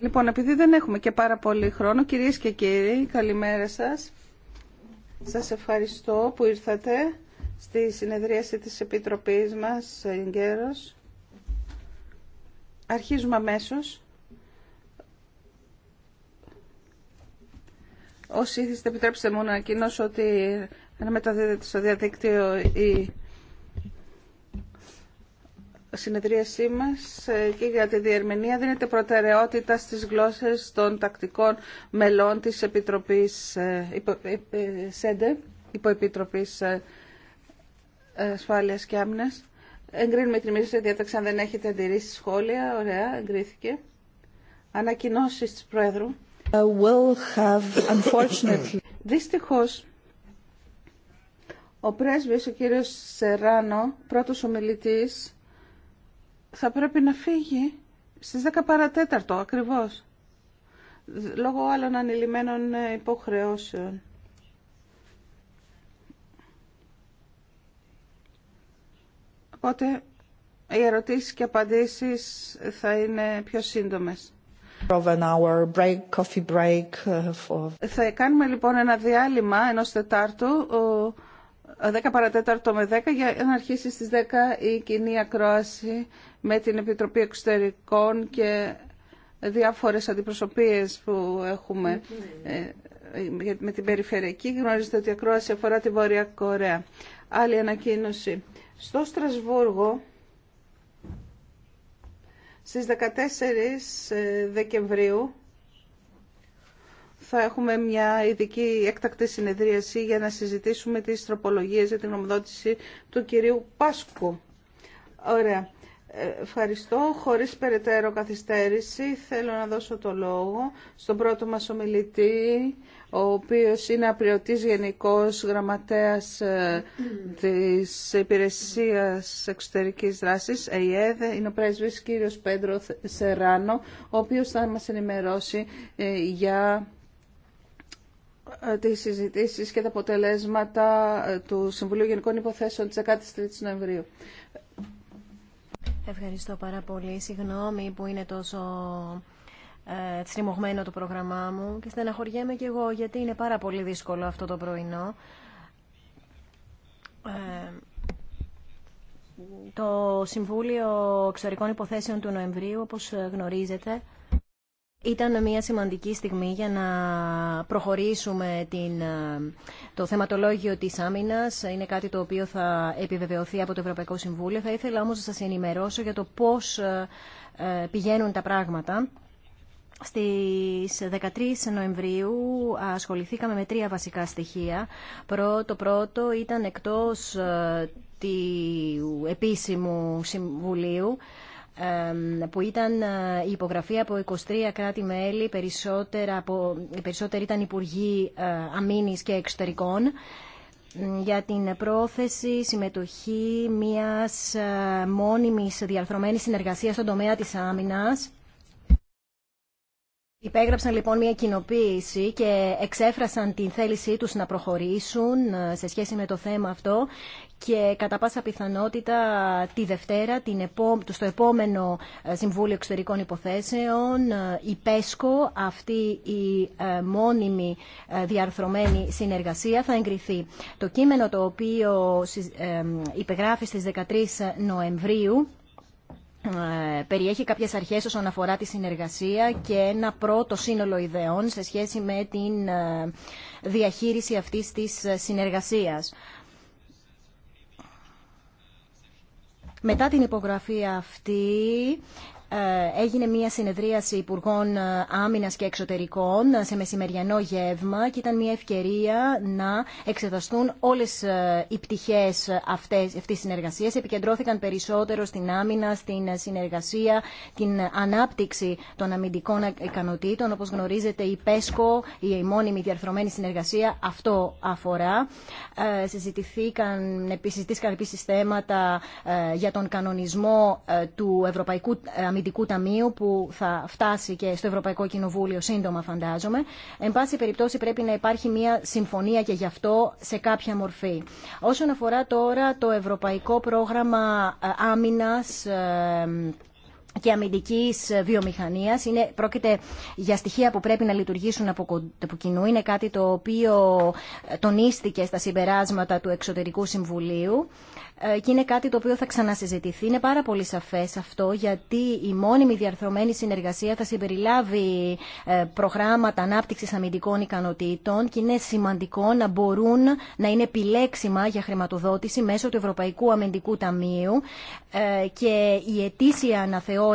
Λοιπόν, επειδή δεν έχουμε και πάρα πολύ χρόνο, κυρίες και κύριοι, καλημέρα σας. Σας ευχαριστώ που ήρθατε στη συνεδρίαση της Επιτροπής μας, Εγκέρος. Αρχίζουμε αμέσως. Όσοι είστε, επιτρέψτε μου να ανακοινώσω ότι αναμεταδίδεται στο διαδίκτυο η συνεδρίασή μας ε, και για τη διερμηνία δίνεται προτεραιότητα στις γλώσσες των τακτικών μελών της Επιτροπής ε, υπο, ε, ΣΕΝΤΕ, Υποεπιτροπής Ασφάλειας και Άμυνας. Εγκρίνουμε την μίληση διάταξη αν δεν έχετε αντιρρήσει σχόλια. Ωραία, εγκρίθηκε. Ανακοινώσεις της Πρόεδρου. Uh, Will have, unfortunately. Δυστυχώς, ο πρέσβης, ο κύριος Σεράνο, πρώτος ομιλητής, θα πρέπει να φύγει στις 10 παρατέταρτο ακριβώς λόγω άλλων ανηλυμένων ε, υποχρεώσεων. Οπότε οι ερωτήσεις και απαντήσεις θα είναι πιο σύντομες. Ε, θα κάνουμε λοιπόν ένα διάλειμμα ενός τετάρτου 10 παρατέταρτο με 10 για να αρχίσει στις 10 η κοινή ακρόαση με την Επιτροπή Εξωτερικών και διάφορες αντιπροσωπείες που έχουμε ε, με την περιφερειακή. Γνωρίζετε ότι η ακρόαση αφορά τη Βόρεια Κορέα. Άλλη ανακοίνωση. Στο Στρασβούργο στις 14 ε, Δεκεμβρίου θα έχουμε μια ειδική έκτακτη συνεδρίαση για να συζητήσουμε τις τροπολογίες για την ομοδότηση του κυρίου Πάσκου. Ωραία. Ε, ευχαριστώ. Χωρίς περαιτέρω καθυστέρηση θέλω να δώσω το λόγο στον πρώτο μας ομιλητή, ο οποίος είναι απριωτής γενικός γραμματέας ε, της Υπηρεσίας Εξωτερικής Δράσης, ΕΙΕΔ, είναι ο πρέσβης κύριος Πέντρο Σεράνο, ο οποίος θα μας ενημερώσει ε, για ε, τις συζητήσει και τα αποτελέσματα ε, του Συμβουλίου Γενικών Υποθέσεων της 13 η Νοεμβρίου. Ευχαριστώ πάρα πολύ. Συγγνώμη που είναι τόσο ε, τσιμωγμένο το πρόγραμμά μου και στεναχωριέμαι και εγώ γιατί είναι πάρα πολύ δύσκολο αυτό το πρωινό. Ε, το Συμβούλιο Εξωτερικών Υποθέσεων του Νοεμβρίου, όπως γνωρίζετε, ήταν μια σημαντική στιγμή για να προχωρήσουμε την, ε, το θεματολόγιο της άμυνας. Είναι κάτι το οποίο θα επιβεβαιωθεί από το Ευρωπαϊκό Συμβούλιο. Θα ήθελα όμως να σας ενημερώσω για το πώς ε, ε, πηγαίνουν τα πράγματα. Στις 13 Νοεμβρίου ασχοληθήκαμε με τρία βασικά στοιχεία. Πρώτο πρώτο ήταν εκτός του επίσημου συμβουλίου που ήταν ε, η υπογραφή από 23 κράτη-μέλη, οι περισσότεροι ήταν Υπουργοί ε, Αμήνης και Εξωτερικών, για την πρόθεση συμμετοχή μιας ε, μόνιμης διαρθρωμένης συνεργασίας στον τομέα της άμυνας Υπέγραψαν λοιπόν μια κοινοποίηση και εξέφρασαν την θέλησή τους να προχωρήσουν ε, σε σχέση με το θέμα αυτό και κατά πάσα πιθανότητα τη Δευτέρα, την στο επόμενο ε, Συμβούλιο Εξωτερικών Υποθέσεων, ε, η ΠΕΣΚΟ, αυτή η μόνιμη διαρθρωμένη συνεργασία, θα εγκριθεί. Το κείμενο το οποίο υπεγράφει στις 13 Νοεμβρίου ε, περιέχει κάποιες αρχές όσον αφορά τη συνεργασία και ένα πρώτο σύνολο ιδεών σε σχέση με την ε, διαχείριση αυτής της ε, συνεργασίας. Μετά την υπογραφή αυτή ε, έγινε μια συνεδρίαση Υπουργών ε, Άμυνας και Εξωτερικών σε μεσημεριανό γεύμα και ήταν μια ευκαιρία να εξεταστούν όλες ε, οι πτυχές αυτές, αυτής της συνεργασίας. Επικεντρώθηκαν περισσότερο στην άμυνα, στην συνεργασία, την ανάπτυξη των αμυντικών ικανοτήτων. Όπως γνωρίζετε η ΠΕΣΚΟ, η μόνιμη διαρθρωμένη συνεργασία, αυτό αφορά. Συζητήθηκαν, συζητήθηκαν επίσης θέματα για τον κανονισμό του Ευρωπαϊκού Αμυντικού Αμυντικού Ταμείου που θα φτάσει και στο Ευρωπαϊκό Κοινοβούλιο σύντομα φαντάζομαι. Εν πάση περιπτώσει πρέπει να υπάρχει μια συμφωνία και γι' αυτό σε κάποια μορφή. Όσον αφορά τώρα το Ευρωπαϊκό Πρόγραμμα ε, Άμυνας ε, και αμυντικής ε, βιομηχανίας. Είναι, πρόκειται για στοιχεία που πρέπει να λειτουργήσουν από, από κοινού. Είναι κάτι το οποίο ε, τονίστηκε στα συμπεράσματα του Εξωτερικού Συμβουλίου ε, και είναι κάτι το οποίο θα ξανασυζητηθεί. Είναι πάρα πολύ σαφές αυτό γιατί η μόνιμη διαρθρωμένη συνεργασία θα συμπεριλάβει προγράμματα ανάπτυξης αμυντικών ικανοτήτων και είναι σημαντικό να μπορούν να είναι επιλέξιμα για χρηματοδότηση μέσω του Ευρωπαϊκού Αμυντικού Ταμείου και η αιτήσια αναθεώ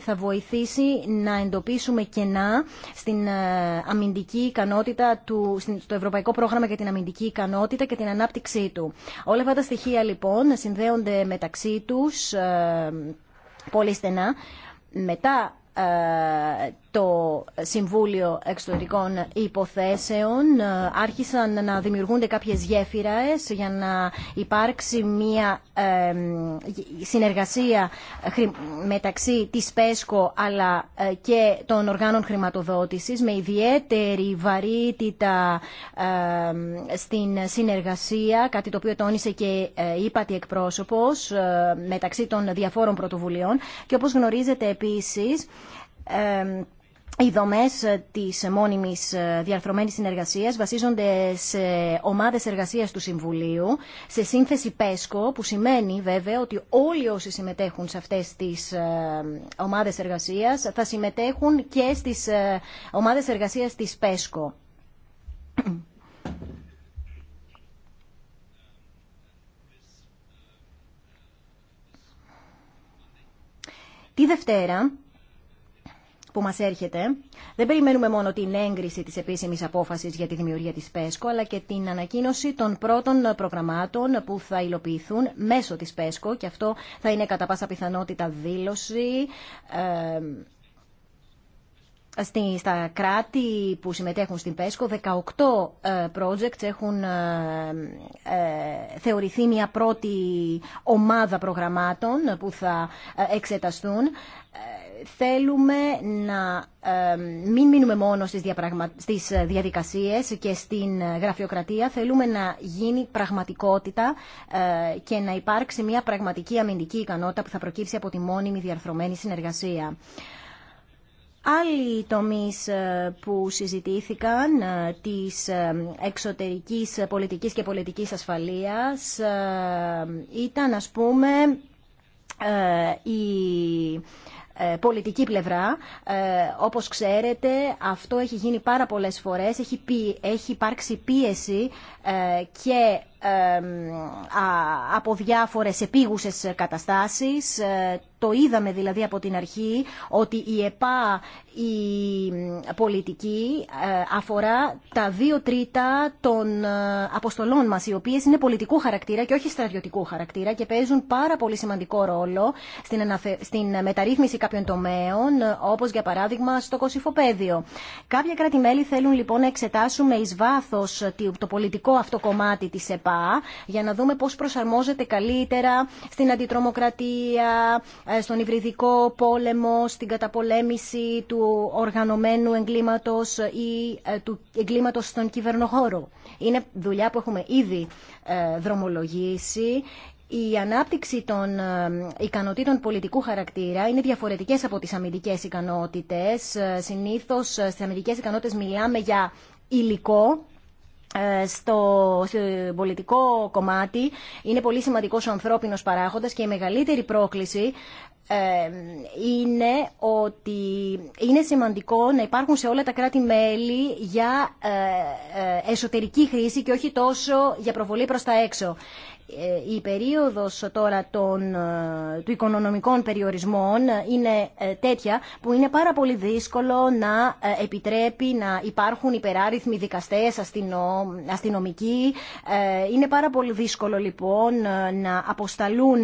θα βοηθήσει να εντοπίσουμε κενά στην ε, αμυντική ικανότητα του, στο Ευρωπαϊκό Πρόγραμμα για την Αμυντική Ικανότητα και την ανάπτυξή του. Όλα αυτά τα στοιχεία λοιπόν συνδέονται μεταξύ τους ε, πολύ στενά. Μετά ε, το Συμβούλιο Εξωτερικών Υποθέσεων ε, άρχισαν να δημιουργούνται κάποιες γέφυρες για να υπάρξει μια ε, συνεργασία μεταξύ της ΠΕΣΚΟ αλλά και των οργάνων χρηματοδότησης με ιδιαίτερη βαρύτητα στην συνεργασία, κάτι το οποίο τόνισε και ύπατη εκπρόσωπος μεταξύ των διαφόρων πρωτοβουλειών και όπως γνωρίζετε επίσης οι δομές ε, της μόνιμης ε, διαρθρωμένης συνεργασίας βασίζονται σε ομάδες εργασίας του Συμβουλίου, σε σύνθεση ΠΕΣΚΟ, e που σημαίνει βέβαια ότι όλοι όσοι συμμετέχουν σε αυτές τις ε, ομάδες εργασίας θα συμμετέχουν και στις ομάδες εργασίας της ΠΕΣΚΟ. E Τη Δευτέρα, που μας έρχεται. Δεν περιμένουμε μόνο την έγκριση της επίσημης απόφασης για τη δημιουργία της ΠΕΣΚΟ, αλλά και την ανακοίνωση των πρώτων προγραμμάτων που θα υλοποιηθούν μέσω της ΠΕΣΚΟ και αυτό θα είναι κατά πάσα πιθανότητα δήλωση ε, στα κράτη που συμμετέχουν στην ΠΕΣΚΟ 18 ε, projects έχουν ε, ε, θεωρηθεί μια πρώτη ομάδα προγραμμάτων που θα εξεταστούν. Θέλουμε να μην μείνουμε μόνο στις, διαπραγμα... διαδικασίες και στην γραφειοκρατία. Θέλουμε να γίνει πραγματικότητα και να υπάρξει μια πραγματική αμυντική ικανότητα που θα προκύψει από τη μόνιμη διαρθρωμένη συνεργασία. Άλλοι τομείς ε, που συζητήθηκαν ε, της ε, εξωτερικής πολιτικής και πολιτικής ασφαλείας ήταν ας πούμε η πολιτική πλευρά. Όπως ξέρετε αυτό έχει γίνει πάρα πολλές φορές, έχει, πει, έχει υπάρξει πίεση και από διάφορες επίγουσες καταστάσεις το είδαμε δηλαδή από την αρχή ότι η ΕΠΑ η πολιτική ε, αφορά τα δύο τρίτα των ε, αποστολών μας, οι οποίες είναι πολιτικού χαρακτήρα και όχι στρατιωτικού χαρακτήρα και παίζουν πάρα πολύ σημαντικό ρόλο στην, στην μεταρρύθμιση κάποιων τομέων, όπως για παράδειγμα στο Κωσυφοπαίδιο. Κάποια κράτη-μέλη θέλουν λοιπόν να εξετάσουμε εις βάθος το πολιτικό αυτό κομμάτι της ΕΠΑ για να δούμε πώς προσαρμόζεται καλύτερα στην αντιτρομοκρατία, ε, στον υβριδικό πόλεμο, στην καταπολέμηση του οργανωμένου εγκλήματος ή ε, του εγκλήματος στον κυβερνοχώρο. Είναι δουλειά που έχουμε ήδη ε, δρομολογήσει. Η ανάπτυξη των ικανοτήτων πολιτικού χαρακτήρα είναι διαφορετικές από τις αμυντικές ικανότητες. Συνήθως στις αμυντικές ικανότητες μιλάμε για υλικό ε, στο, πολιτικό κομμάτι είναι πολύ σημαντικός ο ανθρώπινος παράγοντας και η μεγαλύτερη πρόκληση ε, είναι ότι είναι σημαντικό να υπάρχουν σε όλα τα κράτη-μέλη για ε, εσωτερική χρήση και όχι τόσο για προβολή προς τα έξω. Ε, η περίοδος τώρα των, ε, του οικονομικών περιορισμών είναι ε, τέτοια που είναι πάρα πολύ δύσκολο να επιτρέπει να υπάρχουν υπεράριθμοι δικαστές, αστυνο, αστυνομικοί. Είναι πάρα πολύ δύσκολο λοιπόν να αποσταλούν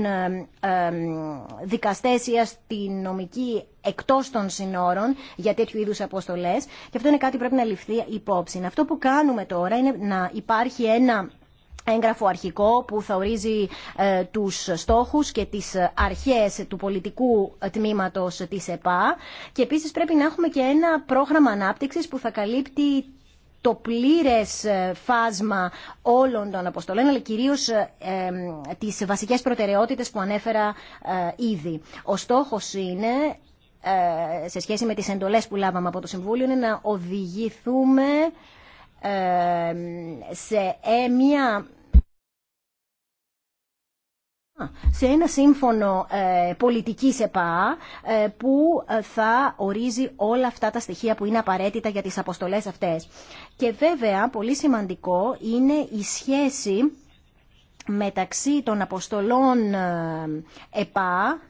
δικαστές ή αστυνομικοί εκτός των συνόρων για τέτοιου είδους αποστολές και αυτό είναι κάτι που πρέπει να ληφθεί υπόψη. Αυτό που κάνουμε τώρα είναι να υπάρχει ένα έγγραφο αρχικό που θα ορίζει ε, τους στόχους και τις ε, αρχές του πολιτικού ε, τμήματος της ΕΠΑ και επίσης πρέπει να έχουμε και ένα πρόγραμμα ανάπτυξης που θα καλύπτει το πλήρες φάσμα όλων των αποστολών, αλλά κυρίως ε, τις βασικές προτεραιότητες που ανέφερα ήδη. Ο στόχος είναι, σε σχέση με τις εντολές που λάβαμε από το Συμβούλιο, είναι να οδηγηθούμε σε μια σε ένα σύμφωνο ε, πολιτικής ΕΠΑ ε, που ε, θα ορίζει όλα αυτά τα στοιχεία που είναι απαραίτητα για τις αποστολές αυτές. Και βέβαια πολύ σημαντικό είναι η σχέση μεταξύ των αποστολών ΕΠΑ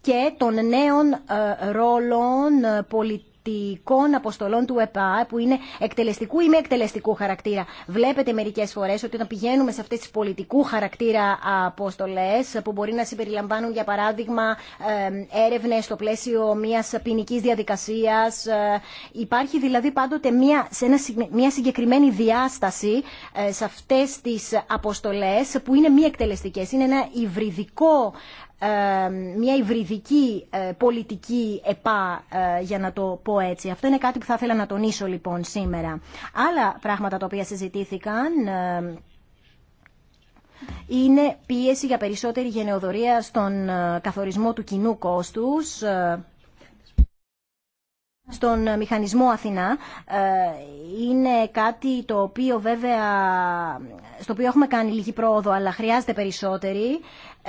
και των νέων ρόλων πολιτικών αποστολών του ΕΠΑ που είναι εκτελεστικού ή με εκτελεστικού χαρακτήρα. Βλέπετε μερικέ φορέ ότι όταν πηγαίνουμε σε αυτέ τι πολιτικού χαρακτήρα αποστολέ που μπορεί να συμπεριλαμβάνουν για παράδειγμα έρευνε στο πλαίσιο μια ποινική διαδικασία. Ε, υπάρχει δηλαδή πάντοτε μια, σε μια συγκεκριμένη διάσταση ε, σε αυτέ τι αποστολέ που είναι μη εκτελεστικέ. Είναι ένα υβριδικό ε, μια υβριδική ε, πολιτική ΕΠΑ, ε, για να το πω έτσι. Αυτό είναι κάτι που θα ήθελα να τονίσω λοιπόν σήμερα. Άλλα πράγματα τα οποία συζητήθηκαν είναι πίεση για περισσότερη γενεοδορία στον καθορισμό του κοινού κόστους, στον μηχανισμό Αθηνά είναι κάτι το οποίο βέβαια στο οποίο έχουμε κάνει λίγη πρόοδο αλλά χρειάζεται περισσότερη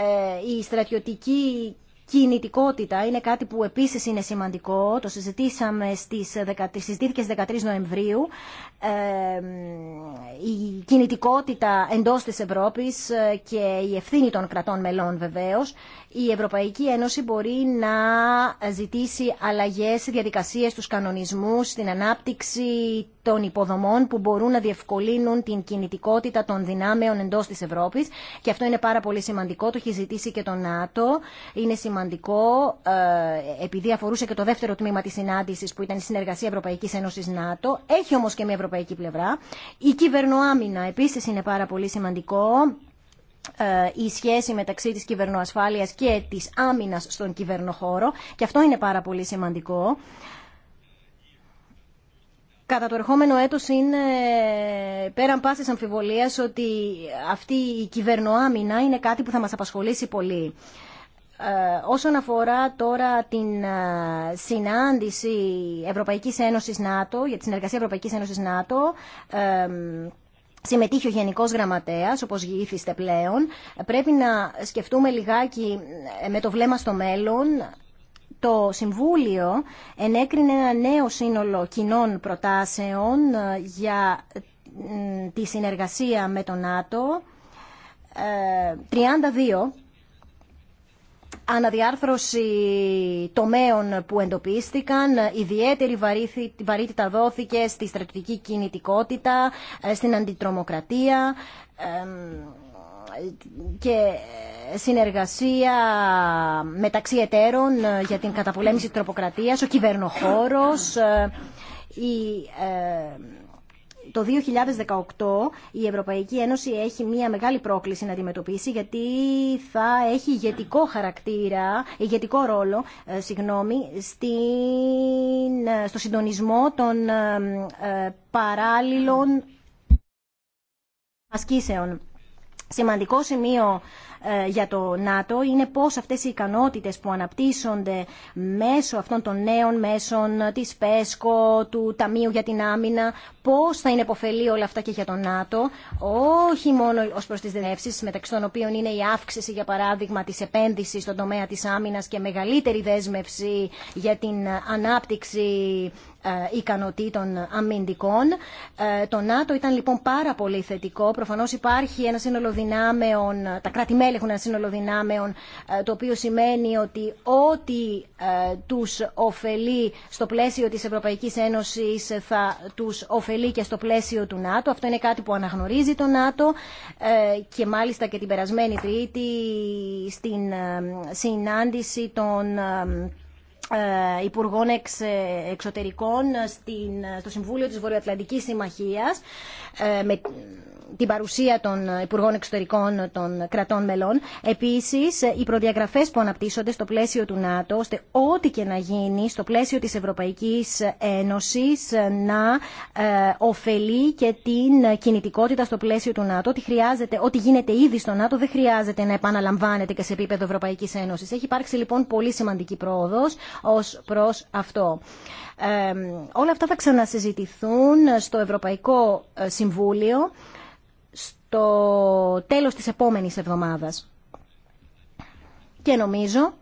ε, η στρατιωτική κινητικότητα είναι κάτι που επίσης είναι σημαντικό. Το συζητήσαμε στις, συζητήθηκε στις 13 Νοεμβρίου. Ε, η κινητικότητα εντός της Ευρώπης ε, και η ευθύνη των κρατών μελών βεβαίως. Η Ευρωπαϊκή Ένωση μπορεί να ζητήσει αλλαγές διαδικασίες, στους κανονισμούς, στην ανάπτυξη των υποδομών που μπορούν να διευκολύνουν την κινητικότητα των δυνάμεων εντό τη Ευρώπη. και αυτό είναι πάρα πολύ σημαντικό, το έχει ζητήσει και το ΝΑΤΟ. Είναι σημαντικό ε, επειδή αφορούσε και το δεύτερο τμήμα τη συνάντηση, που ήταν η συνεργασία Ευρωπαϊκή Ένωση ΝΑΤΟ. Έχει όμω και μια ευρωπαϊκή πλευρά. Η κυβερνοάμυνα επίση είναι πάρα πολύ σημαντικό ε, η σχέση μεταξύ της κυβερνοασφάλειας και της άμυνας στον κυβερνοχώρο και αυτό είναι πάρα πολύ σημαντικό κατά το ερχόμενο έτος είναι πέραν πάσης αμφιβολίας ότι αυτή η κυβερνοάμυνα είναι κάτι που θα μας απασχολήσει πολύ. Ε, όσον αφορά τώρα την ε, συνάντηση Ευρωπαϊκής Ένωσης ΝΑΤΟ, για τη συνεργασία Ευρωπαϊκής Ένωσης ΝΑΤΟ, ε, Συμμετείχε ο Γενικός Γραμματέας, όπω γύφιστε πλέον. Πρέπει να σκεφτούμε λιγάκι με το βλέμμα στο μέλλον το Συμβούλιο ενέκρινε ένα νέο σύνολο κοινών προτάσεων ε, για τη συνεργασία με τον ΝΑΤΟ, 32 ε, αναδιάρθρωση τομέων που εντοπίστηκαν, ιδιαίτερη βαρύτητα δόθηκε στη στρατιωτική κινητικότητα, ε, στην αντιτρομοκρατία, και συνεργασία μεταξύ εταίρων για την καταπολέμηση της τροποκρατίας, ο κυβερνοχώρος, ε, η, ε, το 2018 η Ευρωπαϊκή Ένωση έχει μια μεγάλη πρόκληση να αντιμετωπίσει γιατί θα έχει ηγετικό χαρακτήρα, ηγετικό ρόλο, ε, συγγνώμη, στην, στο συντονισμό των παράλληλων ασκήσεων. Σημαντικό σημείο ε, για το ΝΑΤΟ είναι πώς αυτές οι ικανότητες που αναπτύσσονται μέσω αυτών των νέων μέσων της ΠΕΣΚΟ, του Ταμείου για την Άμυνα, πώς θα είναι υποφελή όλα αυτά και για το ΝΑΤΟ, όχι μόνο ως προς τις δεσμεύσεις, μεταξύ των οποίων είναι η αύξηση, για παράδειγμα, της επένδυσης στον τομέα της άμυνας και μεγαλύτερη δέσμευση για την ανάπτυξη ε, ικανοτήτων αμυντικών. Ε, το ΝΑΤΟ ήταν λοιπόν πάρα πολύ θετικό. Προφανώ υπάρχει ένα σύνολο δυνάμεων, τα κράτη-μέλη έχουν ένα σύνολο δυνάμεων, ε, το οποίο σημαίνει ότι ό,τι του ωφελεί στο πλαίσιο τη Ευρωπαϊκή Ένωση θα του ωφελεί και στο πλαίσιο του ΝΑΤΟ. Αυτό είναι κάτι που αναγνωρίζει το ΝΑΤΟ και μάλιστα και την περασμένη Τρίτη στην συνάντηση των ε, Υπουργών ε, Εξωτερικών στο Συμβούλιο της Βορειοατλαντικής Συμμαχίας ε, την παρουσία των Υπουργών Εξωτερικών των κρατών μελών. Επίση, οι προδιαγραφέ που αναπτύσσονται στο πλαίσιο του ΝΑΤΟ, ώστε ό,τι και να γίνει στο πλαίσιο τη Ευρωπαϊκή Ένωση, να ε, ωφελεί και την κινητικότητα στο πλαίσιο του ΝΑΤΟ. Ότι χρειάζεται, ό,τι γίνεται ήδη στο ΝΑΤΟ δεν χρειάζεται να επαναλαμβάνεται και σε επίπεδο Ευρωπαϊκή Ένωση. Έχει υπάρξει λοιπόν πολύ σημαντική πρόοδο ω προ αυτό. Ε, όλα αυτά θα ξανασυζητηθούν στο Ευρωπαϊκό ε, Συμβούλιο το τέλος της επόμενης εβδομάδας. Και νομίζω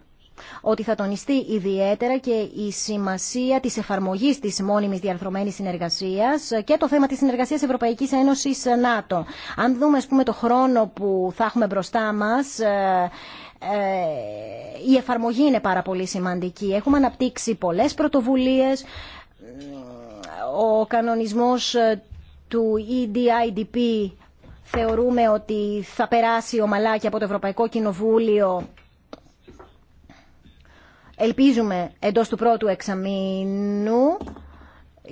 ότι θα τονιστεί ιδιαίτερα και η σημασία της εφαρμογής της μόνιμης διαρθρωμένης συνεργασίας και το θέμα της συνεργασίας Ευρωπαϊκής Ένωσης ΝΑΤΟ. Αν δούμε, πούμε, το χρόνο που θα έχουμε μπροστά μας, ε, ε, η εφαρμογή είναι πάρα πολύ σημαντική. Έχουμε αναπτύξει πολλές πρωτοβουλίες, ο κανονισμός του EDIDP θεωρούμε ότι θα περάσει ομαλά και από το Ευρωπαϊκό Κοινοβούλιο ελπίζουμε εντός του πρώτου εξαμήνου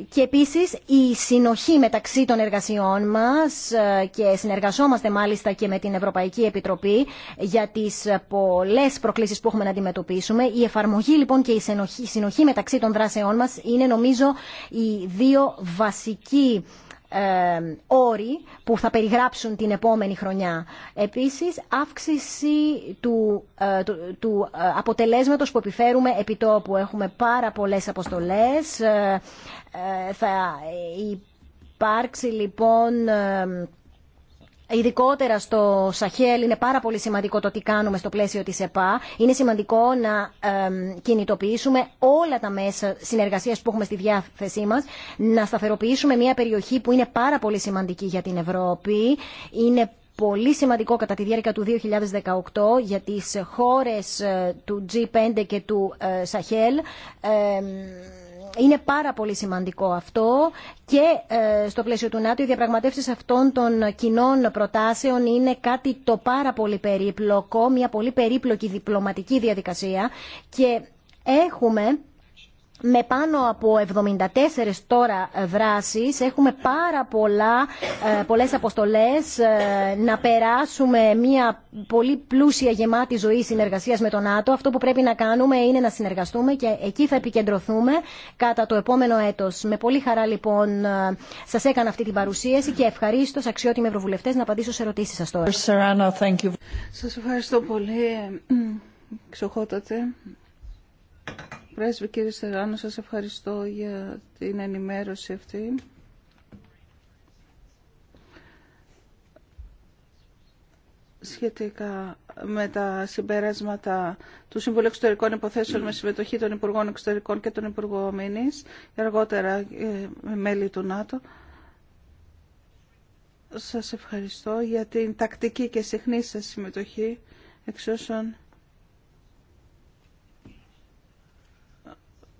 και επίσης η συνοχή μεταξύ των εργασιών μας ε, και συνεργαζόμαστε μάλιστα και με την Ευρωπαϊκή Επιτροπή για τις πολλές προκλήσεις που έχουμε να αντιμετωπίσουμε. Η εφαρμογή λοιπόν και η συνοχή μεταξύ των δράσεών μας είναι νομίζω οι δύο βασικοί ε, όροι που θα περιγράψουν την επόμενη χρονιά. Επίσης, αύξηση του, ε, του, του ε, αποτελέσματος που επιφέρουμε επί τόπου. Έχουμε πάρα πολλές αποστολές. Θα υπάρξει λοιπόν Ειδικότερα στο Σαχέλ είναι πάρα πολύ σημαντικό το τι κάνουμε στο πλαίσιο της ΕΠΑ. Είναι σημαντικό να κινητοποιήσουμε όλα τα μέσα συνεργασίας που έχουμε στη διάθεσή μας, να σταθεροποιήσουμε μια περιοχή που είναι πάρα πολύ σημαντική για την Ευρώπη. Είναι πολύ σημαντικό κατά τη διάρκεια του 2018 για τις χώρες ε, του G5 και του ε, Σαχέλ είναι πάρα πολύ σημαντικό αυτό και ε, στο πλαίσιο του ΝΑΤΟ οι διαπραγματεύσεις αυτών των κοινών προτάσεων είναι κάτι το πάρα πολύ περίπλοκο, μια πολύ περίπλοκη διπλωματική διαδικασία και έχουμε με πάνω από 74 τώρα ε, δράσεις έχουμε πάρα πολλά, ε, πολλές αποστολές ε, να περάσουμε μια πολύ πλούσια γεμάτη ζωή συνεργασίας με τον ΝΑΤΟ. Αυτό που πρέπει να κάνουμε είναι να συνεργαστούμε και εκεί θα επικεντρωθούμε κατά το επόμενο έτος. Με πολύ χαρά λοιπόν σας έκανα αυτή την παρουσίαση και ευχαρίστω αξιότιμοι ευρωβουλευτές να απαντήσω σε ερωτήσεις σας τώρα. Σας ευχαριστώ πολύ. Ξοχότατε. Πρέσβη κύριε Στεγάνο, σας ευχαριστώ για την ενημέρωση αυτή. σχετικά με τα συμπεράσματα του Συμβουλίου Εξωτερικών Υποθέσεων με συμμετοχή των Υπουργών Εξωτερικών και των Υπουργών Μήνης, αργότερα με μέλη του ΝΑΤΟ. Σας ευχαριστώ για την τακτική και συχνή σας συμμετοχή εξ όσων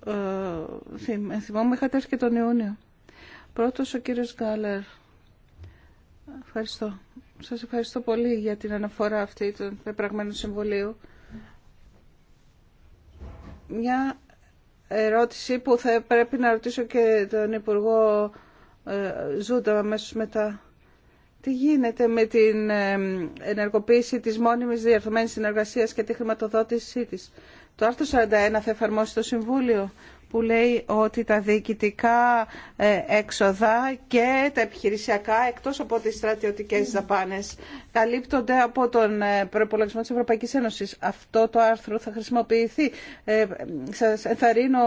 ε, θυμόμαι είχατε έρθει και τον Ιούνιο. Πρώτος ο κύριος Γκάλερ. Ευχαριστώ. Σας ευχαριστώ πολύ για την αναφορά αυτή του πεπραγμένου συμβουλίου. Μια ερώτηση που θα πρέπει να ρωτήσω και τον Υπουργό ε, Ζούντα αμέσως μετά. Τι γίνεται με την ε, ενεργοποίηση της μόνιμης διαρθωμένης συνεργασίας και τη χρηματοδότησή της. Το άρθρο 41 θα εφαρμόσει το Συμβούλιο που λέει ότι τα διοικητικά ε, έξοδα και τα επιχειρησιακά εκτός από τις στρατιωτικές δαπάνες καλύπτονται από τον ε, προπολογισμό της Ευρωπαϊκής Ένωσης. Αυτό το άρθρο θα χρησιμοποιηθεί. Ε, σας ενθαρρύνω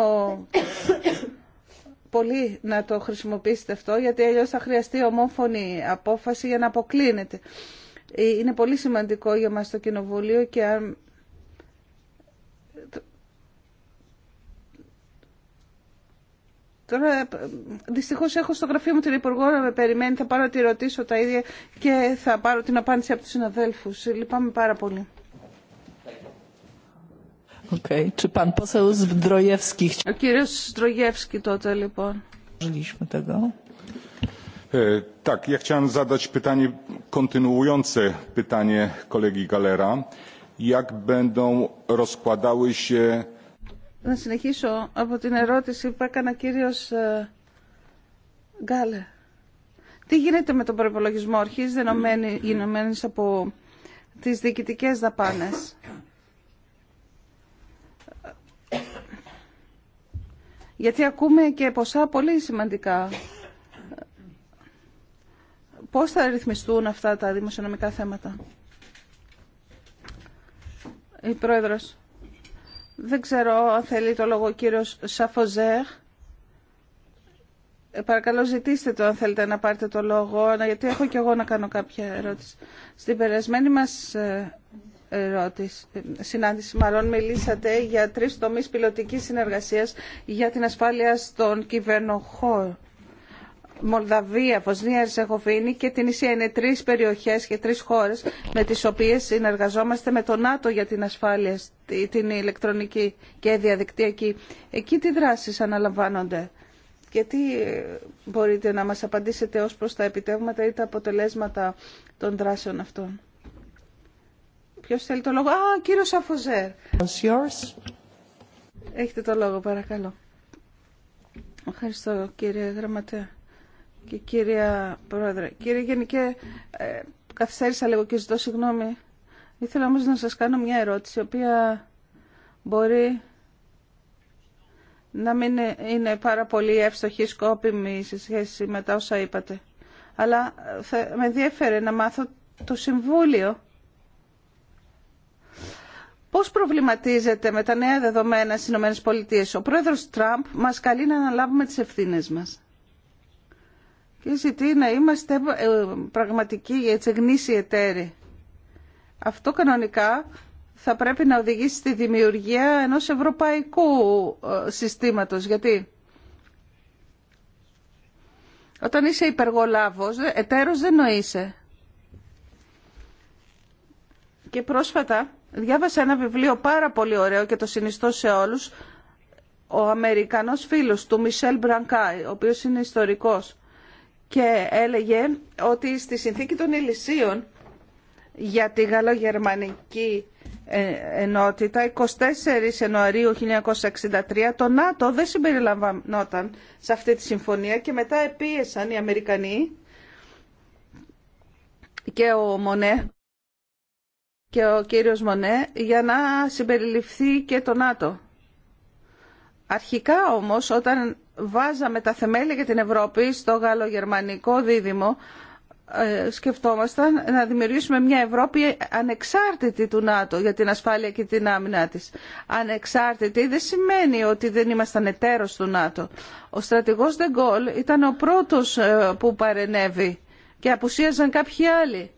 πολύ να το χρησιμοποιήσετε αυτό γιατί αλλιώ θα χρειαστεί ομόφωνη απόφαση για να αποκλίνετε. Είναι πολύ σημαντικό για μας το Κοινοβούλιο και αν Τώρα δυστυχώς έχω στο γραφείο μου την Υπουργό να με περιμένει, θα πάρω να τη ρωτήσω τα ίδια και θα πάρω την απάντηση από τους συναδέλφους. Λυπάμαι πάρα πολύ. Okay. Ο κύριος Σδρογεύσκη τότε λοιπόν. E, tak, ja chciałem zadać pytanie kontynuujące pytanie kolegi Galera. Jak będą rozkładały się να συνεχίσω από την ερώτηση που έκανα κύριος ε, Γκάλε. Τι γίνεται με τον προπολογισμό αρχής δεδομένη από τις διοικητικές δαπάνες. Γιατί ακούμε και ποσά πολύ σημαντικά. Πώς θα ρυθμιστούν αυτά τα δημοσιονομικά θέματα. Η Πρόεδρος. Δεν ξέρω αν θέλει το λόγο ο κύριος Σαφοζέρ. Ε, παρακαλώ ζητήστε το αν θέλετε να πάρετε το λόγο, γιατί έχω και εγώ να κάνω κάποια ερώτηση. Στην περασμένη μας ε, ερώτηση, ε, συνάντηση, μάλλον μιλήσατε για τρεις τομείς πιλωτικής συνεργασίας για την ασφάλεια στον κυβερνοχώρο. Μολδαβία, Βοσνία, Ερζεγοβίνη και την Ισία. Είναι τρει περιοχές και τρει χώρες με τις οποίες συνεργαζόμαστε με το ΝΑΤΟ για την ασφάλεια, την ηλεκτρονική και διαδικτυακή. Εκεί τι δράσεις αναλαμβάνονται και τι μπορείτε να μας απαντήσετε ως προς τα επιτεύγματα ή τα αποτελέσματα των δράσεων αυτών. Ποιος θέλει το λόγο. Α, κύριο Σαφοζέρ. Έχετε το λόγο, παρακαλώ. Ευχαριστώ, κύριε Γραμματέα και κυρία Πρόεδρε. Κύριε Γενικέ, ε, καθυστέρησα λίγο και ζητώ συγγνώμη. Ήθελα όμως να σας κάνω μια ερώτηση, η οποία μπορεί να μην είναι πάρα πολύ εύστοχη σκόπιμη σε σχέση με τα όσα είπατε. Αλλά ε, με ενδιέφερε να μάθω το Συμβούλιο. Πώς προβληματίζεται με τα νέα δεδομένα στις ΗΠΑ. Ο πρόεδρος Τραμπ μας καλεί να αναλάβουμε τις ευθύνες μας και ζητεί να είμαστε ε, πραγματικοί, έτσι, γνήσιοι εταίροι. Αυτό κανονικά θα πρέπει να οδηγήσει στη δημιουργία ενός ευρωπαϊκού ε, συστήματος. Γιατί όταν είσαι υπεργολάβος, εταίρος δεν νοείσαι. Και πρόσφατα διάβασα ένα βιβλίο πάρα πολύ ωραίο και το συνιστώ σε όλους, ο Αμερικανός φίλος του Μισελ Μπρανκάι, ο οποίος είναι ιστορικός και έλεγε ότι στη συνθήκη των Ηλυσίων για τη γαλλογερμανική ε, ενότητα 24 Ιανουαρίου 1963 το ΝΑΤΟ δεν συμπεριλαμβανόταν σε αυτή τη συμφωνία και μετά επίεσαν οι Αμερικανοί και ο Μονέ και ο κύριος Μονέ για να συμπεριληφθεί και το ΝΑΤΟ. Αρχικά όμως όταν βάζαμε τα θεμέλια για την Ευρώπη στο γαλλογερμανικό δίδυμο, ε, σκεφτόμασταν να δημιουργήσουμε μια Ευρώπη ανεξάρτητη του ΝΑΤΟ για την ασφάλεια και την άμυνά της. Ανεξάρτητη δεν σημαίνει ότι δεν ήμασταν εταίρος του ΝΑΤΟ. Ο στρατηγός Ντεγκόλ ήταν ο πρώτος ε, που παρενέβη και απουσίαζαν κάποιοι άλλοι.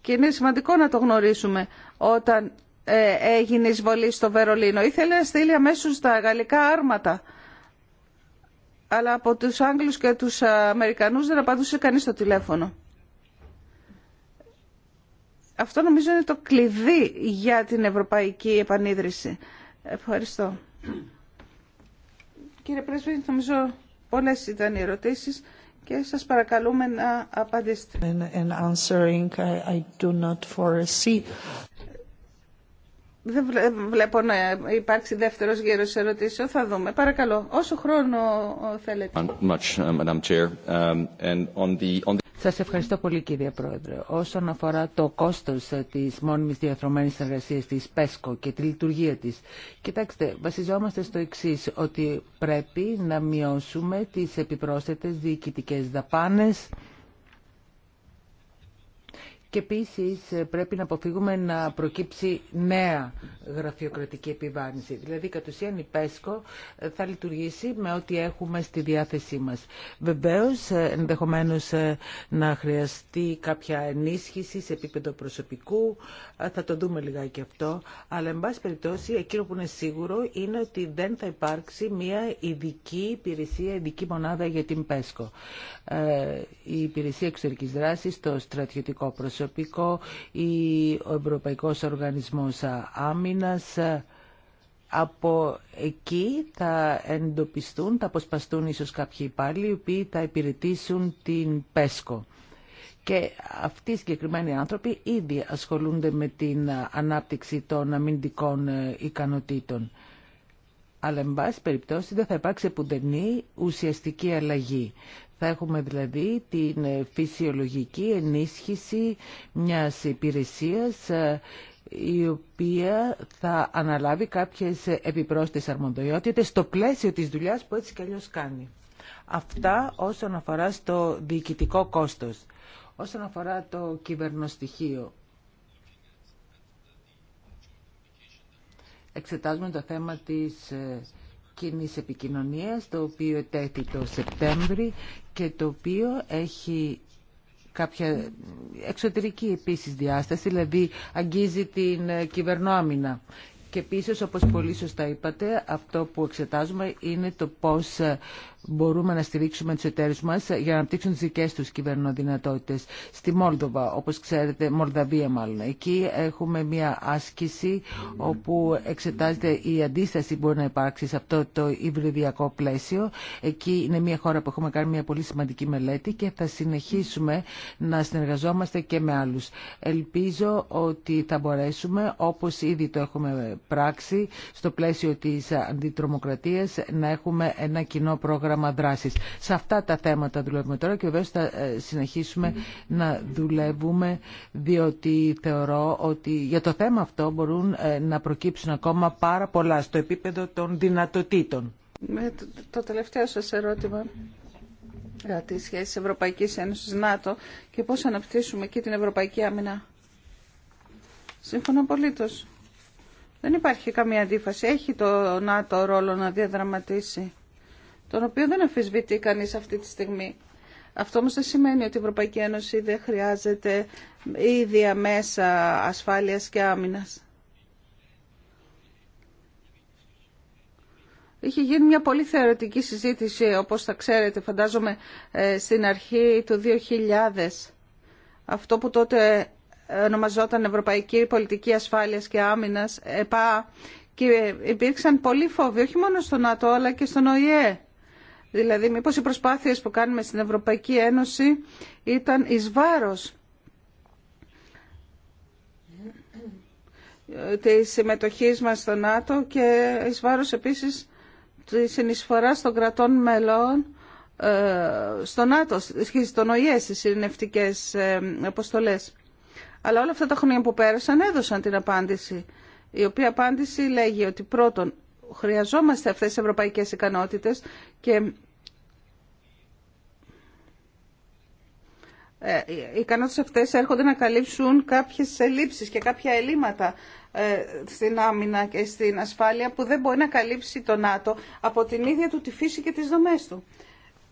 Και είναι σημαντικό να το γνωρίσουμε όταν ε, έγινε εισβολή στο Βερολίνο. Ήθελε να στείλει αμέσως τα γαλλικά άρματα αλλά από τους Άγγλους και τους Αμερικανούς δεν απαντούσε κανείς το τηλέφωνο. Αυτό νομίζω είναι το κλειδί για την ευρωπαϊκή επανίδρυση. Ευχαριστώ. Κύριε Πρέσβη, νομίζω πολλές ήταν οι ερωτήσεις και σας παρακαλούμε να απαντήσετε. I, do not δεν βλέπω να υπάρξει δεύτερος γύρος ερωτήσεων. Θα δούμε. Παρακαλώ, όσο χρόνο θέλετε. Σας ευχαριστώ πολύ κύριε Πρόεδρε. Όσον αφορά το κόστος ε, της μόνιμης διαθρωμένης εργασίας της ΠΕΣΚΟ και τη λειτουργία της, κοιτάξτε, βασιζόμαστε στο εξή ότι πρέπει να μειώσουμε τις επιπρόσθετες διοικητικές δαπάνες, και επίση ε, πρέπει να αποφύγουμε να προκύψει νέα γραφειοκρατική επιβάρυνση. Δηλαδή, κατ' ουσίαν η ΠΕΣΚΟ ε, θα λειτουργήσει με ό,τι έχουμε στη διάθεσή μας. Βεβαίως, ε, ενδεχομένως να χρειαστεί κάποια ενίσχυση σε επίπεδο προσωπικού. Θα το δούμε λιγάκι αυτό. Αλλά, εν πάση περιπτώσει, εκείνο που είναι σίγουρο είναι ότι δεν θα υπάρξει μια ειδική υπηρεσία, ειδική μονάδα για την ΠΕΣΚΟ. Η υπηρεσία εξωτερική δράση, το στρατιωτικό προσωπικό προσωπικό ή ο Ευρωπαϊκός Οργανισμός Άμυνας. Από εκεί θα εντοπιστούν, θα αποσπαστούν ίσως κάποιοι υπάλληλοι οι οποίοι θα υπηρετήσουν την ΠΕΣΚΟ. Και αυτοί οι συγκεκριμένοι άνθρωποι ήδη ασχολούνται με την ανάπτυξη των αμυντικών ε, ικανοτήτων. Αλλά, εν πάση περιπτώσει, δεν θα υπάρξει πουντενή ουσιαστική αλλαγή. Θα έχουμε δηλαδή την φυσιολογική ενίσχυση μιας υπηρεσίας ε, η οποία θα αναλάβει κάποιες επιπρόσθετες αρμοδιότητες στο πλαίσιο της δουλειάς που έτσι κι κάνει. Αυτά όσον αφορά στο διοικητικό κόστος. Όσον αφορά το κυβερνοστοιχείο, εξετάζουμε το θέμα της ε, κοινής επικοινωνίας, το οποίο τέθη το Σεπτέμβρη και το οποίο έχει κάποια εξωτερική επίσης διάσταση, δηλαδή αγγίζει την ε, κυβερνόμηνα. Και επίσης, όπως πολύ σωστά είπατε, αυτό που εξετάζουμε είναι το πώς ε, μπορούμε να στηρίξουμε τους εταίρους μας για να αναπτύξουν τις δικές τους κυβερνοδυνατότητες. Στη Μόλδοβα, όπως ξέρετε, Μολδαβία μάλλον, εκεί έχουμε μια άσκηση όπου εξετάζεται η αντίσταση που μπορεί να υπάρξει σε αυτό το υβριδιακό πλαίσιο. Εκεί είναι μια χώρα που έχουμε κάνει μια πολύ σημαντική μελέτη και θα συνεχίσουμε να συνεργαζόμαστε και με άλλους. Ελπίζω ότι θα μπορέσουμε, όπως ήδη το έχουμε πράξει, στο πλαίσιο της αντιτρομοκρατίας να έχουμε ένα κοινό πρόγραμμα πρόγραμμα Σε αυτά τα θέματα δουλεύουμε τώρα και βέβαια θα ε, συνεχίσουμε να δουλεύουμε διότι θεωρώ ότι για το θέμα αυτό μπορούν ε, να προκύψουν ακόμα πάρα πολλά στο επίπεδο των δυνατοτήτων. Με το τελευταίο σας ερώτημα για τη σχέση Ευρωπαϊκής Ένωσης ΝΑΤΟ και πώς αναπτύσσουμε και την Ευρωπαϊκή Άμυνα. Σύμφωνα απολύτως. Δεν υπάρχει καμία αντίφαση. Έχει το ΝΑΤΟ ρόλο να διαδραματίσει τον οποίο δεν αφισβητεί κανείς αυτή τη στιγμή. Αυτό όμως δεν σημαίνει ότι η Ευρωπαϊκή Ένωση δεν χρειάζεται ίδια μέσα ασφάλειας και άμυνας. Είχε γίνει μια πολύ θεωρητική συζήτηση, όπως θα ξέρετε, φαντάζομαι, ε, στην αρχή του 2000. Αυτό που τότε ονομαζόταν Ευρωπαϊκή Πολιτική Ασφάλειας και Άμυνας, ΕΠΑ, και υπήρξαν πολλοί φόβοι, όχι μόνο στο ΝΑΤΟ, αλλά και στον ΟΗΕ. Δηλαδή μήπω οι προσπάθειες που κάνουμε στην Ευρωπαϊκή Ένωση ήταν εις βάρος ε, τη συμμετοχή μα στο ΝΑΤΟ και εις βάρος επίσης τη συνεισφορά των κρατών μελών ε, στο ΝΑΤΟ, στον ΟΗΕ στις ε, αποστολές. Αλλά όλα αυτά τα χρόνια που πέρασαν έδωσαν την απάντηση, η οποία απάντηση λέγει ότι πρώτον χρειαζόμαστε αυτές τις ευρωπαϊκές ικανότητες και Ε, οι ικανότητες αυτές έρχονται να καλύψουν κάποιες ελλείψεις και κάποια ελλείμματα ε, στην άμυνα και στην ασφάλεια που δεν μπορεί να καλύψει το ΝΑΤΟ από την ίδια του τη φύση και τις δομές του.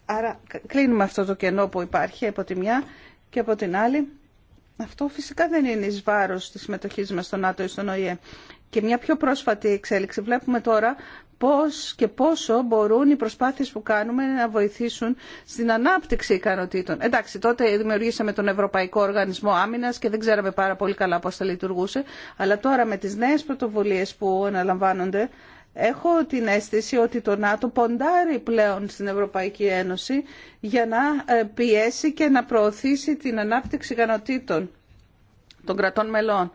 Άρα κλείνουμε αυτό το κενό που υπάρχει από τη μια και από την άλλη. Αυτό φυσικά δεν είναι εις βάρος της συμμετοχής μας στο ΝΑΤΟ ή στον ΟΗΕ. Και μια πιο πρόσφατη εξέλιξη βλέπουμε τώρα πώς και πόσο μπορούν οι προσπάθειες που κάνουμε να βοηθήσουν στην ανάπτυξη ικανοτήτων. Εντάξει, τότε δημιουργήσαμε τον Ευρωπαϊκό Οργανισμό Άμυνας και δεν ξέραμε πάρα πολύ καλά πώς θα λειτουργούσε, αλλά τώρα με τις νέες πρωτοβουλίες που αναλαμβάνονται, Έχω την αίσθηση ότι το ΝΑΤΟ ποντάρει πλέον στην Ευρωπαϊκή Ένωση για να ε, πιέσει και να προωθήσει την ανάπτυξη ικανοτήτων των κρατών μελών.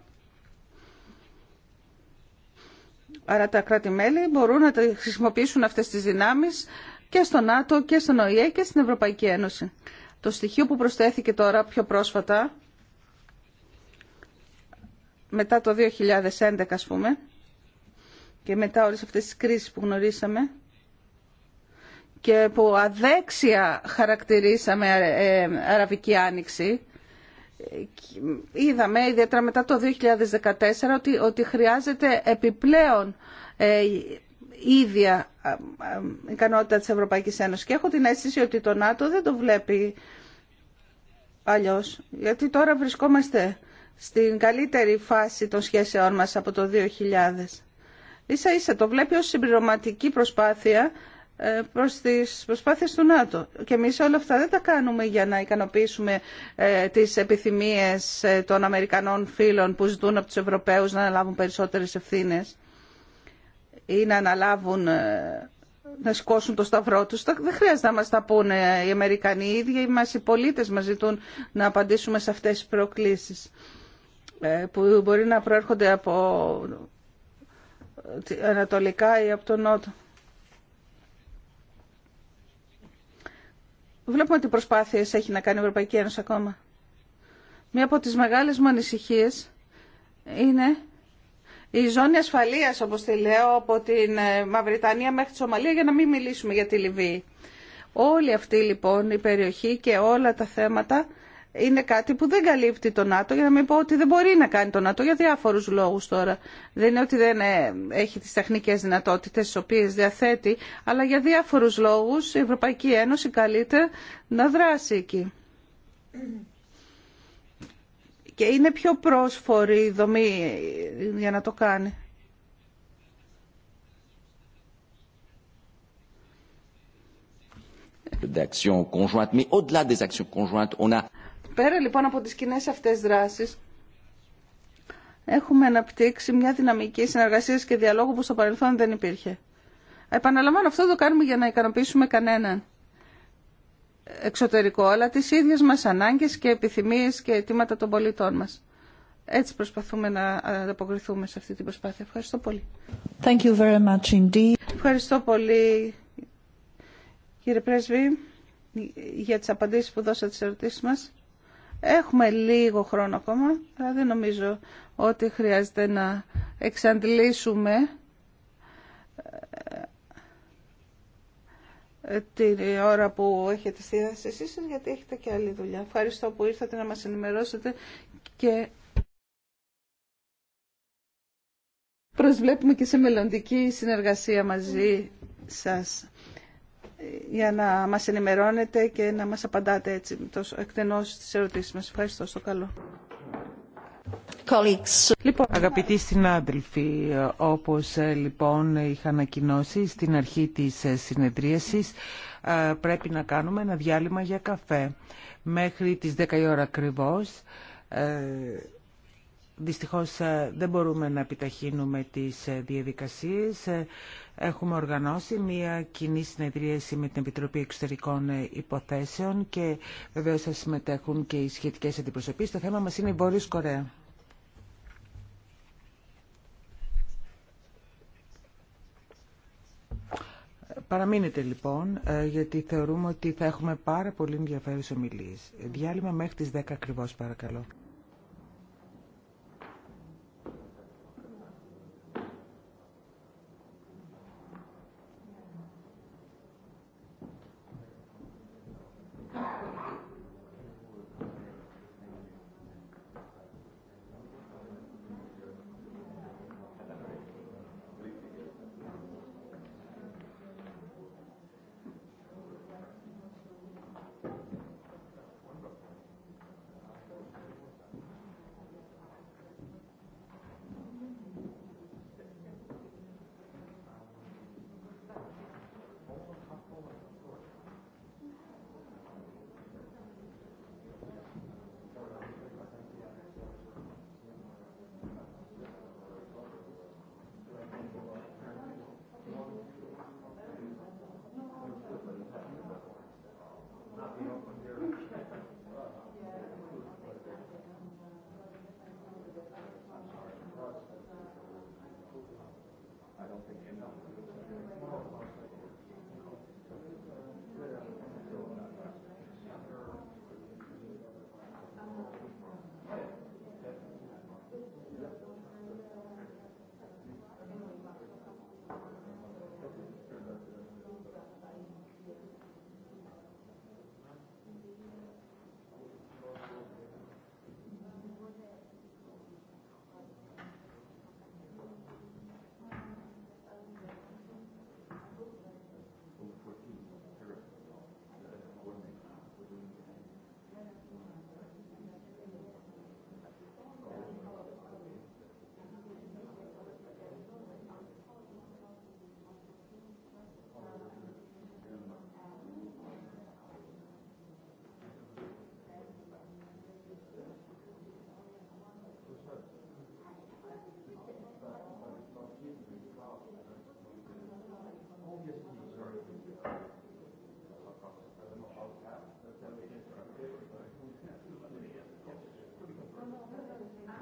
Άρα τα κράτη-μέλη μπορούν να χρησιμοποιήσουν αυτές τις δυνάμεις και στο ΝΑΤΟ και στον ΟΗΕ και στην Ευρωπαϊκή Ένωση. Το στοιχείο που προσθέθηκε τώρα πιο πρόσφατα, μετά το 2011 ας πούμε, και μετά όλες αυτές τις κρίσεις που γνωρίσαμε και που αδέξια χαρακτηρίσαμε ε, ε, Αραβική Άνοιξη, είδαμε ιδιαίτερα μετά το 2014 ότι, ότι χρειάζεται επιπλέον ε, ίδια ε, ε, ικανότητα της Ευρωπαϊκής Ένωσης και έχω την αίσθηση ότι το ΝΑΤΟ δεν το βλέπει αλλιώς γιατί τώρα βρισκόμαστε στην καλύτερη φάση των σχέσεών μας από το 2000 ίσα ίσα το βλέπει ως συμπληρωματική προσπάθεια ε, προς τις προσπάθειες του ΝΑΤΟ. Και εμείς όλα αυτά δεν τα κάνουμε για να ικανοποιήσουμε ε, τις επιθυμίες ε, των Αμερικανών φίλων που ζητούν από τους Ευρωπαίους να αναλάβουν περισσότερες ευθύνες ή να αναλάβουν να σκόσουν το σταυρό τους. Δεν χρειάζεται να μας τα πούνε οι Αμερικανοί. ίδιοι οι πολίτες μας ζητούν να απαντήσουμε σε αυτές τις προκλήσεις που μπορεί να προέρχονται από ανατολικά ή από τον νότο. Βλέπουμε τι προσπάθειες έχει να κάνει η Ευρωπαϊκή Ένωση ακόμα. Μία από τις μεγάλες μου ανησυχίε είναι η ζώνη ασφαλείας, όπως τη λέω, από την ε, Μαυριτανία μέχρι τη Σομαλία, για να μην μιλήσουμε για τη Λιβύη. Όλη αυτή λοιπόν η περιοχή και όλα τα θέματα είναι κάτι που δεν καλύπτει το ΝΑΤΟ, για να μην πω ότι δεν μπορεί να κάνει το ΝΑΤΟ για διάφορους λόγους τώρα. Δεν είναι ότι δεν ε, έχει τις τεχνικές δυνατότητες τις οποίες διαθέτει, αλλά για διάφορους λόγους η Ευρωπαϊκή Ένωση καλείται να δράσει εκεί. Και είναι πιο πρόσφορη η δομή για να το κάνει. d'actions conjointes, mais au-delà des actions conjointes, on a Πέρα λοιπόν από τις κοινέ αυτές δράσεις, έχουμε αναπτύξει μια δυναμική συνεργασία και διαλόγου που στο παρελθόν δεν υπήρχε. Επαναλαμβάνω, αυτό το κάνουμε για να ικανοποιήσουμε κανέναν εξωτερικό, αλλά τις ίδιες μας ανάγκες και επιθυμίες και αιτήματα των πολιτών μας. Έτσι προσπαθούμε να ανταποκριθούμε σε αυτή την προσπάθεια. Ευχαριστώ πολύ. Thank you very much indeed. Ευχαριστώ πολύ, κύριε Πρέσβη, για τις απαντήσεις που δώσατε στις ερωτήσεις μας. Έχουμε λίγο χρόνο ακόμα, αλλά δεν νομίζω ότι χρειάζεται να εξαντλήσουμε ε, την ώρα που έχετε στη εσείς, γιατί έχετε και άλλη δουλειά. Ευχαριστώ που ήρθατε να μας ενημερώσετε και προσβλέπουμε και σε μελλοντική συνεργασία μαζί σας για να μας ενημερώνετε και να μας απαντάτε έτσι τόσο εκτενώς στις ερωτήσεις μας. Ευχαριστώ στο καλό. Λοιπόν, αγαπητοί συνάδελφοι, όπως ε, λοιπόν είχα ανακοινώσει στην αρχή της ε, συνεδρίασης, ε, πρέπει να κάνουμε ένα διάλειμμα για καφέ. Μέχρι τις 10 η ώρα ακριβώς, Δυστυχώς ε, δεν μπορούμε να επιταχύνουμε τις ε, διαδικασίες. Ε, έχουμε οργανώσει μια κοινή συνεδρίαση με την Επιτροπή Εξωτερικών Υποθέσεων και βεβαίως θα συμμετέχουν και οι σχετικές αντιπροσωπείς. Το θέμα μας είναι η Βόρειος Κορέα. Παραμείνετε λοιπόν, γιατί θεωρούμε ότι θα έχουμε πάρα πολύ ενδιαφέρουσες ομιλίες. Διάλειμμα μέχρι τις 10 ακριβώς παρακαλώ. Ευχαριστώ.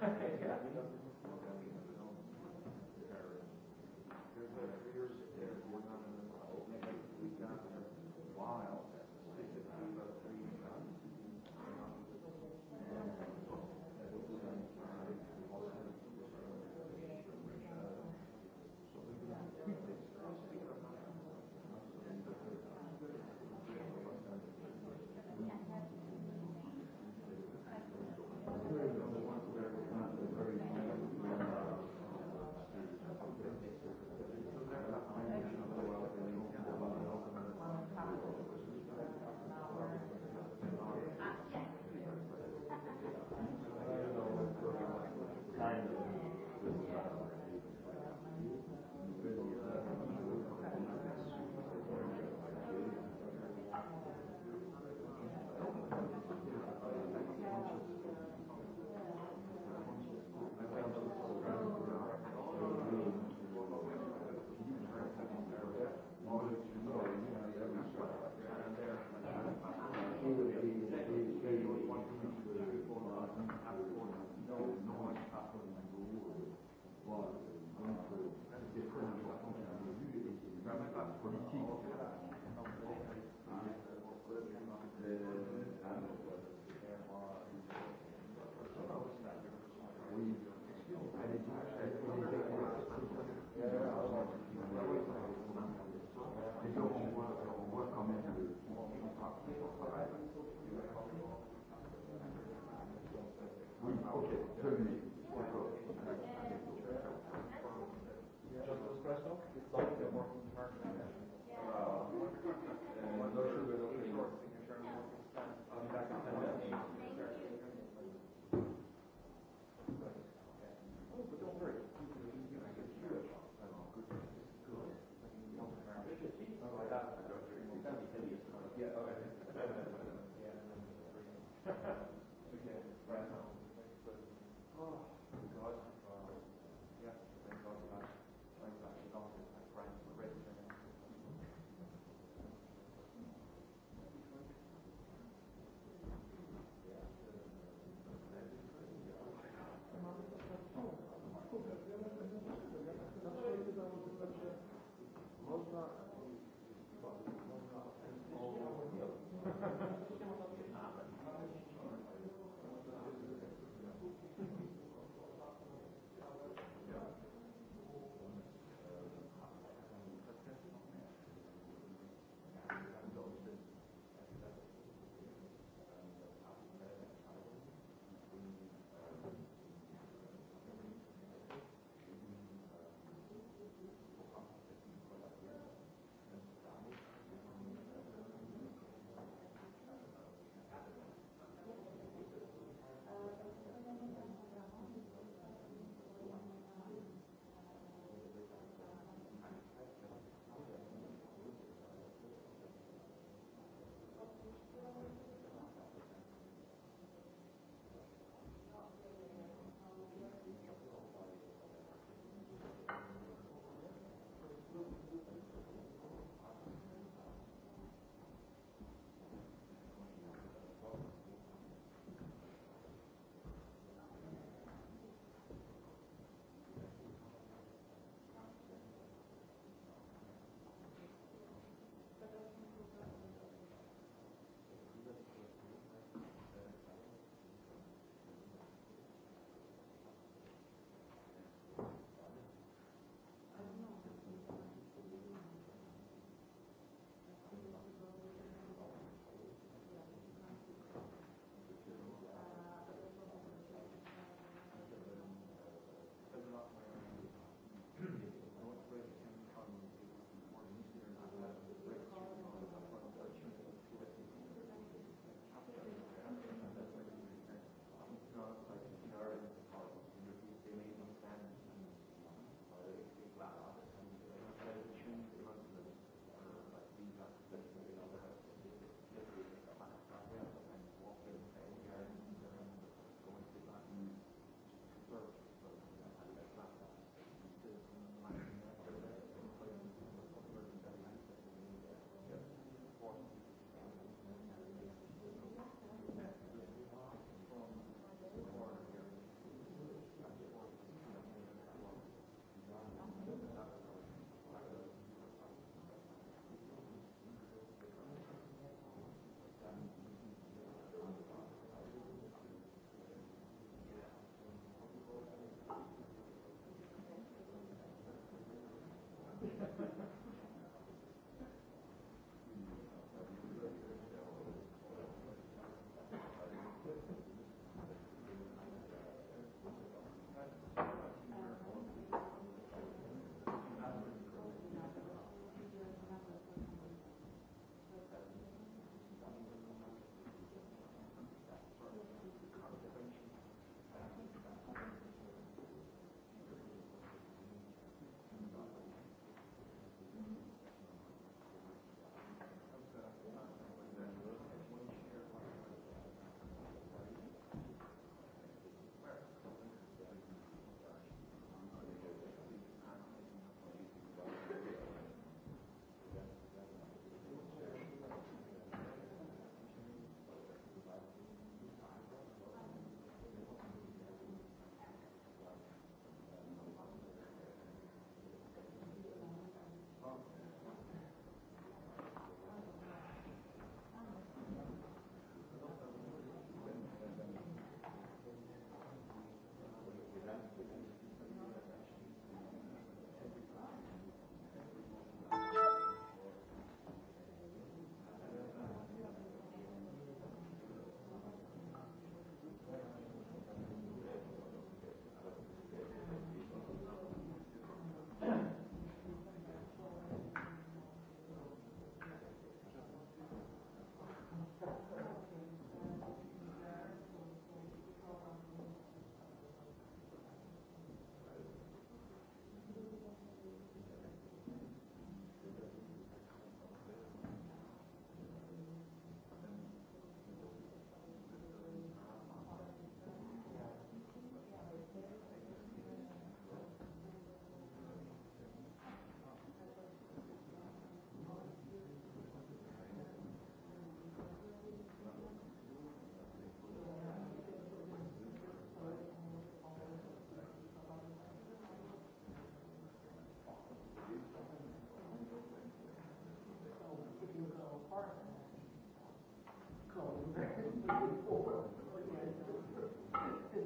There's a, we got there a while. Just espresso? It's working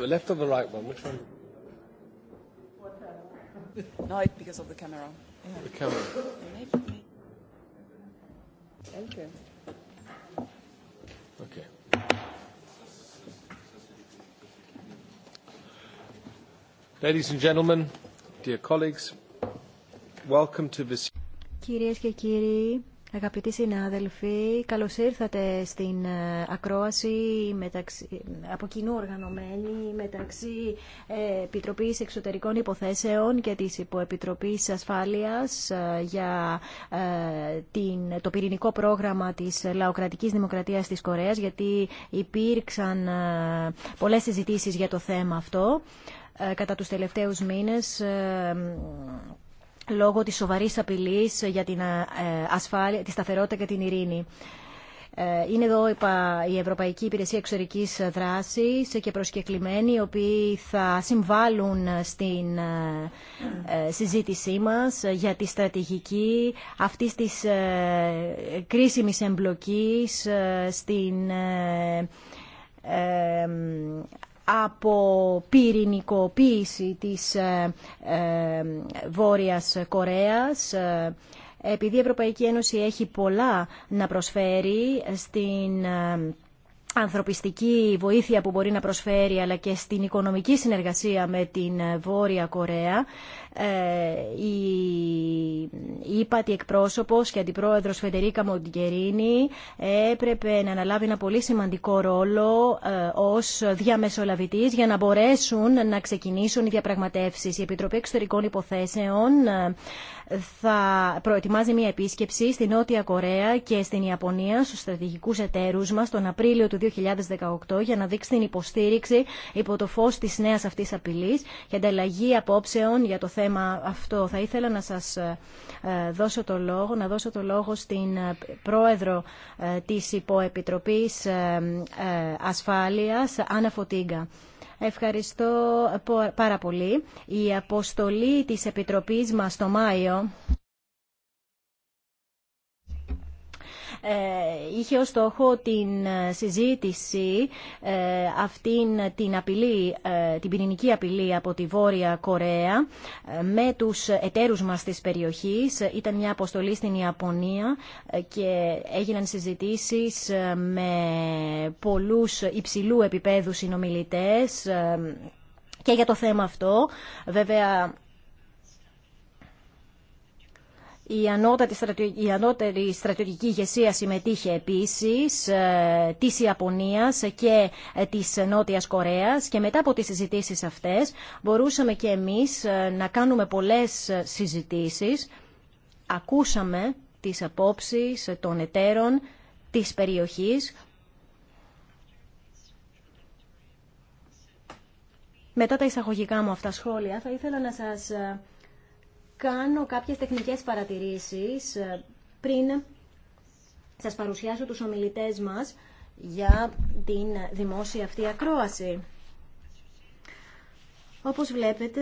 the left or the right one? Which one? No, it's because of the camera. Yeah. The camera. Thank you. Okay. Ladies and gentlemen, dear colleagues, welcome to this. Κυρίες και κύριοι, Αγαπητοί συνάδελφοι, καλώς ήρθατε στην ε, ακρόαση μεταξύ, από κοινού οργανωμένη μεταξύ ε, Επιτροπής Εξωτερικών Υποθέσεων και της Υποεπιτροπής Ασφάλειας ε, για την, το πυρηνικό πρόγραμμα της Λαοκρατικής Δημοκρατίας της Κορέας, γιατί υπήρξαν πολλές συζητήσεις για το θέμα αυτό κατά τους τελευταίους μήνες λόγω της σοβαρής απειλής για την ε, ασφάλεια, τη σταθερότητα και την ειρήνη. Ε, είναι εδώ η Ευρωπαϊκή Υπηρεσία Εξωτερικής Δράσης και προσκεκλημένοι οι οποίοι θα συμβάλλουν στην ε, συζήτησή μας για τη στρατηγική αυτής της κρίσιμης εμπλοκής στην από πυρηνικοποίηση της ε, ε, Βόρειας Κορέας ε, επειδή η Ευρωπαϊκή Ένωση έχει πολλά να προσφέρει στην ανθρωπιστική βοήθεια που μπορεί να προσφέρει αλλά και στην οικονομική συνεργασία με την Βόρεια Κορέα. Ε, η ύπατη εκπρόσωπος και αντιπρόεδρος Φεντερίκα Μοντγκερίνη έπρεπε να αναλάβει ένα πολύ σημαντικό ρόλο ε, ως διαμεσολαβητής για να μπορέσουν να ξεκινήσουν οι διαπραγματεύσεις. Η Επιτροπή Εξωτερικών Υποθέσεων ε, θα προετοιμάζει μια επίσκεψη στην Νότια Κορέα και στην Ιαπωνία στους στρατηγικούς εταίρους μας τον Απρίλιο του 2018 για να δείξει την υποστήριξη υπό το φως της νέας αυτής απειλής και ανταλλαγή απόψεων για το θέμα αυτό. Θα ήθελα να σας ε, δώσω το λόγο, να δώσω το λόγο στην ε, πρόεδρο ε, της Υποεπιτροπής Ασφάλειας, Άννα Φωτίγκα. Ευχαριστώ πάρα πολύ. Η αποστολή της Επιτροπής μας το Μάιο Ε, είχε ως στόχο την ε, συζήτηση ε, αυτήν την απειλή, την πυρηνική απειλή από τη Βόρεια Κορέα με τους εταίρους μας της περιοχής. Ήταν μια αποστολή στην Ιαπωνία και έγιναν συζητήσεις με πολλούς υψηλού επίπεδου συνομιλητές και για το θέμα αυτό. Βέβαια η ανώτατη, η ανώτερη στρατιωτική ηγεσία συμμετείχε επίσης ε, της Ιαπωνίας και ε, της Νότιας Κορέας και μετά από τις συζητήσεις αυτές μπορούσαμε και εμείς ε, να κάνουμε πολλές συζητήσεις. Ακούσαμε τις απόψεις των εταίρων της περιοχής Μετά τα εισαγωγικά μου αυτά σχόλια θα ήθελα να σας κάνω κάποιες τεχνικές παρατηρήσεις ε, πριν σας παρουσιάσω τους ομιλητές μας για την δημόσια αυτή ακρόαση. Όπως βλέπετε,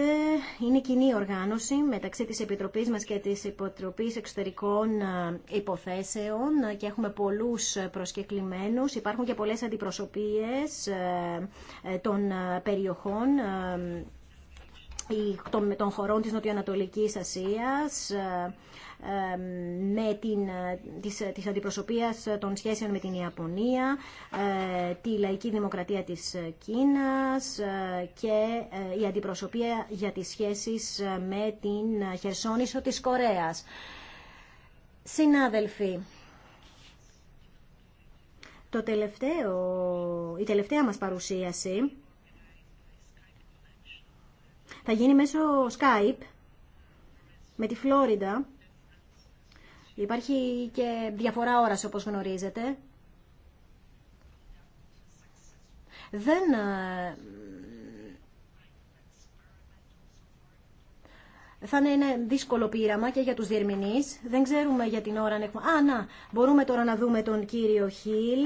είναι κοινή οργάνωση μεταξύ της Επιτροπής μας και της Υποτροπής Εξωτερικών ε, Υποθέσεων και έχουμε πολλούς προσκεκλημένους. Υπάρχουν και πολλές αντιπροσωπείες ε, των περιοχών των χωρών της Νοτιοανατολικής Ασίας ε, ε, με την, ε, της, της των σχέσεων με την Ιαπωνία, τη λαϊκή δημοκρατία της Κίνας και η αντιπροσωπεία για τις σχέσεις με την Χερσόνησο της Κορέας. Συνάδελφοι, το τελευταίο, η τελευταία μας παρουσίαση θα γίνει μέσω Skype με τη Φλόριντα. Υπάρχει και διαφορά ώρας όπως γνωρίζετε. Δεν ε, θα είναι ένα δύσκολο πείραμα και για τους διερμηνείς. Δεν ξέρουμε για την ώρα αν έχουμε... Α, να, μπορούμε τώρα να δούμε τον κύριο Χίλ.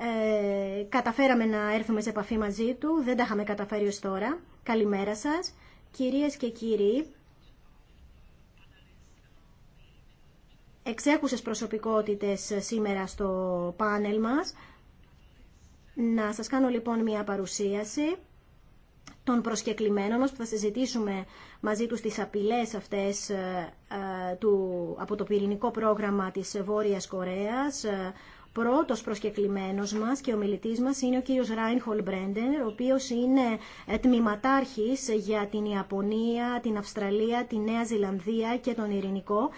Ε, καταφέραμε να έρθουμε σε επαφή μαζί του. Δεν τα είχαμε καταφέρει ως τώρα. Καλημέρα σας. Κυρίες και κύριοι, εξέχουσες προσωπικότητες σήμερα στο πάνελ μας. Να σας κάνω λοιπόν μια παρουσίαση των προσκεκλημένων μας που θα συζητήσουμε μαζί τους τις απειλές αυτές ε, ε, του, από το πυρηνικό πρόγραμμα της Βόρειας Κορέας ε, Πρώτος προσκεκλημένος μας και ο μιλητής μας είναι ο κύριος Ράινχολ Μπρέντερ, ο οποίος είναι ε, τμήματάρχης για την Ιαπωνία, την Αυστραλία, τη Νέα Ζηλανδία και τον Ειρηνικό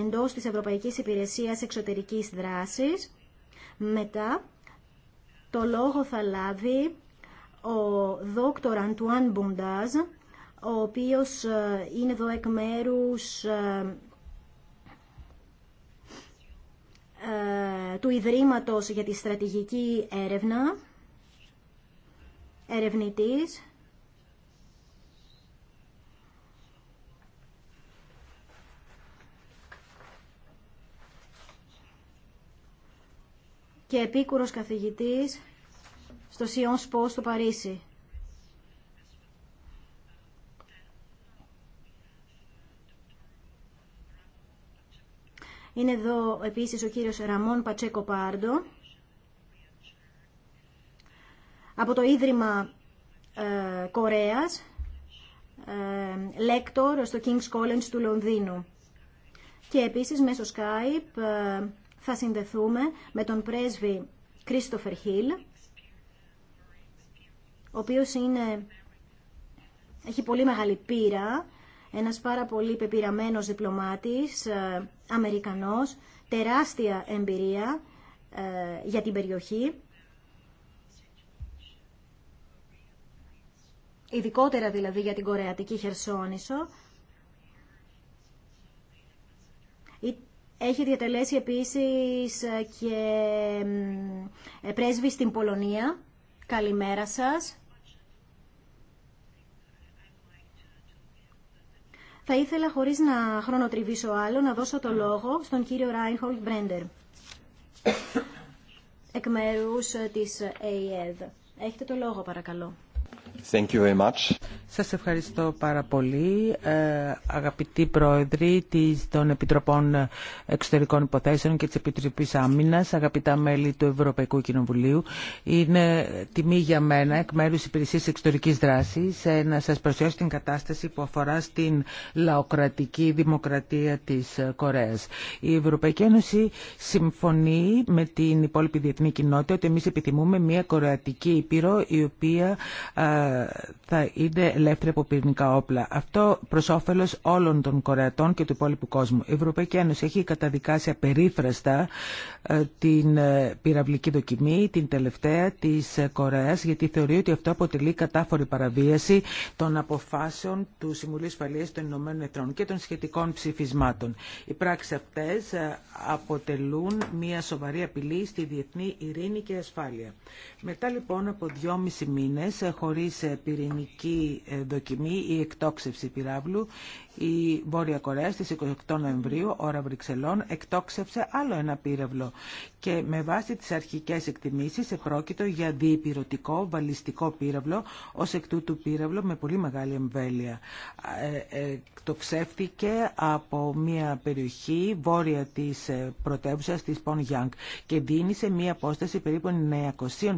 εντός της Ευρωπαϊκής Υπηρεσίας Εξωτερικής Δράσης. Μετά το λόγο θα λάβει ο δόκτωρ Αντουάν Μπουντάζ, ο οποίος ε, είναι εδώ εκ μέρους ε, Ε, του Ιδρύματος για τη Στρατηγική Έρευνα, ερευνητής. και επίκουρος καθηγητής στο Σιόν Σπο στο Παρίσι. Είναι εδώ επίσης ο κύριος Ραμόν Πατσέκο Πάρντο από το Ίδρυμα ε, Κορέας, ε, λέκτορ στο King's College του Λονδίνου. Και επίσης μέσω Skype ε, θα συνδεθούμε με τον πρέσβη Κρίστοφερ Χίλ, ο οποίος είναι, έχει πολύ μεγάλη πείρα ένας πάρα πολύ πεπειραμένος διπλωμάτης, ε, Αμερικανός, τεράστια εμπειρία ε, για την περιοχή. Ειδικότερα δηλαδή για την Κορεατική Χερσόνησο. Έχει διατελέσει επίσης ε, και πρέσβη στην Πολωνία. Καλημέρα σας. Θα ήθελα, χωρίς να χρονοτριβήσω άλλο, να δώσω το λόγο στον κύριο Ράινχολτ Μπρέντερ, εκ μέρους της ΑΕΔ. E Έχετε το λόγο, παρακαλώ. Thank you very much. Σας ευχαριστώ πάρα πολύ, ε, αγαπητοί πρόεδροι των Επιτροπών Εξωτερικών Υποθέσεων και της Επιτροπής Άμυνας, αγαπητά μέλη του Ευρωπαϊκού Κοινοβουλίου. Είναι τιμή για μένα, εκ μέρους Υπηρεσίας Εξωτερικής Δράσης, ε, να σας παρουσιάσω την κατάσταση που αφορά στην λαοκρατική δημοκρατία της Κορέας. Η Ευρωπαϊκή Ένωση συμφωνεί με την υπόλοιπη διεθνή κοινότητα ότι εμείς επιθυμούμε μια κορεατική ήπειρο η οποία ε, θα είναι ελεύθερη από πυρηνικά όπλα. Αυτό προ όφελο όλων των Κορεατών και του υπόλοιπου κόσμου. Η Ευρωπαϊκή Ένωση έχει καταδικάσει απερίφραστα ε, την ε, πυραυλική δοκιμή, την τελευταία τη ε, Κορέα, γιατί θεωρεί ότι αυτό αποτελεί κατάφορη παραβίαση των αποφάσεων του Συμβουλίου Ασφαλεία των Ηνωμένων Εθνών και των σχετικών ψηφισμάτων. Οι πράξει αυτέ αποτελούν μια σοβαρή απειλή στη διεθνή ειρήνη και ασφάλεια. Μετά λοιπόν από δυόμιση μήνε, χωρί σε πυρηνική ε, δοκιμή ή εκτόξευση πυράβλου η Βόρεια Κορέα στις 28 Νοεμβρίου, ώρα Βρυξελών, εκτόξευσε άλλο ένα πύραυλο και με βάση τις αρχικές εκτιμήσεις επρόκειτο για διεπιρωτικό βαλιστικό πύραυλο, ως εκ τούτου πύραυλο με πολύ μεγάλη εμβέλεια. Ε, ε, εκτοξεύτηκε από μια περιοχή βόρεια της ε, πρωτεύουσας της Πον Γιάνγκ και δίνει σε μια απόσταση περίπου 950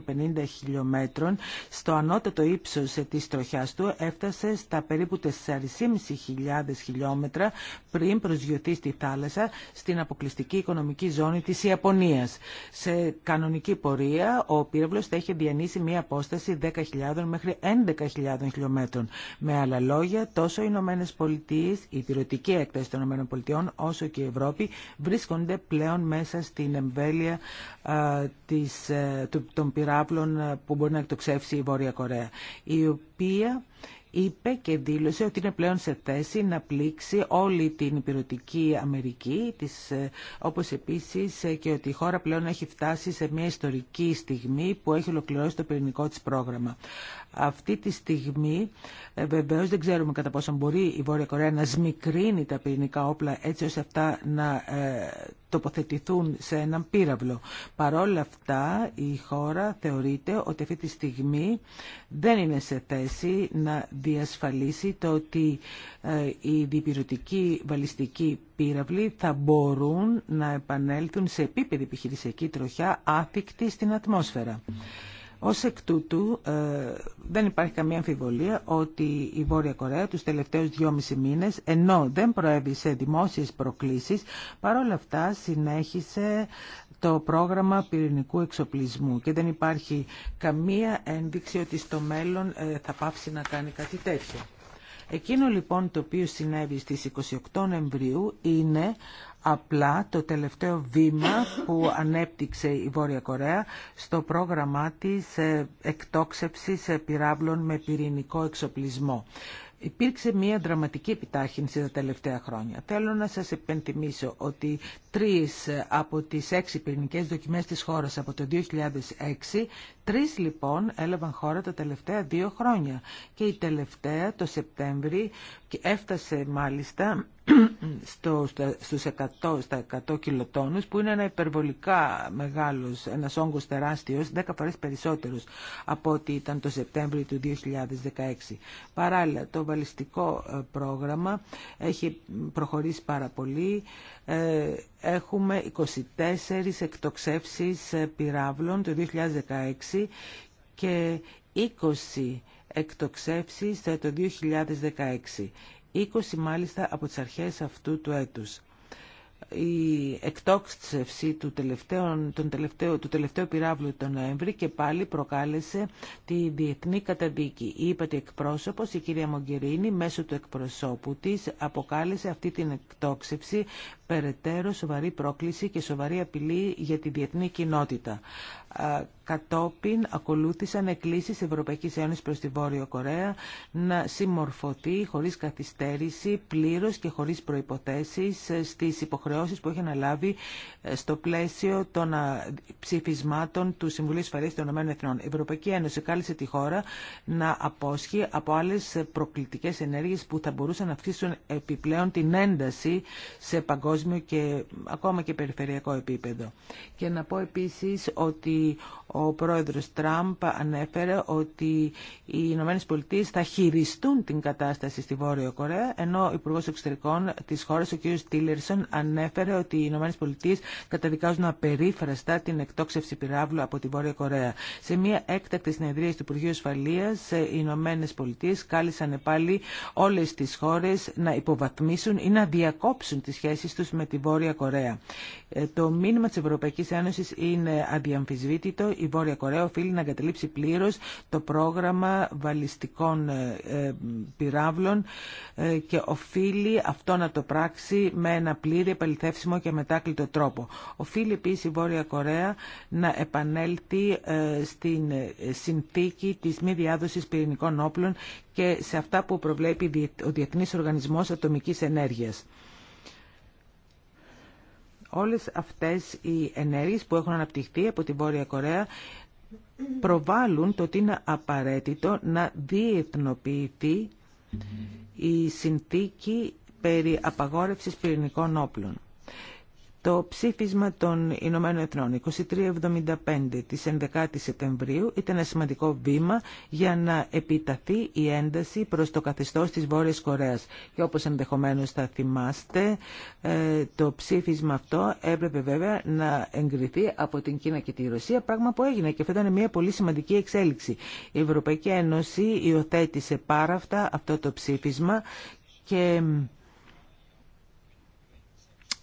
χιλιόμετρων. Στο ανώτατο ύψος της τροχιάς του έφτασε στα περίπου 4.500 χιλιόμετρα πριν προσγειωθεί στη θάλασσα στην αποκλειστική οικονομική ζώνη της Ιαπωνίας. Σε κανονική πορεία ο πύραυλος θα έχει διανύσει μια απόσταση 10.000 μέχρι 11.000 χιλιόμετρων. Με άλλα λόγια, τόσο οι Ηνωμένε Πολιτείε, η πυροτική έκταση των Ηνωμένων Πολιτειών, όσο και η Ευρώπη βρίσκονται πλέον μέσα στην εμβέλεια της, ε, των πυράβλων ε, που μπορεί να εκτοξεύσει η Βόρεια Κορέα, η οποία είπε και δήλωσε ότι είναι πλέον σε θέση να πλήξει όλη την υπηρετική Αμερική, της, ε, όπως επίσης ε, και ότι η χώρα πλέον έχει φτάσει σε μια ιστορική στιγμή που έχει ολοκληρώσει το πυρηνικό της πρόγραμμα. Αυτή τη στιγμή ε, βεβαίως δεν ξέρουμε κατά πόσο μπορεί η Βόρεια Κορέα να σμικρύνει τα πυρηνικά όπλα έτσι ώστε αυτά να ε, τοποθετηθούν σε έναν πύραυλο. όλα αυτά η χώρα θεωρείται ότι αυτή τη στιγμή δεν είναι σε θέση να διασφαλίσει το ότι ε, οι διπυρωτικοί βαλιστικοί πύραυλοι θα μπορούν να επανέλθουν σε επίπεδη επιχειρησιακή τροχιά άθικτη στην ατμόσφαιρα. Ως εκ τούτου ε, δεν υπάρχει καμία αμφιβολία ότι η Βόρεια Κορέα τους τελευταίους δυόμισι μήνες ενώ δεν προέβη σε δημόσιες προκλήσεις παρόλα αυτά συνέχισε το πρόγραμμα πυρηνικού εξοπλισμού και δεν υπάρχει καμία ένδειξη ότι στο μέλλον ε, θα πάψει να κάνει κάτι τέτοιο. Εκείνο λοιπόν το οποίο συνέβη στις 28 Νοεμβρίου είναι απλά το τελευταίο βήμα που ανέπτυξε η Βόρεια Κορέα στο πρόγραμμά της ε, εκτόξευσης ε, πυράβλων με πυρηνικό εξοπλισμό. Υπήρξε μια δραματική επιτάχυνση τα τελευταία χρόνια. Θέλω να σας επενθυμίσω ότι τρεις ε, από τις έξι πυρηνικές δοκιμές της χώρας από το 2006, τρεις λοιπόν έλαβαν χώρα τα τελευταία δύο χρόνια. Και η τελευταία το Σεπτέμβρη και έφτασε μάλιστα στο, στους 100, στα 100 κιλοτόνους που είναι ένα υπερβολικά μεγάλος, ένας όγκος τεράστιος, 10 φορές περισσότερος από ό,τι ήταν το Σεπτέμβριο του 2016. Παράλληλα, το βαλιστικό ε, πρόγραμμα έχει προχωρήσει πάρα πολύ. Ε, έχουμε 24 εκτοξεύσεις ε, πυράβλων το 2016 και 20 εκτοξεύσεις ε, το 2016, 20 μάλιστα από τις αρχές αυτού του έτους. Η εκτόξευση του τελευταίου, τον τελευταίο, του τελευταίου πυράβλου τον Νοέμβρη και πάλι προκάλεσε τη διεθνή καταδίκη. Η ότι εκπρόσωπος, η κυρία Μογκερίνη, μέσω του εκπροσώπου της, αποκάλεσε αυτή την εκτόξευση περαιτέρω σοβαρή πρόκληση και σοβαρή απειλή για τη διεθνή κοινότητα. Ε, κατόπιν ακολούθησαν εκκλήσεις Ευρωπαϊκής Ένωσης προς τη Βόρειο Κορέα να συμμορφωθεί χωρίς καθυστέρηση, πλήρως και χωρίς προϋποθέσεις ε, στις υποχρεώσεις που έχει αναλάβει ε, στο πλαίσιο των ψηφισμάτων του Συμβουλίου Ασφαλείας των ΗΕ. Η Ευρωπαϊκή Ένωση κάλεσε τη χώρα να απόσχει από άλλες προκλητικές ενέργειες που θα μπορούσαν να αυξήσουν επιπλέον την ένταση σε παγκόσμιο και ακόμα και περιφερειακό επίπεδο. Και να πω επίσης ότι ο πρόεδρος Τραμπ ανέφερε ότι οι Ηνωμένε Πολιτείε θα χειριστούν την κατάσταση στη Βόρεια Κορέα, ενώ ο Υπουργό Εξωτερικών τη χώρα, ο κ. Τίλερσον, ανέφερε ότι οι Ηνωμένε Πολιτείε καταδικάζουν απερίφραστα την εκτόξευση πυράβλου από τη Βόρεια Κορέα. Σε μια έκτακτη συνεδρία του Υπουργείου Ασφαλεία, οι Ηνωμένε Πολιτείε κάλεσαν πάλι όλε τι χώρε να υποβαθμίσουν ή να διακόψουν τι σχέσει του με τη Βόρεια Κορέα. Ε, το μήνυμα τη Ευρωπαϊκή Ένωση είναι αδιαμφισβήτητο η Βόρεια Κορέα οφείλει να εγκαταλείψει πλήρω το πρόγραμμα βαλιστικών ε, ε, πυράβλων ε, και οφείλει αυτό να το πράξει με ένα πλήρη επαληθεύσιμο και μετάκλητο τρόπο. Οφείλει επίση η Βόρεια Κορέα να επανέλθει στην συνθήκη της μη διάδοσης πυρηνικών όπλων και σε αυτά που προβλέπει ο Διεθνής Οργανισμός Ατομικής Ενέργειας. Όλες αυτές οι ενέργειες που έχουν αναπτυχθεί από τη Βόρεια Κορέα προβάλλουν το ότι είναι απαραίτητο να διεθνοποιηθεί η συνθήκη περί απαγόρευσης πυρηνικών όπλων. Το ψήφισμα των Ηνωμένων Εθνών 2375 της 11 η Σεπτεμβρίου ήταν ένα σημαντικό βήμα για να επιταθεί η ένταση προς το καθεστώς της Βόρειας Κορέας. Και όπως ενδεχομένως θα θυμάστε, ε, το ψήφισμα αυτό έπρεπε βέβαια να εγκριθεί από την Κίνα και τη Ρωσία, πράγμα που έγινε και αυτό ήταν μια πολύ σημαντική εξέλιξη. Η Ευρωπαϊκή Ένωση υιοθέτησε πάρα αυτά αυτό το ψήφισμα και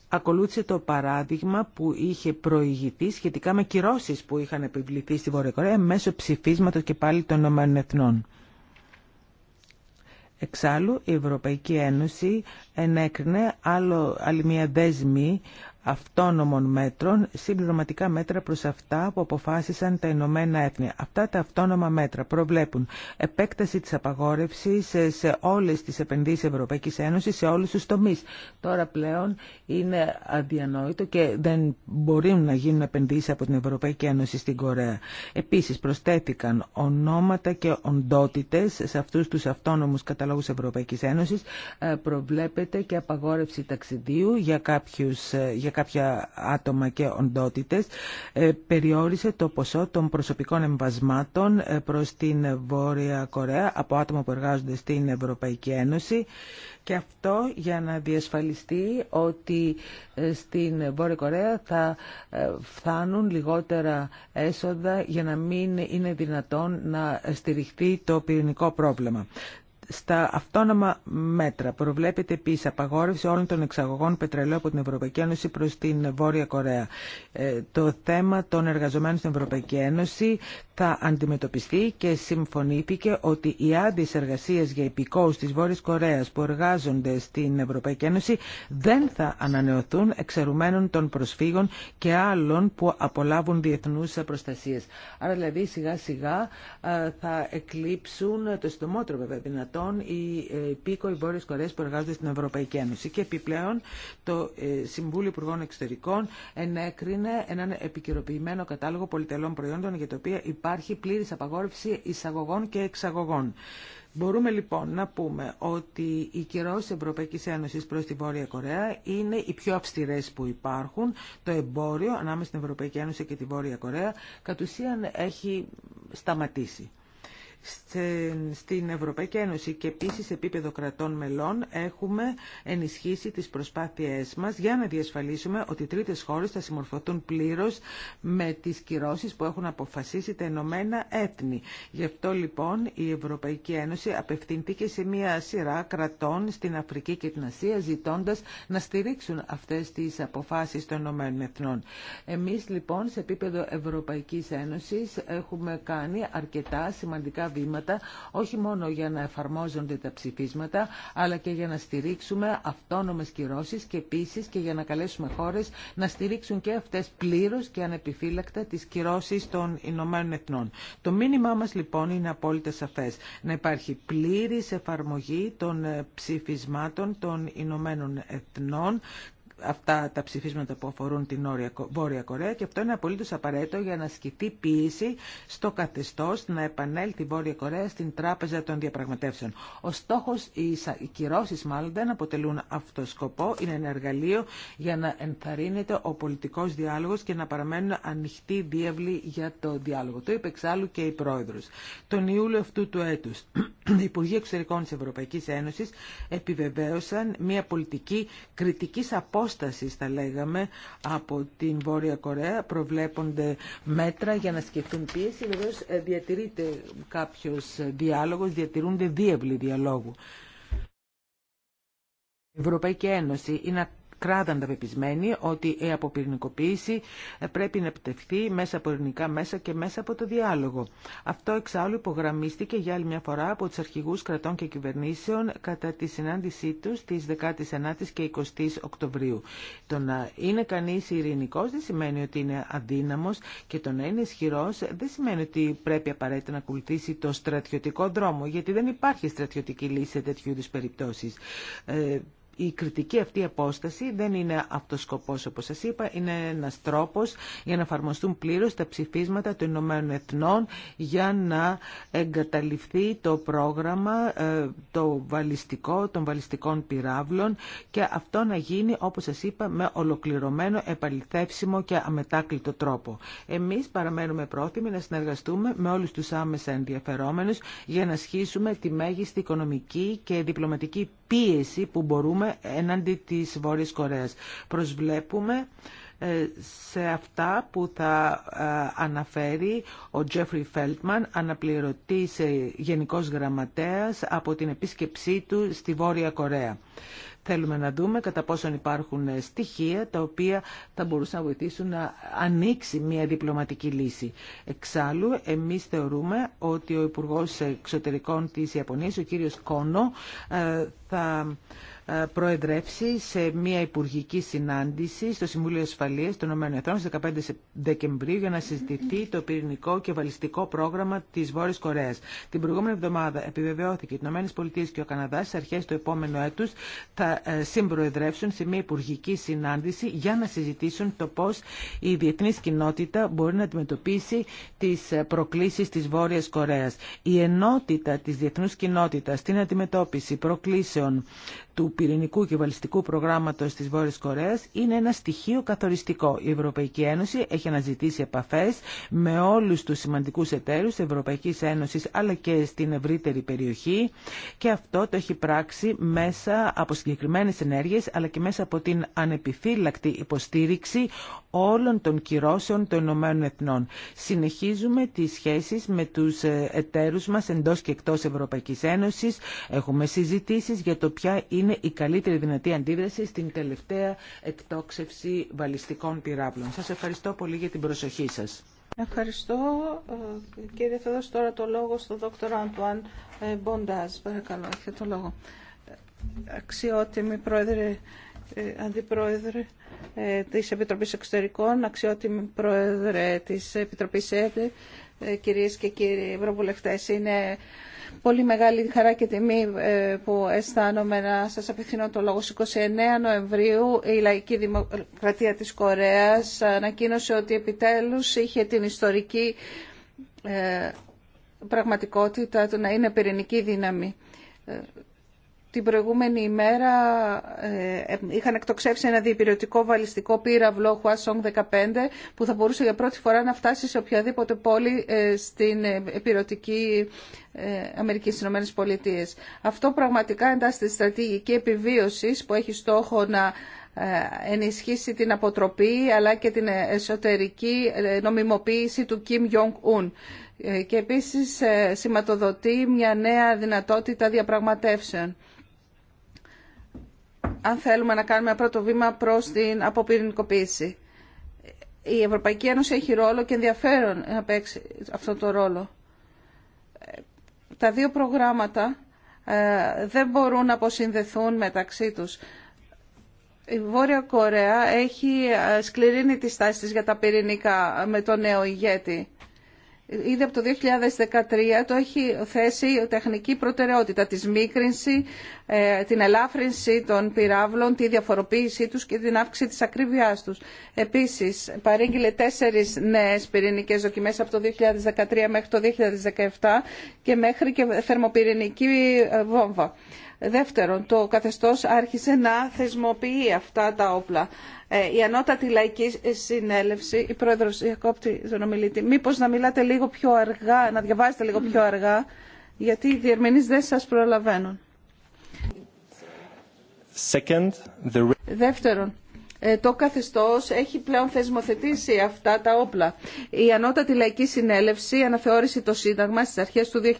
ακολούθησε το παράδειγμα που είχε προηγηθεί σχετικά με κυρώσεις που είχαν επιβληθεί στη Βόρεια Κορέα μέσω ψηφίσματος και πάλι των εθνών. Εξάλλου, η Ευρωπαϊκή Ένωση ενέκρινε άλλο, άλλη μια δέσμη αυτόνομων μέτρων, συμπληρωματικά μέτρα προς αυτά που αποφάσισαν τα Ηνωμένα Έθνη. Αυτά τα αυτόνομα μέτρα προβλέπουν επέκταση της απαγόρευσης σε όλες τις επενδύσεις Ευρωπαϊκής Ένωσης, σε όλους τους τομείς. Τώρα πλέον είναι αδιανόητο και δεν μπορούν να γίνουν επενδύσεις από την Ευρωπαϊκή Ένωση στην Κορέα. Επίσης προσθέθηκαν ονόματα και οντότητες σε αυτούς τους αυτόνομους καταλόγους Ευρωπαϊκής Ένωσης. Ε, προβλέπεται και απαγόρευση ταξιδίου για κάποιους ε, για κάποια άτομα και οντότητες ε, περιόρισε το ποσό των προσωπικών εμβασμάτων ε, προς την Βόρεια Κορέα από άτομα που εργάζονται στην Ευρωπαϊκή Ένωση και αυτό για να διασφαλιστεί ότι ε, στην Βόρεια Κορέα θα φτάνουν λιγότερα έσοδα για να μην είναι δυνατόν να στηριχτεί το πυρηνικό πρόβλημα στα αυτόνομα μέτρα προβλέπεται επίση απαγόρευση όλων των εξαγωγών πετρελαίου από την Ευρωπαϊκή Ένωση προ την Βόρεια Κορέα. Ε, το θέμα των εργαζομένων στην Ευρωπαϊκή Ένωση θα αντιμετωπιστεί και συμφωνήθηκε ότι οι άδειε εργασία για υπηκόου τη Βόρεια Κορέα που εργάζονται στην Ευρωπαϊκή Ένωση δεν θα ανανεωθούν εξαιρουμένων των προσφύγων και άλλων που απολάβουν διεθνού προστασίε. Άρα δηλαδή σιγά σιγά ε, θα εκλείψουν το συντομότερο βέβαια ετών οι ε, πίκο βόρειε Κορέας που εργάζονται στην Ευρωπαϊκή Ένωση. Και επιπλέον το ε, Συμβούλιο Υπουργών Εξωτερικών ενέκρινε έναν επικαιροποιημένο κατάλογο πολυτελών προϊόντων για το οποίο υπάρχει πλήρη απαγόρευση εισαγωγών και εξαγωγών. Μπορούμε λοιπόν να πούμε ότι οι κυρώσει Ευρωπαϊκή Ένωση προ τη Βόρεια Κορέα είναι οι πιο αυστηρέ που υπάρχουν. Το εμπόριο ανάμεσα στην Ευρωπαϊκή Ένωση και τη Βόρεια Κορέα κατ' ουσίαν έχει σταματήσει στην Ευρωπαϊκή Ένωση και επίσης σε επίπεδο κρατών μελών έχουμε ενισχύσει τις προσπάθειές μας για να διασφαλίσουμε ότι τρίτες χώρες θα συμμορφωθούν πλήρως με τις κυρώσεις που έχουν αποφασίσει τα Ενωμένα Έθνη. Γι' αυτό λοιπόν η Ευρωπαϊκή Ένωση απευθύνθηκε σε μια σειρά κρατών στην Αφρική και την Ασία ζητώντας να στηρίξουν αυτές τις αποφάσεις των Ενωμένων Εθνών. Εμείς λοιπόν σε επίπεδο Ευρωπαϊκής Ένωσης έχουμε κάνει αρκετά σημαντικά όχι μόνο για να εφαρμόζονται τα ψηφίσματα, αλλά και για να στηρίξουμε αυτόνομες κυρώσεις και επίση και για να καλέσουμε χώρες να στηρίξουν και αυτές πλήρως και ανεπιφύλακτα τις κυρώσεις των Ηνωμένων Εθνών. Το μήνυμά μας λοιπόν είναι απόλυτα σαφές. Να υπάρχει πλήρης εφαρμογή των ε, ψηφισμάτων των Ηνωμένων Εθνών αυτά τα ψηφίσματα που αφορούν την Βόρεια Κορέα και αυτό είναι απολύτως απαραίτητο για να ασκηθεί πίεση στο καθεστώς να επανέλθει η Βόρεια Κορέα στην Τράπεζα των Διαπραγματεύσεων. Ο στόχος, οι κυρώσεις μάλλον δεν αποτελούν αυτό σκοπό, είναι ένα εργαλείο για να ενθαρρύνεται ο πολιτικός διάλογος και να παραμένουν ανοιχτοί δίευλοι για το διάλογο. Το είπε εξάλλου και η Πρόεδρος. Τον Ιούλιο αυτού του έτου. οι Υπουργοί Εξωτερικών της Ευρωπαϊκής Ένωσης επιβεβαίωσαν μια πολιτική κριτικής απόσταση απόστασης θα λέγαμε από την Βόρεια Κορέα προβλέπονται μέτρα για να σκεφτούν πίεση βεβαίως ε, διατηρείται κάποιος διάλογος διατηρούνται διεύλοι διαλόγου Ευρωπαϊκή Ένωση είναι τα πεπισμένοι ότι η αποπυρηνικοποίηση ε, πρέπει να επιτευχθεί μέσα από ειρηνικά μέσα και μέσα από το διάλογο. Αυτό εξάλλου υπογραμμίστηκε για άλλη μια φορά από του αρχηγού κρατών και κυβερνήσεων κατά τη συνάντησή τους στι 19 η και 20 η Οκτωβρίου. Το να είναι κανεί ειρηνικό δεν σημαίνει ότι είναι αδύναμος και το να είναι ισχυρό δεν σημαίνει ότι πρέπει απαραίτητα να ακολουθήσει το στρατιωτικό δρόμο, γιατί δεν υπάρχει στρατιωτική λύση σε τέτοιου είδου περιπτώσει. Ε, η κριτική αυτή απόσταση δεν είναι ο σκοπό, όπω σα είπα, είναι ένα τρόπο για να εφαρμοστούν πλήρω τα ψηφίσματα των Ηνωμένων Εθνών για να εγκαταληφθεί το πρόγραμμα ε, το βαλιστικό, των βαλιστικών πυράβλων και αυτό να γίνει όπω σα είπα με ολοκληρωμένο, επαληθεύσιμο και αμετάκλητο τρόπο. Εμεί παραμένουμε πρόθυμοι να συνεργαστούμε με όλου του άμεσα ενδιαφερόμενου για να ασχίσουμε τη μέγιστη οικονομική και διπλωματική πίεση που μπορούμε έναντι της Βόρειας Κορέας. Προσβλέπουμε ε, σε αυτά που θα ε, αναφέρει ο Τζέφρι Φέλτμαν, αναπληρωτής ε, γενικός γραμματέας από την επίσκεψή του στη Βόρεια Κορέα. Θέλουμε να δούμε κατά πόσον υπάρχουν στοιχεία τα οποία θα μπορούσαν να βοηθήσουν να ανοίξει μια διπλωματική λύση. Εξάλλου, εμείς θεωρούμε ότι ο Υπουργός Εξωτερικών της Ιαπωνίας, ο κύριος Κόνο, θα ε, προεδρεύσει σε μια υπουργική συνάντηση στο Συμβούλιο Ασφαλείας των ΗΕ στις 15 Δεκεμβρίου για να συζητηθεί το πυρηνικό και βαλιστικό πρόγραμμα της Βόρειας Κορέας. Την προηγούμενη εβδομάδα επιβεβαιώθηκε ότι οι ΗΠΑ και ο Καναδάς στις αρχές του επόμενου έτους θα ε, συμπροεδρεύσουν σε μια υπουργική συνάντηση για να συζητήσουν το πώς η διεθνής κοινότητα μπορεί να αντιμετωπίσει τις ε, προκλήσεις της Βόρειας Κορέας. Η ενότητα της διεθνούς κοινότητας στην αντιμετώπιση προκλήσεων του πυρηνικού και βαλιστικού προγράμματος της Βόρειας Κορέας είναι ένα στοιχείο καθοριστικό. Η Ευρωπαϊκή Ένωση έχει αναζητήσει επαφέ με όλου του σημαντικού εταίρους τη Ευρωπαϊκή Ένωση, αλλά και στην ευρύτερη περιοχή και αυτό το έχει πράξει μέσα από συγκεκριμένε ενέργειε, αλλά και μέσα από την ανεπιφύλακτη υποστήριξη όλων των κυρώσεων των Ηνωμένων Εθνών. Συνεχίζουμε τι σχέσει με του ε, εταίρους μα εντό και εκτό Ευρωπαϊκή Ένωση. Έχουμε συζητήσεις για το ποια είναι η η καλύτερη δυνατή αντίδραση στην τελευταία εκτόξευση βαλιστικών πυράβλων. Σας ευχαριστώ πολύ για την προσοχή σας. Ευχαριστώ. Ε, κύριε, θα δώσω τώρα το λόγο στον δόκτωρο Αντουάν ε, Μποντάζ. Παρακαλώ, έχετε το λόγο. Ε, αξιότιμη πρόεδρε, αντιπρόεδρε της Επιτροπής Εξωτερικών, αξιότιμη πρόεδρε της Επιτροπής ΕΔΕ, κυρίες και κύριοι ευρωβουλευτές, είναι πολύ μεγάλη χαρά και τιμή ε, που αισθάνομαι να σας απευθύνω το λόγο. Στις 29 Νοεμβρίου η Λαϊκή Δημοκρατία της Κορέας ανακοίνωσε ότι επιτέλους είχε την ιστορική ε, πραγματικότητα του να είναι πυρηνική δύναμη. Ε, την προηγούμενη ημέρα ε, ε, είχαν εκτοξεύσει ένα διεπηρετικό βαλιστικό πύραυλο Χουάσονγκ 15 που θα μπορούσε για πρώτη φορά να φτάσει σε οποιαδήποτε πόλη ε, στην επιρωτική Αμερική στις Ηνωμένες Πολιτείες. Αυτό πραγματικά εντάσσεται στη στρατηγική επιβίωση που έχει στόχο να ενισχύσει την αποτροπή αλλά και την εσωτερική νομιμοποίηση του Κιμ Ιονγκ Ουν και επίσης σηματοδοτεί μια νέα δυνατότητα διαπραγματεύσεων αν θέλουμε να κάνουμε ένα πρώτο βήμα προς την αποπυρηνικοποίηση. Η Ευρωπαϊκή Ένωση έχει ρόλο και ενδιαφέρον να παίξει αυτό το ρόλο. Τα δύο προγράμματα ε, δεν μπορούν να αποσυνδεθούν μεταξύ τους. Η Βόρεια Κορέα έχει ε, σκληρύνει τις τάσεις για τα πυρηνικά με τον νέο ηγέτη ήδη από το 2013 το έχει θέσει τεχνική προτεραιότητα, τη ε, την ελάφρυνση των πυράβλων, τη διαφοροποίησή τους και την αύξηση της ακρίβειάς τους. Επίσης, παρήγγειλε τέσσερις νέες πυρηνικές δοκιμές από το 2013 μέχρι το 2017 και μέχρι και θερμοπυρηνική ε, βόμβα. Δεύτερον, το καθεστώς άρχισε να θεσμοποιεί αυτά τα όπλα. Ε, η Ανώτατη Λαϊκή Συνέλευση, η πρόεδρος Ιακώπτη τον μήπως να μιλάτε λίγο πιο αργά, να διαβάζετε λίγο πιο αργά, γιατί οι διερμηνείς δεν σας προλαβαίνουν. Δεύτερον, ε, το καθεστώς έχει πλέον θεσμοθετήσει αυτά τα όπλα. Η Ανώτατη Λαϊκή Συνέλευση αναθεώρησε το Σύνταγμα στις αρχές του 2012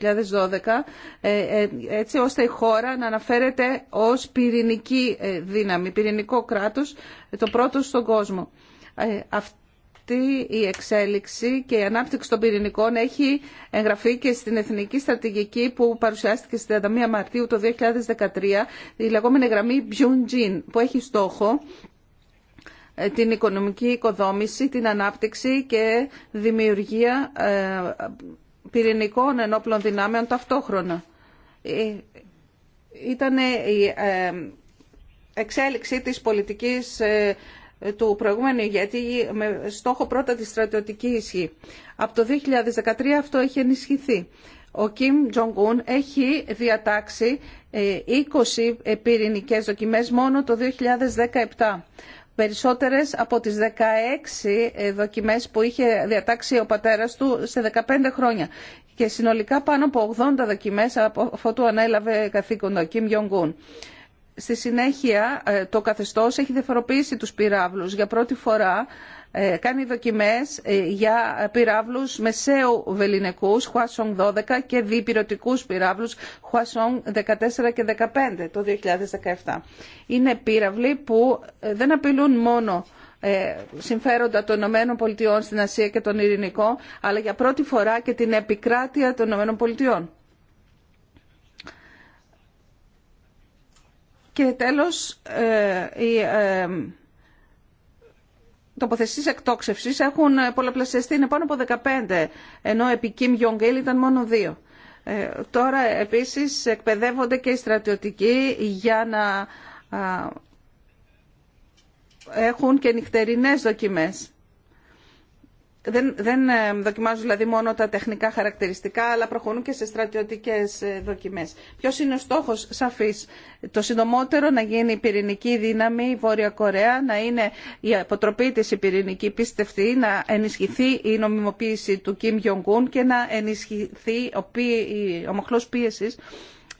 ε, ε, έτσι ώστε η χώρα να αναφέρεται ως πυρηνική δύναμη, πυρηνικό κράτος, το πρώτο στον κόσμο. Αυτή η εξέλιξη και η ανάπτυξη των πυρηνικών έχει εγγραφεί και στην Εθνική Στρατηγική που παρουσιάστηκε στις 31 Μαρτίου το 2013, η λεγόμενη Μπιουντζίν, που έχει στόχο ε, την οικονομική οικοδόμηση, την ανάπτυξη και δημιουργία ε, πυρηνικών ενόπλων δυνάμεων ταυτόχρονα. Ε, ήταν η εξέλιξη της πολιτικής του προηγούμενου ηγέτη με στόχο πρώτα τη στρατιωτική ισχύ. Από το 2013 αυτό έχει ενισχυθεί. Ο Κιμ Τζονγκούν έχει διατάξει 20 πυρηνικές δοκιμές μόνο το 2017 περισσότερες από τις 16 ε, δοκιμές που είχε διατάξει ο πατέρας του σε 15 χρόνια και συνολικά πάνω από 80 δοκιμές αφού του ανέλαβε καθήκοντα ο Κιμ Γιονγκούν. Στη συνέχεια ε, το καθεστώς έχει διαφοροποιήσει τους πυράβλους για πρώτη φορά ε, κάνει δοκιμές ε, για πυράβλους μεσαίου βεληνικούς Χουάσον 12 και διπυρωτικούς πυράβλους Χουάσον 14 και 15 το 2017. Είναι πύραυλοι που ε, δεν απειλούν μόνο συμφέροντα των Ηνωμένων Πολιτειών στην Ασία και τον Ειρηνικό, αλλά για πρώτη φορά και την επικράτεια των Ηνωμένων Πολιτειών. Και τέλος, τοποθεσίες εκτόξευσης έχουν ε, πολλαπλασιαστεί, είναι πάνω από 15, ενώ επί Kim Jong-il ήταν μόνο δύο. Ε, τώρα επίσης εκπαιδεύονται και οι στρατιωτικοί για να έχουν και νυχτερινές δοκιμές δεν, δεν ε, δοκιμάζουν δηλαδή μόνο τα τεχνικά χαρακτηριστικά, αλλά προχωρούν και σε στρατιωτικές ε, δοκιμές. Ποιος είναι ο στόχος, σαφής, το συντομότερο να γίνει η πυρηνική δύναμη, η Βόρεια Κορέα, να είναι η αποτροπή της η πυρηνική πίστευτη, να ενισχυθεί η νομιμοποίηση του Κιμ Γιονγκούν και να ενισχυθεί ο, πι, ο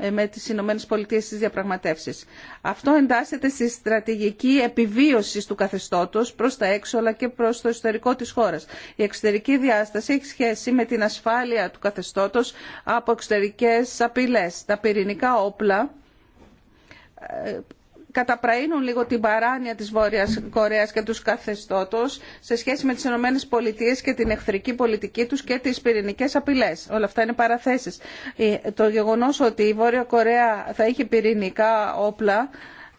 ε, με τις Ηνωμένες Πολιτείες στις διαπραγματεύσεις. Αυτό εντάσσεται στη στρατηγική επιβίωση του καθεστώτος προς τα έξω αλλά και προς το εσωτερικό της χώρας. Η εξωτερική διάσταση έχει σχέση με την ασφάλεια του καθεστώτος από εξωτερικές απειλές. Τα πυρηνικά όπλα ε, καταπραίνουν λίγο την παράνοια της Βόρειας Κορέας και τους καθεστώτος σε σχέση με τις Ηνωμένες Πολιτείες και την εχθρική πολιτική τους και τις πυρηνικές απειλές. Όλα αυτά είναι παραθέσεις. Ε, το γεγονός ότι η Βόρεια Κορέα θα έχει πυρηνικά όπλα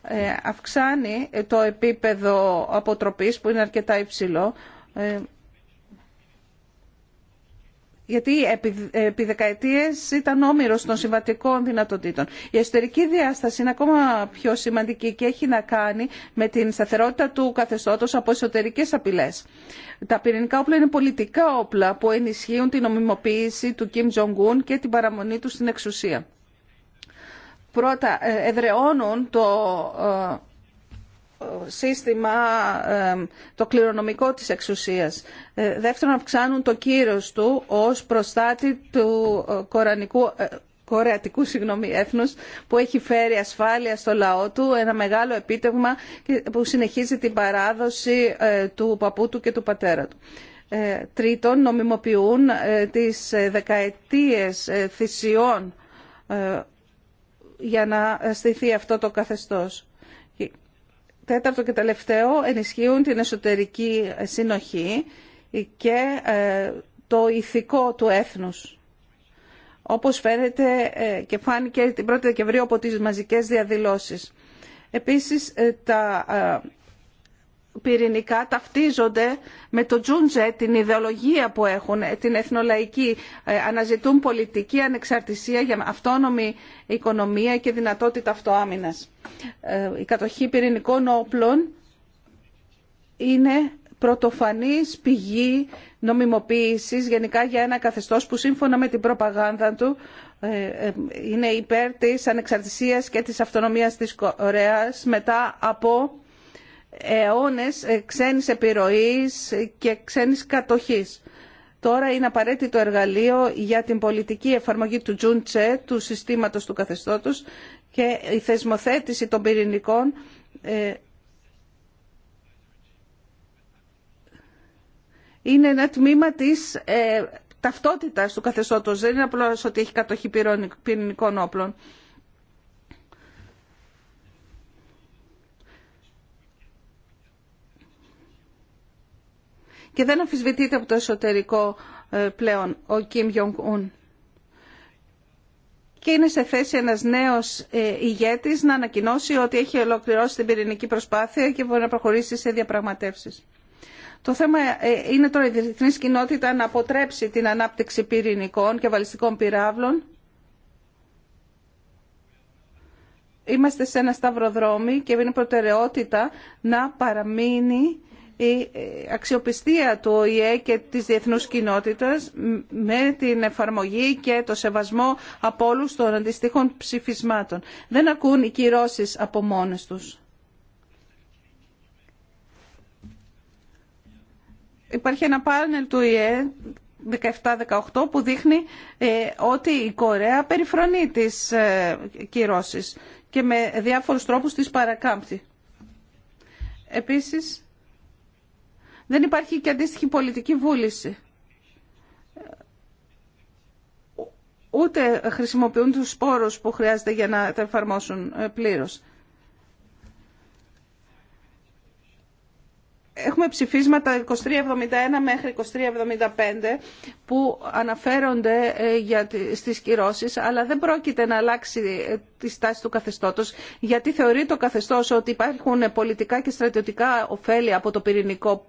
ε, αυξάνει το επίπεδο αποτροπής που είναι αρκετά υψηλό ε, γιατί επί δεκαετίε ήταν όμοιρο των συμβατικών δυνατοτήτων. Η εσωτερική διάσταση είναι ακόμα πιο σημαντική και έχει να κάνει με την σταθερότητα του καθεστώτος από εσωτερικές απειλέ. Τα πυρηνικά όπλα είναι πολιτικά όπλα που ενισχύουν την ομιμοποίηση του Κιμ Τζονγκούν και την παραμονή του στην εξουσία. Πρώτα, ε, εδρεώνουν το ε, σύστημα, το κληρονομικό της εξουσίας. Ε, δεύτερον, αυξάνουν το κύρος του ως προστάτη του ε, κορανικού ε, κορεατικού συγγνώμη, έθνους που έχει φέρει ασφάλεια στο λαό του, ένα μεγάλο επίτευγμα που συνεχίζει την παράδοση του παππού του και του πατέρα του. Τρίτον, νομιμοποιούν τις δεκαετίες θυσιών για να στηθεί αυτό το καθεστώς τέταρτο και τελευταίο ενισχύουν την εσωτερική συνοχή και ε, το ηθικό του έθνους. Όπως φαίνεται ε, και φάνηκε την 1η Δεκεμβρίου από τις μαζικές διαδηλώσεις. Επίσης, ε, τα πυρηνικά ταυτίζονται με το Τζούντζε, την ιδεολογία που έχουν, ε, την εθνολαϊκή. Ε, αναζητούν πολιτική ανεξαρτησία για αυτόνομη οικονομία και δυνατότητα αυτοάμυνας. Ε, η κατοχή πυρηνικών όπλων είναι πρωτοφανής πηγή νομιμοποίησης γενικά για ένα καθεστώς που σύμφωνα με την προπαγάνδα του είναι υπέρ της ανεξαρτησίας και της αυτονομίας της Κορέας μετά από αιώνες ε, ξένης επιρροής και ξένης κατοχής. Τώρα είναι απαραίτητο εργαλείο για την πολιτική εφαρμογή του Τζούντσε, του συστήματος του καθεστώτος και η θεσμοθέτηση των πυρηνικών ε, είναι ένα τμήμα της ε, ταυτότητας του καθεστώτος. Δεν είναι απλώς ότι έχει κατοχή πυρηνικών όπλων. και δεν αμφισβητείται από το εσωτερικό ε, πλέον ο Κιμ Ιονγκ Ουν. Και είναι σε θέση ένας νέος ε, ηγέτης να ανακοινώσει ότι έχει ολοκληρώσει την πυρηνική προσπάθεια και μπορεί να προχωρήσει σε διαπραγματεύσεις. Το θέμα ε, είναι τώρα η διεθνή κοινότητα να αποτρέψει την ανάπτυξη πυρηνικών και βαλιστικών πυράβλων. Είμαστε σε ένα σταυροδρόμι και είναι προτεραιότητα να παραμείνει η αξιοπιστία του ΟΗΕ και της διεθνούς κοινότητας με την εφαρμογή και το σεβασμό από όλου των αντιστοίχων ψηφισμάτων. Δεν ακούν οι κυρώσεις από μόνες τους. Υπάρχει ένα πάνελ του ΟΗΕ 17-18 που δείχνει ε, ότι η Κορέα περιφρονεί τις ε, κυρώσεις και με διάφορους τρόπους τις παρακάμπτει. Επίσης, δεν υπάρχει και αντίστοιχη πολιτική βούληση. Ούτε χρησιμοποιούν τους σπόρους που χρειάζεται για να τα εφαρμόσουν ε, πλήρως. Έχουμε ψηφίσματα 2371 μέχρι 2375 που αναφέρονται ε, για στις κυρώσεις, αλλά δεν πρόκειται να αλλάξει ε, τη στάση του καθεστώτος, γιατί θεωρεί το καθεστώς ότι υπάρχουν πολιτικά και στρατιωτικά ωφέλη από το πυρηνικό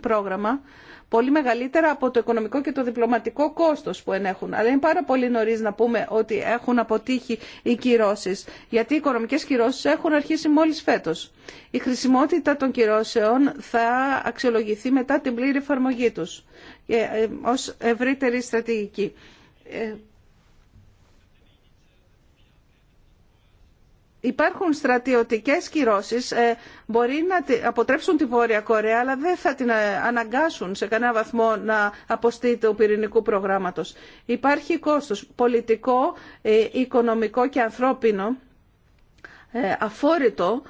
πρόγραμμα πολύ μεγαλύτερα από το οικονομικό και το διπλωματικό κόστος που ενέχουν. Αλλά είναι πάρα πολύ νωρί να πούμε ότι έχουν αποτύχει οι κυρώσεις, γιατί οι οικονομικές κυρώσεις έχουν αρχίσει μόλις φέτος. Η χρησιμότητα των κυρώσεων θα αξιολογηθεί μετά την πλήρη εφαρμογή τους ε, ε, ως ευρύτερη στρατηγική. Ε, υπάρχουν στρατιωτικές κυρώσεις, ε, μπορεί να αποτρέψουν τη Βόρεια Κορέα, αλλά δεν θα την ε, αναγκάσουν σε κανένα βαθμό να αποστεί του πυρηνικού προγράμματος. Υπάρχει κόστος πολιτικό, ε, οικονομικό και ανθρώπινο, αφόρητο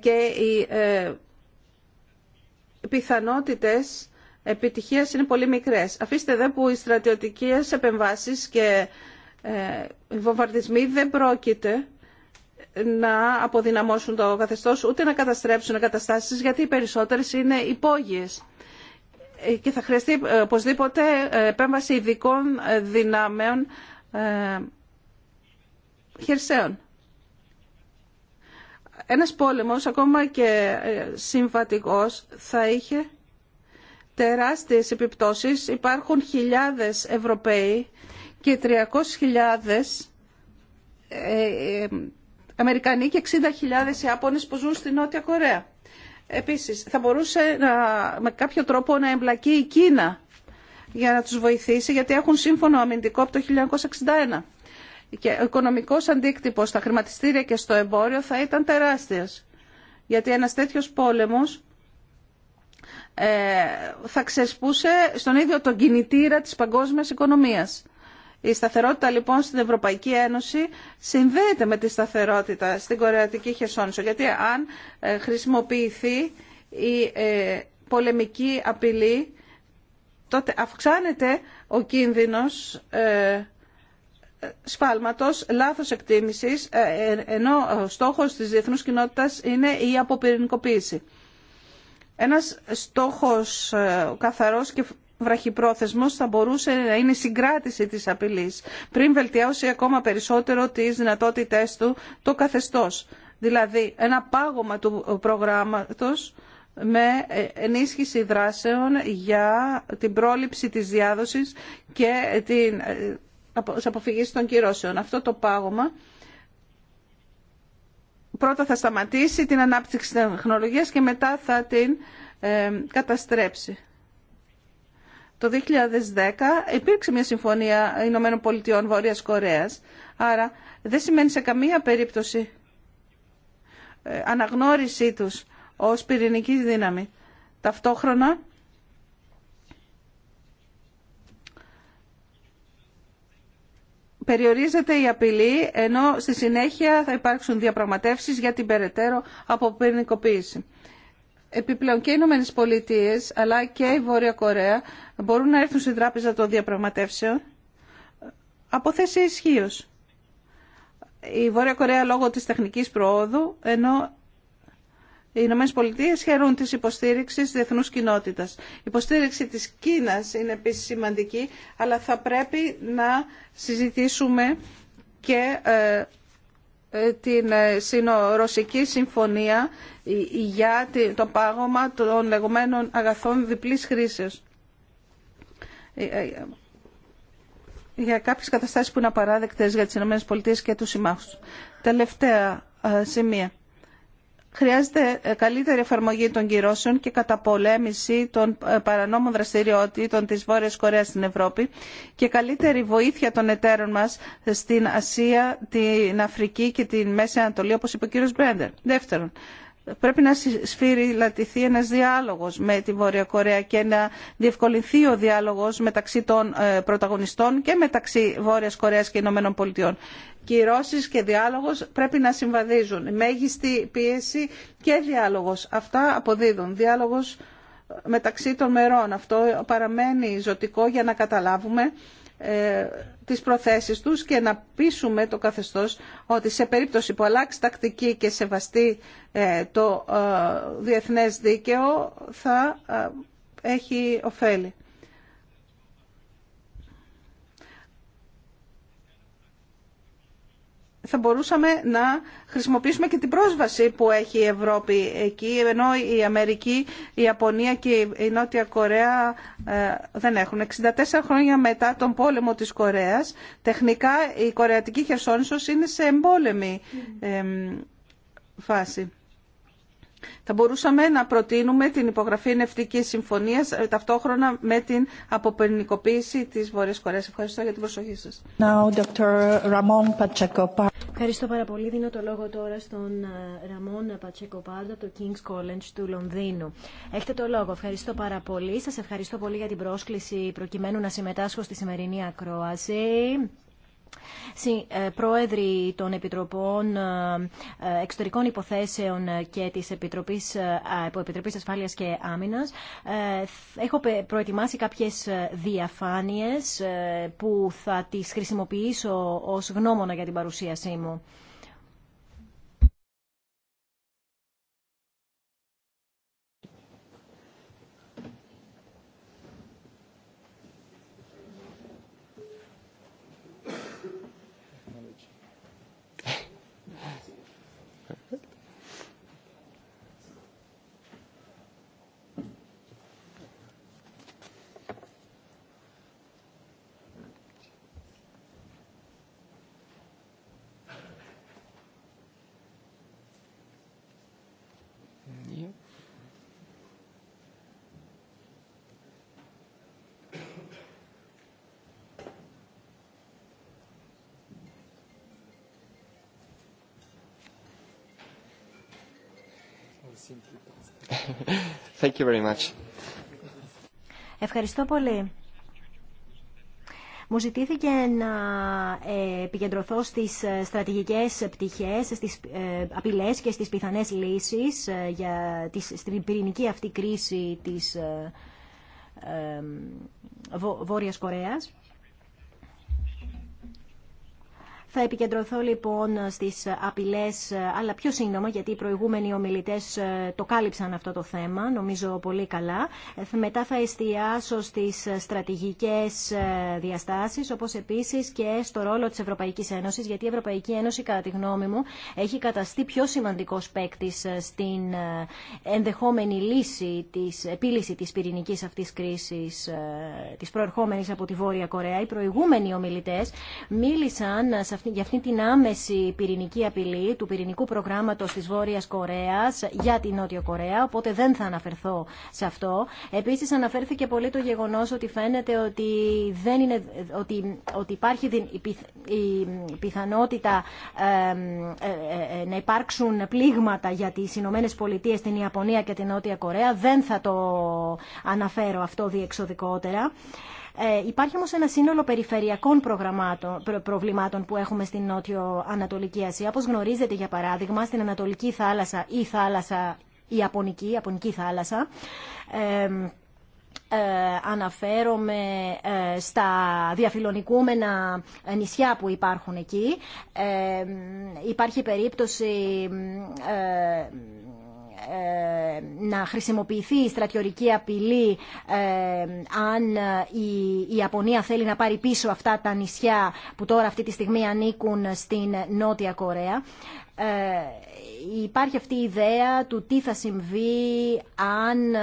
και οι πιθανότητες επιτυχίας είναι πολύ μικρές. Αφήστε δε που οι στρατιωτικές επεμβάσεις και οι βομβαρδισμοί δεν πρόκειται να αποδυναμώσουν το καθεστώ ούτε να καταστρέψουν εγκαταστάσει, γιατί οι περισσότερε είναι υπόγειες. Ε, και θα χρειαστεί ε, οπωσδήποτε ε, επέμβαση ειδικών δυνάμεων ε, χερσαίων. Ένας πόλεμος, ακόμα και συμβατικός, θα είχε τεράστιες επιπτώσεις. Υπάρχουν χιλιάδες Ευρωπαίοι και 300.000 Αμερικανοί και 60.000 Ιάπωνες που ζουν στη Νότια Κορέα. Επίσης, θα μπορούσε να, με κάποιο τρόπο να εμπλακεί η Κίνα για να τους βοηθήσει, γιατί έχουν σύμφωνο αμυντικό από το 1961. Και ο οικονομικός αντίκτυπος στα χρηματιστήρια και στο εμπόριο θα ήταν τεράστιος. Γιατί ένας τέτοιος πόλεμος ε, θα ξεσπούσε στον ίδιο τον κινητήρα της παγκόσμιας οικονομίας. Η σταθερότητα λοιπόν στην Ευρωπαϊκή Ένωση συνδέεται με τη σταθερότητα στην Κορεατική Χερσόνησο, γιατί αν ε, χρησιμοποιηθεί η ε, πολεμική απειλή, τότε αυξάνεται ο κίνδυνος ε, σφάλματος, λάθος εκτίμησης, ενώ ο στόχος της διεθνούς κοινότητας είναι η αποπυρηνικοποίηση. Ένας στόχος καθαρός και βραχυπρόθεσμος θα μπορούσε να είναι συγκράτηση της απειλής, πριν βελτιώσει ακόμα περισσότερο τις δυνατότητές του το καθεστώς. Δηλαδή ένα πάγωμα του προγράμματος με ενίσχυση δράσεων για την πρόληψη της διάδοσης και την ε, αποφυγή των κυρώσεων. Αυτό το πάγωμα πρώτα θα σταματήσει την ανάπτυξη της τεχνολογίας και μετά θα την ε, καταστρέψει. Το 2010 υπήρξε μια συμφωνία Ηνωμένων Πολιτειών Βόρειας Κορέας, άρα δεν σημαίνει σε καμία περίπτωση ε, αναγνώρισή τους ως πυρηνική δύναμη. Ταυτόχρονα περιορίζεται η απειλή, ενώ στη συνέχεια θα υπάρξουν διαπραγματεύσεις για την περαιτέρω αποπυρηνικοποίηση. Επιπλέον και οι Ηνωμένε Πολιτείε αλλά και η Βόρεια Κορέα μπορούν να έρθουν στην Τράπεζα των Διαπραγματεύσεων από θέση ισχύω. Η Βόρεια Κορέα λόγω της τεχνικής προόδου, ενώ οι Ηνωμένε Πολιτείε χαιρούν τη υποστήριξη τη διεθνού κοινότητα. Η υποστήριξη τη Κίνα είναι επίση σημαντική, αλλά θα πρέπει να συζητήσουμε και ε, ε, την ε, Συνορωσική Συμφωνία για το πάγωμα των λεγόμενων αγαθών διπλής χρήσεως. Ε, για κάποιες καταστάσεις που είναι απαράδεκτες για τις ΗΠΑ και τους συμμάχους. Τελευταία σημεία. Χρειάζεται ε, καλύτερη εφαρμογή των κυρώσεων και καταπολέμηση των ε, παρανόμων δραστηριότητων της Βόρειας Κορέας στην Ευρώπη και καλύτερη βοήθεια των εταίρων μας στην Ασία, την Αφρική και την Μέση Ανατολή, όπως είπε ο κύριος Μπρέντερ. Δεύτερον, πρέπει να σφυριλατηθεί ένας διάλογος με τη Βόρεια Κορέα και να διευκολυνθεί ο διάλογος μεταξύ των ε, πρωταγωνιστών και μεταξύ Βόρειας Κορέας και Ηνωμένων Πολιτειών κυρώσεις και διάλογος πρέπει να συμβαδίζουν. μέγιστη πίεση και διάλογος. Αυτά αποδίδουν. Διάλογος μεταξύ των μερών. Αυτό παραμένει ζωτικό για να καταλάβουμε ε, τις προθέσεις τους και να πείσουμε το καθεστώς ότι σε περίπτωση που αλλάξει τακτική και σεβαστεί ε, το ε, διεθνές δίκαιο θα έχει ωφέλη. θα μπορούσαμε να χρησιμοποιήσουμε και την πρόσβαση που έχει η Ευρώπη εκεί, ενώ η Αμερική, η Ιαπωνία και η Νότια Κορέα ε, δεν έχουν. 64 χρόνια μετά τον πόλεμο της Κορέας, τεχνικά η Κορεατική Χερσόνησος είναι σε εμπόλεμη mm. φάση. Θα μπορούσαμε να προτείνουμε την υπογραφή νευτικής συμφωνίας ε, ταυτόχρονα με την αποπενικοποίηση της Βόρειας Κορέας. Ευχαριστώ για την προσοχή σας. Now, Dr. Ramon Ευχαριστώ πάρα πολύ. Δίνω το λόγο τώρα στον Ραμόν Πατσεκοπάρδο από το King's College του Λονδίνου. Έχετε το λόγο. Ευχαριστώ πάρα πολύ. Σας ευχαριστώ πολύ για την πρόσκληση προκειμένου να συμμετάσχω στη σημερινή ακρόαση. Ε, πρόεδροι των Επιτροπών ε, ε, Εξωτερικών Υποθέσεων και της Επιτροπής, Επιτροπής Ασφάλειας και Άμυνας. Έχω προετοιμάσει κάποιες διαφάνειες που θα τις χρησιμοποιήσω ως γνώμονα για την παρουσίασή μου. Thank you very much. Ευχαριστώ πολύ. Μου ζητήθηκε να ε, επικεντρωθώ στις ε, στρατηγικές πτυχές, στις ε, απειλές και στις πιθανές λύσεις για τις, στην πυρηνική αυτή κρίση της Βόρειας Κορέας. Θα επικεντρωθώ λοιπόν στις απειλές, αλλά πιο σύντομα, γιατί οι προηγούμενοι ομιλητές ε, το κάλυψαν αυτό το θέμα, νομίζω πολύ καλά. Ε, μετά θα εστιάσω στις στρατηγικές ε, διαστάσεις, όπως επίσης και στο ρόλο της Ευρωπαϊκής Ένωσης, γιατί η Ευρωπαϊκή Ένωση, κατά τη γνώμη μου, έχει καταστεί πιο σημαντικός παίκτη στην ενδεχόμενη λύση της επίλυση της πυρηνικής αυτής κρίσης, της προερχόμενης από τη Βόρεια Κορέα. Οι προηγούμενοι ομιλητές μίλησαν για αυτή την άμεση πυρηνική απειλή του πυρηνικού προγράμματος της Βόρειας Κορέας για την Νότια Κορέα, οπότε δεν θα αναφερθώ σε αυτό. Επίσης αναφέρθηκε πολύ το γεγονός ότι φαίνεται ότι, δεν είναι, ότι, ότι υπάρχει η, πιθανότητα ε, ε, ε, να υπάρξουν πλήγματα για τις Ηνωμένε Πολιτείες, την Ιαπωνία και την Νότια Κορέα. Δεν θα το αναφέρω αυτό διεξοδικότερα. Ε, υπάρχει όμως ένα σύνολο περιφερειακών προγραμμάτων, προβλημάτων που έχουμε στην Νότιο Ανατολική Ασία. Όπως γνωρίζετε για παράδειγμα στην Ανατολική Θάλασσα ή Θάλασσα η Ιαπωνική, Ιαπωνική Θάλασσα, ε, ε, αναφέρομαι ε, στα διαφιλονικούμενα νησιά που υπάρχουν εκεί. Ε, υπάρχει περίπτωση ε, να χρησιμοποιηθεί η στρατιωρική απειλή ε, αν ε, η Ιαπωνία θέλει να πάρει πίσω αυτά τα νησιά που τώρα αυτή τη στιγμή ανήκουν στην Νότια Κορέα. Υπάρχει αυτή η ιδέα του τι θα συμβεί αν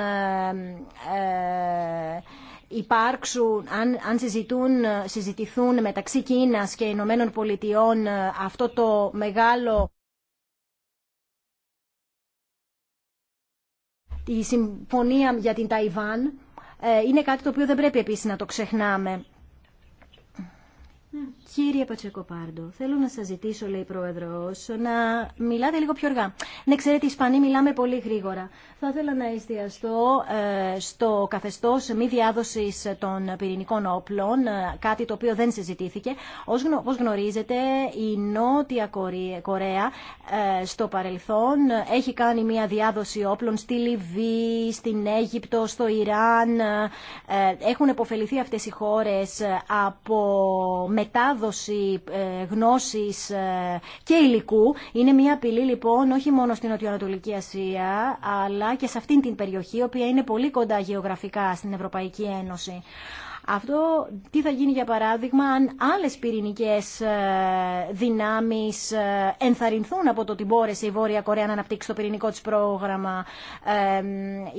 υπάρξουν, αν, αν συζητηθούν μεταξύ Κίνας και Ηνωμένων Πολιτειών αυτό το μεγάλο η συμφωνία για την Ταϊβάν ε, είναι κάτι το οποίο δεν πρέπει επίσης να το ξεχνάμε. Ναι. Κύριε Πατσεκοπάρντο, θέλω να σας ζητήσω, λέει η πρόεδρο, να μιλάτε λίγο πιο αργά. Ναι, ξέρετε, οι Ισπανοί μιλάμε πολύ γρήγορα. Θα ήθελα να εστιαστώ ε, στο καθεστώς μη διάδοση των πυρηνικών όπλων, ε, κάτι το οποίο δεν συζητήθηκε. Όπω γνωρίζετε, η Νότια Κορέα ε, στο παρελθόν έχει κάνει μια διάδοση όπλων στη Λιβύη, στην Αίγυπτο, στο Ιράν. Έχουν επωφεληθεί αυτέ οι χώρε από μετάδοση ε, γνώσης ε, και υλικού. Είναι μια απειλή λοιπόν όχι μόνο στην Νοτιοανατολική Ασία αλλά και σε αυτήν την περιοχή, η οποία είναι πολύ κοντά γεωγραφικά στην Ευρωπαϊκή Ένωση. Αυτό τι θα γίνει για παράδειγμα αν άλλες πυρηνικές ε, δυνάμεις ε, ενθαρρυνθούν από το ότι μπόρεσε η Βόρεια Κορέα να αναπτύξει το πυρηνικό της πρόγραμμα. Ε,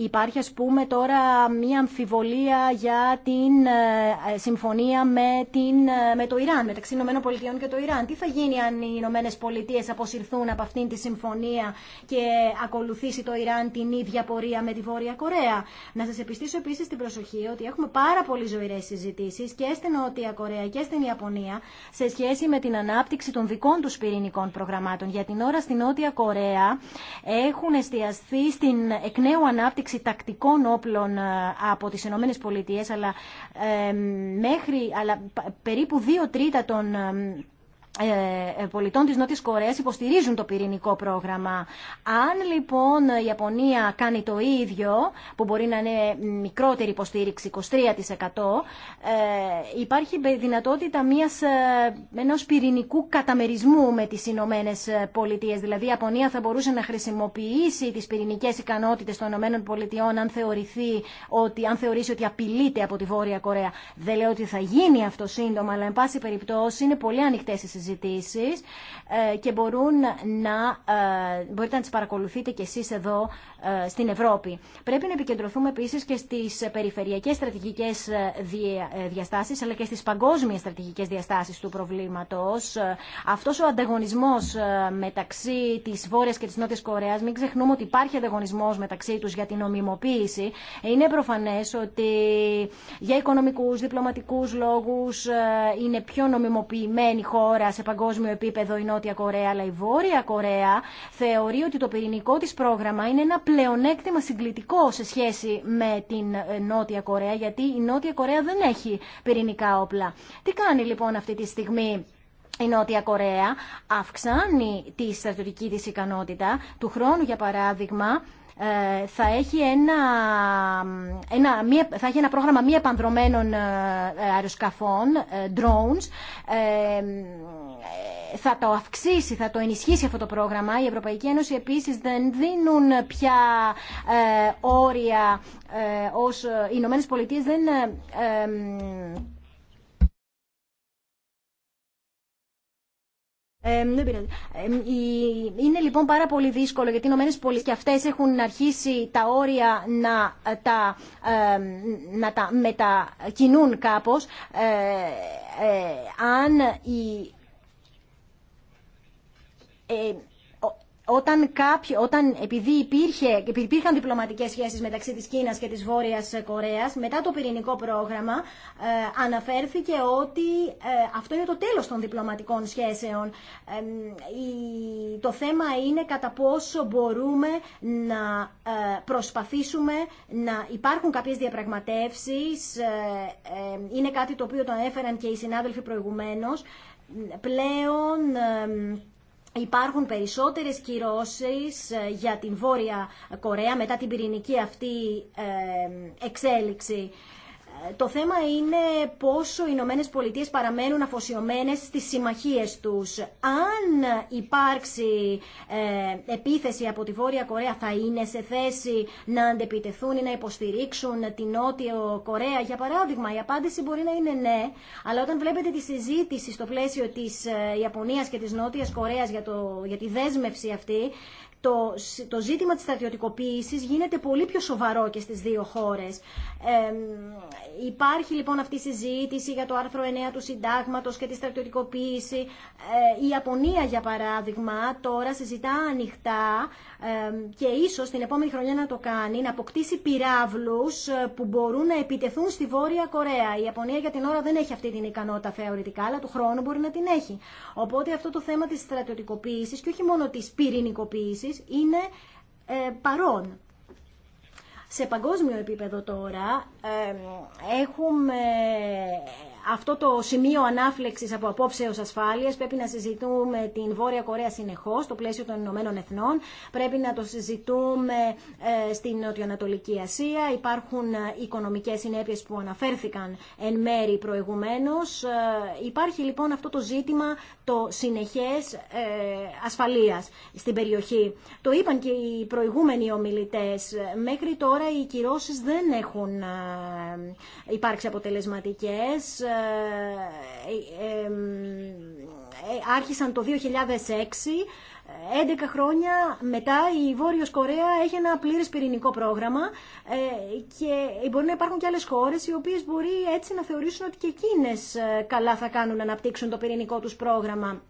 υπάρχει ας πούμε τώρα μια αμφιβολία για την ε, συμφωνία με, την, με το Ιράν, μεταξύ Ηνωμένων Πολιτειών και το Ιράν. Τι θα γίνει αν οι Ηνωμένε Πολιτείε αποσυρθούν από αυτήν τη συμφωνία και ακολουθήσει το Ιράν την ίδια πορεία με τη Βόρεια Κορέα. Να σας επιστήσω επίσης την προσοχή ότι έχουμε πάρα πολύ συζητήσεις και στην Νότια Κορέα και στην Ιαπωνία σε σχέση με την ανάπτυξη των δικών τους πυρηνικών προγραμμάτων. Για την ώρα στην Νότια Κορέα έχουν εστιαστεί στην εκ νέου ανάπτυξη τακτικών όπλων ε, από τις ΗΠΑ, αλλά, ε, μέχρι, αλλά περίπου δύο τρίτα των ε, ε, ε, πολιτών της Νότιας Κορέας υποστηρίζουν το πυρηνικό πρόγραμμα. Αν λοιπόν η Ιαπωνία κάνει το ίδιο, που μπορεί να είναι μικρότερη υποστήριξη, 23%, ε, υπάρχει δυνατότητα μιας, ενός πυρηνικού καταμερισμού με τις Ηνωμένε Πολιτείες. Δηλαδή η Ιαπωνία θα μπορούσε να χρησιμοποιήσει τις πυρηνικές ικανότητες των Ηνωμένων Πολιτειών αν, θεωρηθεί ότι, αν θεωρήσει ότι απειλείται από τη Βόρεια Κορέα. Δεν λέω ότι θα γίνει αυτό σύντομα, αλλά εν πάση περιπτώσει είναι πολύ ανοιχτέ οι συζητήσεις ε, και μπορούν να, ε, μπορείτε να τις παρακολουθείτε και εσείς εδώ ε, στην Ευρώπη. Πρέπει να επικεντρωθούμε επίσης και στις περιφερειακές στρατηγικές ε, ε, διαστάσεις αλλά και στις παγκόσμιες στρατηγικές διαστάσεις του προβλήματος. Αυτός ο ανταγωνισμός μεταξύ της Βόρειας και της Νότιας Κορέας, μην ξεχνούμε ότι υπάρχει ανταγωνισμός μεταξύ τους για την νομιμοποίηση. Είναι προφανές ότι για οικονομικούς, διπλωματικούς λόγους είναι πιο νομιμοποιημένη χώρα σε παγκόσμιο επίπεδο η Νότια Κορέα αλλά η Βόρεια Κορέα θεωρεί ότι το πυρηνικό της πρόγραμμα είναι ένα πλεονέκτημα συγκλητικό σε σχέση με την ε, Νότια Κορέα, γιατί η Νότια Κορέα δεν έχει πυρηνικά όπλα. Τι κάνει λοιπόν αυτή τη στιγμή η Νότια Κορέα, αυξάνει τη στρατιωτική της ικανότητα του χρόνου, για παράδειγμα, ε, θα έχει ένα, ένα, μία, θα έχει ένα πρόγραμμα μη επανδρομένων ε, ε, αεροσκαφών, drones. θα το αυξήσει, θα το ενισχύσει αυτό το πρόγραμμα. Η Ευρωπαϊκή Ένωση επίσης δεν δίνουν πια όρια ως οι Ηνωμένε Πολιτείες δεν Ε, ε, είναι λοιπόν πάρα πολύ δύσκολο γιατί οι Ηνωμένε Πολιτείε και αυτέ έχουν αρχίσει τα όρια να ε, τα, μετακινούν κάπω. αν οι όταν, κάποιο, όταν επειδή υπήρχε, υπήρχαν διπλωματικές σχέσεις μεταξύ της Κίνας και της Βόρειας Κορέας, μετά το πυρηνικό πρόγραμμα ε, αναφέρθηκε ότι ε, αυτό είναι το τέλος των διπλωματικών σχέσεων. Ε, το θέμα είναι κατά πόσο μπορούμε να προσπαθήσουμε να υπάρχουν κάποιες διαπραγματεύσεις. είναι κάτι το οποίο το έφεραν και οι συνάδελφοι προηγουμένως. Πλέον Υπάρχουν περισσότερες κυρώσεις ε, για την Βόρεια Κορέα μετά την πυρηνική αυτή ε, εξέλιξη το θέμα είναι πόσο οι Ηνωμένε Πολιτείε παραμένουν αφοσιωμένες στις συμμαχίε τους. Αν υπάρξει ε, επίθεση από τη Βόρεια Κορέα θα είναι σε θέση να αντεπιτεθούν ή να υποστηρίξουν την Νότιο Κορέα. Για παράδειγμα, η απάντηση μπορεί να υποστηριξουν τη νοτιο κορεα για παραδειγμα η απαντηση μπορει να ειναι ναι, αλλά όταν βλέπετε τη συζήτηση στο πλαίσιο της ε, Ιαπωνίας και της νότια Κορέα για, για τη δέσμευση αυτή, το, το ζήτημα της στρατιωτικοποίησης γίνεται πολύ πιο σοβαρό και στις δύο χώρες. υπάρχει λοιπόν αυτή η συζήτηση για το άρθρο 9 του συντάγματος και τη στρατιωτικοποίηση. Ε, η Ιαπωνία για παράδειγμα τώρα συζητά ανοιχτά και ίσως την επόμενη χρονιά να το κάνει, να αποκτήσει πυράβλους ε, που μπορούν να επιτεθούν στη Βόρεια Κορέα. Η Ιαπωνία για την ώρα δεν έχει αυτή την ικανότητα θεωρητικά, αλλά του χρόνου μπορεί να την έχει. Οπότε αυτό το θέμα της στρατιωτικοποίησης και όχι μόνο της πυρηνικοποίησης είναι ε, παρόν. Σε παγκόσμιο επίπεδο τώρα έχουμε αυτό το σημείο ανάφλεξης από απόψεω ασφάλεια. πρέπει να συζητούμε την Βόρεια Κορέα συνεχώς στο πλαίσιο των Ηνωμένων Εθνών. Πρέπει να το συζητούμε ε, στην Νοτιοανατολική Ασία. Υπάρχουν ε, οικονομικές συνέπειες που αναφέρθηκαν εν μέρη προηγουμένως. Ε, υπάρχει λοιπόν αυτό το ζήτημα το συνεχές ασφαλείας στην περιοχή. Το είπαν και οι προηγούμενοι ομιλητέ. Μέχρι τώρα οι κυρώσει δεν έχουν υπάρξει αποτελεσματικές. Ε, ε, ε, άρχισαν το 2006. 11 χρόνια μετά η Βόρειος Κορέα έχει ένα πλήρες πυρηνικό πρόγραμμα και μπορεί να υπάρχουν και άλλες χώρες οι οποίες μπορεί έτσι να θεωρήσουν ότι και εκείνες καλά θα κάνουν να αναπτύξουν το πυρηνικό τους πρόγραμμα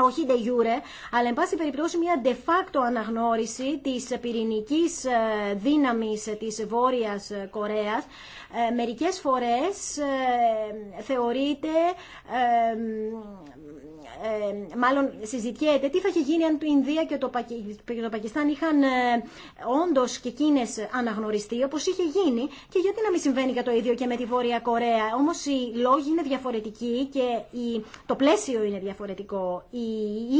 όχι de jure, αλλά εν πάση περιπτώσει μια de facto αναγνώριση της πυρηνικής ε, δύναμης ε, της Βόρειας ε, Κορέας. Μερικές φορές θεωρείται ε, μάλλον συζητιέται τι θα είχε γίνει αν το Ινδία και το, το Πακιστάν είχαν ε, όντω και εκείνε αναγνωριστεί όπω είχε γίνει και γιατί να μην συμβαίνει για το ίδιο και με τη Βόρεια Κορέα. Όμω οι λόγοι είναι διαφορετικοί και η, το πλαίσιο είναι διαφορετικό. Η,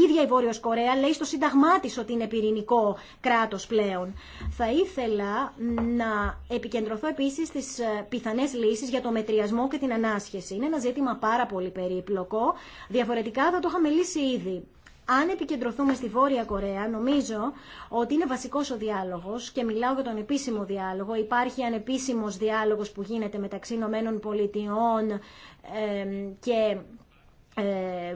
ίδια η Βόρειο Κορέα λέει στο Σύνταγμά τη ότι είναι πυρηνικό κράτο πλέον. Θα ήθελα να επικεντρωθώ επίση στι ε, πιθανέ λύσει για το μετριασμό και την ανάσχεση. Είναι ένα ζήτημα πάρα πολύ περίπλοκο. Διαφορετικά θα το είχαμε λύσει ήδη. Αν επικεντρωθούμε στη Βόρεια Κορέα, νομίζω ότι είναι βασικό ο διάλογο και μιλάω για τον επίσημο διάλογο. Υπάρχει ανεπίσημο διάλογο που γίνεται μεταξύ Ηνωμένων Πολιτειών και ε,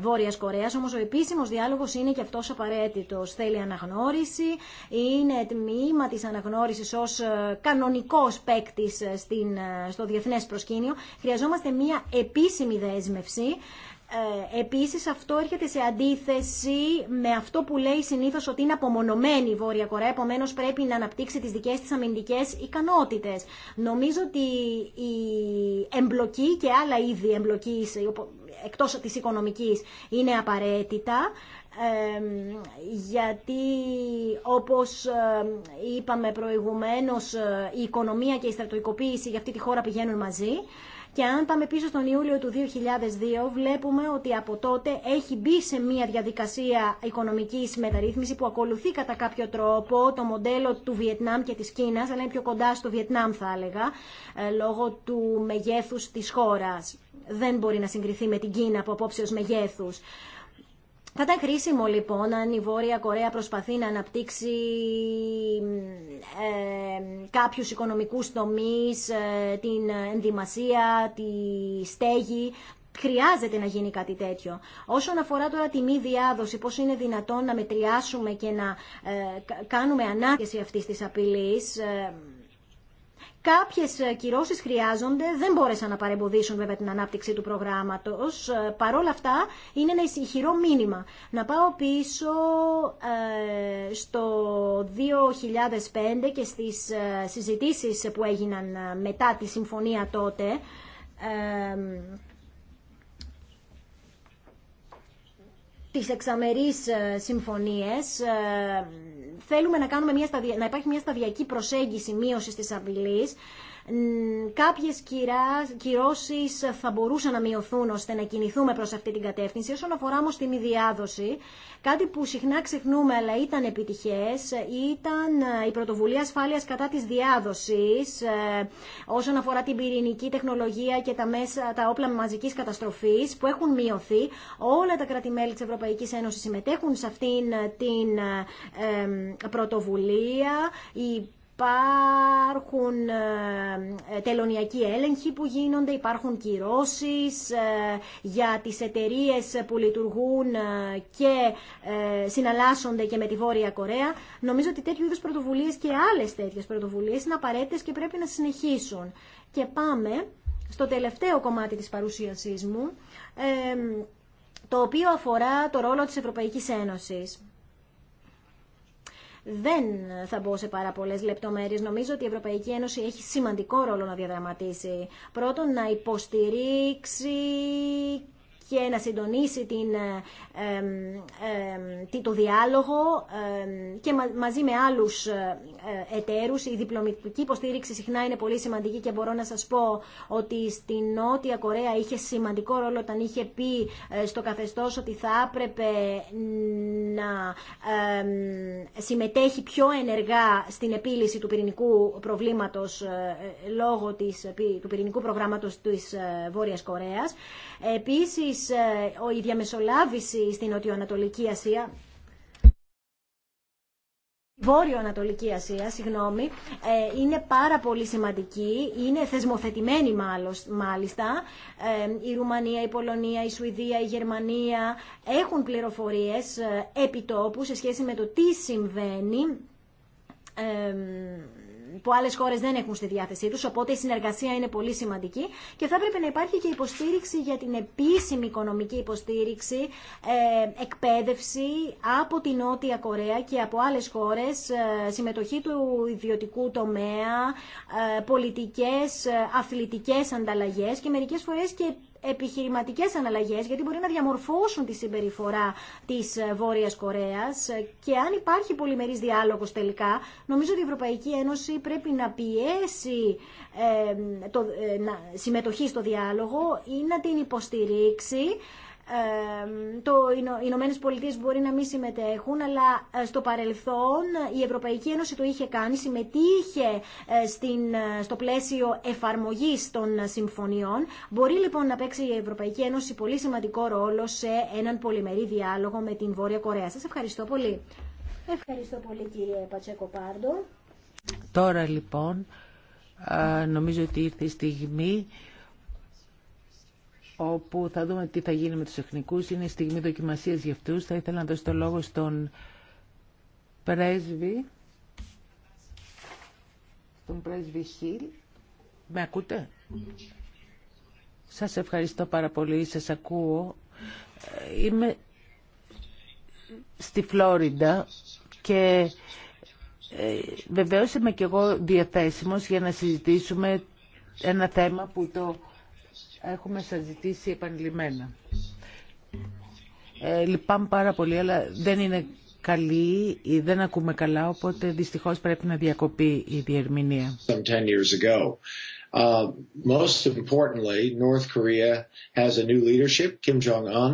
Βόρεια Κορέα. Όμω ο επίσημο διάλογο είναι και αυτό απαραίτητο. Θέλει αναγνώριση, είναι τμήμα τη αναγνώριση ω ε, κανονικό παίκτη ε, ε, στο διεθνέ προσκήνιο. Χρειαζόμαστε μία επίσημη δέσμευση ε, επίσης αυτό έρχεται σε αντίθεση με αυτό που λέει συνήθως ότι είναι απομονωμένη η Βόρεια Κορέα, επομένως πρέπει να αναπτύξει τις δικές της αμυντικές ικανότητες. Νομίζω ότι η εμπλοκή και άλλα είδη εμπλοκής, εκτός της οικονομικής, είναι απαραίτητα. γιατί όπως είπαμε προηγουμένως ε, η οικονομία και η στρατοικοποίηση για αυτή τη χώρα πηγαίνουν μαζί και αν πάμε πίσω στον Ιούλιο του 2002, βλέπουμε ότι από τότε έχει μπει σε μια διαδικασία οικονομική μεταρρύθμιση που ακολουθεί κατά κάποιο τρόπο το μοντέλο του Βιετνάμ και τη Κίνα, αλλά είναι πιο κοντά στο Βιετνάμ, θα έλεγα, ε, λόγω του μεγέθου τη χώρα. Δεν μπορεί να συγκριθεί με την Κίνα από απόψεω μεγέθου. Θα ήταν χρήσιμο λοιπόν αν η Βόρεια Κορέα προσπαθεί να αναπτύξει ε, κάποιους οικονομικούς τομείς, ε, την ενδυμασία, τη στέγη. Χρειάζεται να γίνει κάτι τέτοιο. Όσον αφορά τώρα τη μη διάδοση, πώς είναι δυνατόν να μετριάσουμε και να ε, κάνουμε ανάκριση αυτής της απειλής... Ε, Κάποιε κυρώσει χρειάζονται, δεν μπόρεσαν να παρεμποδίσουν βέβαια την ανάπτυξη του προγράμματο. Ε, Παρ' όλα αυτά είναι ένα ισχυρό μήνυμα. Να πάω πίσω ε, στο 2005 και στι ε, συζητήσει που έγιναν μετά τη συμφωνία τότε. Ε, τις εξαμερείς συμφωνίες θέλουμε να, κάνουμε μια σταδια... να υπάρχει μια σταδιακή προσέγγιση μείωση τη απειλή. Κάποιες κυρώσεις θα μπορούσαν να μειωθούν ώστε να κινηθούμε προς αυτή την κατεύθυνση. Όσον αφορά όμως μη διάδοση κάτι που συχνά ξεχνούμε αλλά ήταν επιτυχές, ήταν ε, η πρωτοβουλία ασφάλειας κατά της διάδοσης ε, όσον αφορά την πυρηνική τεχνολογία και τα, μέσα, τα όπλα μαζικής καταστροφής που έχουν μειωθεί. Όλα τα κράτη-μέλη της Ευρωπαϊκής Ένωσης συμμετέχουν σε αυτήν την ε, πρωτοβουλία. Η υπάρχουν ε, τελωνιακοί έλεγχοι που γίνονται, υπάρχουν κυρώσεις ε, για τις εταιρείες που λειτουργούν ε, και συναλλάσσονται και με τη Βόρεια Κορέα. Νομίζω ότι τέτοιου είδους πρωτοβουλίες και άλλες τέτοιες πρωτοβουλίες είναι απαραίτητες και πρέπει να συνεχίσουν. Και πάμε στο τελευταίο κομμάτι της παρουσίασής μου, το οποίο αφορά το ρόλο της Ευρωπαϊκής Ένωσης. Δεν θα μπω σε πάρα πολλέ λεπτομέρειε. Νομίζω ότι η Ευρωπαϊκή Ένωση έχει σημαντικό ρόλο να διαδραματίσει. Πρώτον, να υποστηρίξει και να συντονίσει την, ε, το διάλογο και μαζί με άλλους ε, εταίρους. Η διπλωματική υποστήριξη συχνά είναι πολύ σημαντική και μπορώ να σας πω ότι στη Νότια Κορέα είχε σημαντικό ρόλο όταν είχε πει ε, στο καθεστώς ότι θα έπρεπε να συμμετέχει πιο ενεργά στην επίλυση του πυρηνικού προβλήματος λόγω της, του πυρηνικού προγράμματος της Βόρειας Κορέας. Επίσης, ε, η διαμεσολάβηση στην Νοτιοανατολική Ασία Βόρειο Ανατολική Ασία, συγγνώμη, ε, είναι πάρα πολύ σημαντική, είναι θεσμοθετημένη μάλιστα. Ε, η Ρουμανία, η Πολωνία, η Σουηδία, η Γερμανία έχουν πληροφορίες επιτόπου σε σχέση με το τι συμβαίνει που άλλε χώρε δεν έχουν στη διάθεσή του, οπότε η συνεργασία είναι πολύ σημαντική και θα έπρεπε να υπάρχει και υποστήριξη για την επίσημη οικονομική υποστήριξη, ε, εκπαίδευση από την Νότια Κορέα και από άλλες χώρες, ε, συμμετοχή του ιδιωτικού τομέα, ε, πολιτικές, αθλητικέ ανταλλαγές και μερικές φορέ. και επιχειρηματικές αναλλαγέ, γιατί μπορεί να διαμορφώσουν τη συμπεριφορά της ε, Βόρειας Κορέας και αν υπάρχει πολυμερής διάλογος τελικά, νομίζω ότι η Ευρωπαϊκή Ένωση πρέπει να πιέσει ε, το, ε, να, συμμετοχή στο διάλογο ή να την υποστηρίξει το Ηνωμένε Πολιτείε μπορεί να μην συμμετέχουν, αλλά ε, στο παρελθόν η Ευρωπαϊκή Ένωση το είχε κάνει, συμμετείχε ε, στην, ε, στο πλαίσιο εφαρμογής των συμφωνιών. Μπορεί λοιπόν να παίξει η Ευρωπαϊκή Ένωση πολύ σημαντικό ρόλο σε έναν πολυμερή διάλογο με την Βόρεια Κορέα. Σας ευχαριστώ πολύ. Ευχαριστώ πολύ κύριε Πατσέκο Πάρντο. Τώρα λοιπόν νομίζω ότι ήρθε η στιγμή όπου θα δούμε τι θα γίνει με τους εθνικούς. Είναι η στιγμή δοκιμασίας για αυτούς. Θα ήθελα να δώσω το λόγο στον πρέσβη, τον πρέσβη Χίλ. Με ακούτε? Σας ευχαριστώ πάρα πολύ, σας ακούω. Ε, είμαι στη Φλόριντα και ε, βεβαίως είμαι και εγώ διαθέσιμος για να συζητήσουμε ένα θέμα που το έχουμε συζητήσει επανειλημμένα. Ε, λυπάμαι πάρα πολύ, αλλά δεν είναι καλή ή δεν ακούμε καλά, οπότε δυστυχώς πρέπει να διακοπεί η διερμηνία. Uh, most importantly, North Korea has a new leadership, Kim Jong-un.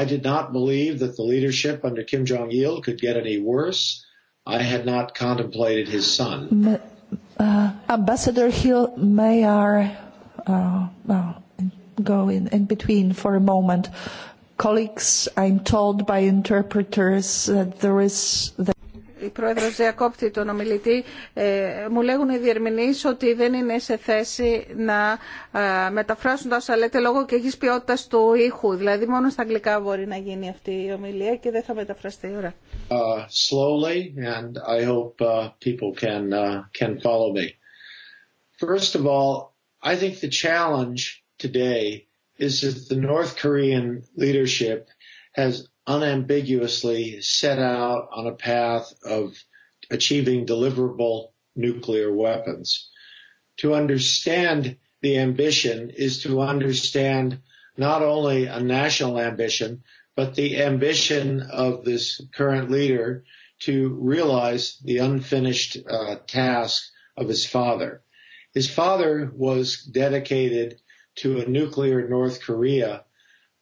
I did not believe that the leadership under Kim Jong-il could get any worse. I had not contemplated his son. uh, Ambassador Hill, may I Uh, uh, go in in between for a moment. Colleagues, I'm told by interpreters that there is... The Η πρόεδρος διακόπτει τον ομιλητή. Ε, μου λέγουν οι διερμηνείς ότι δεν είναι σε θέση να ε, μεταφράσουν τα όσα λέτε λόγω και έχεις ποιότητα του ήχου. Δηλαδή μόνο στα αγγλικά μπορεί να γίνει αυτή η ομιλία και δεν θα μεταφραστεί. ώρα. Uh, slowly and I hope uh, people can, uh, can follow me. First of all, I think the challenge today is that the North Korean leadership has unambiguously set out on a path of achieving deliverable nuclear weapons. To understand the ambition is to understand not only a national ambition, but the ambition of this current leader to realize the unfinished task of his father. His father was dedicated to a nuclear North Korea,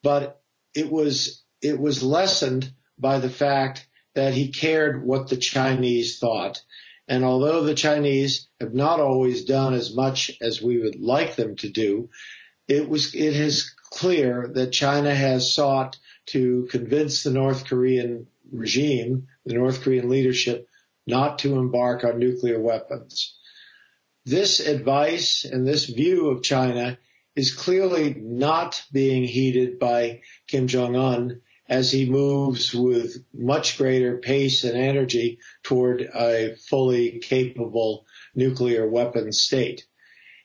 but it was, it was lessened by the fact that he cared what the Chinese thought. And although the Chinese have not always done as much as we would like them to do, it was, it is clear that China has sought to convince the North Korean regime, the North Korean leadership, not to embark on nuclear weapons. This advice and this view of China is clearly not being heeded by Kim Jong-un as he moves with much greater pace and energy toward a fully capable nuclear weapon state.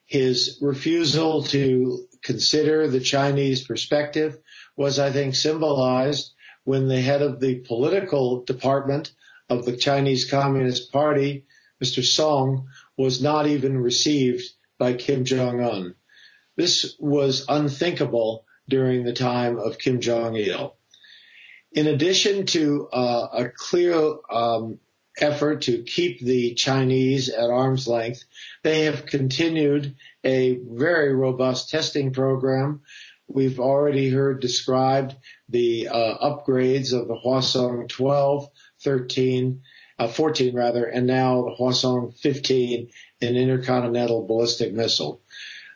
His refusal to consider the Chinese perspective was, I think, symbolized when the head of the political department of the Chinese Communist Party, Mr. Song, was not even received by Kim Jong un. This was unthinkable during the time of Kim Jong il. In addition to uh, a clear um, effort to keep the Chinese at arm's length, they have continued a very robust testing program. We've already heard described the uh, upgrades of the Hwasong 12, 13, 14 rather, and now the Hwasong 15, an intercontinental ballistic missile.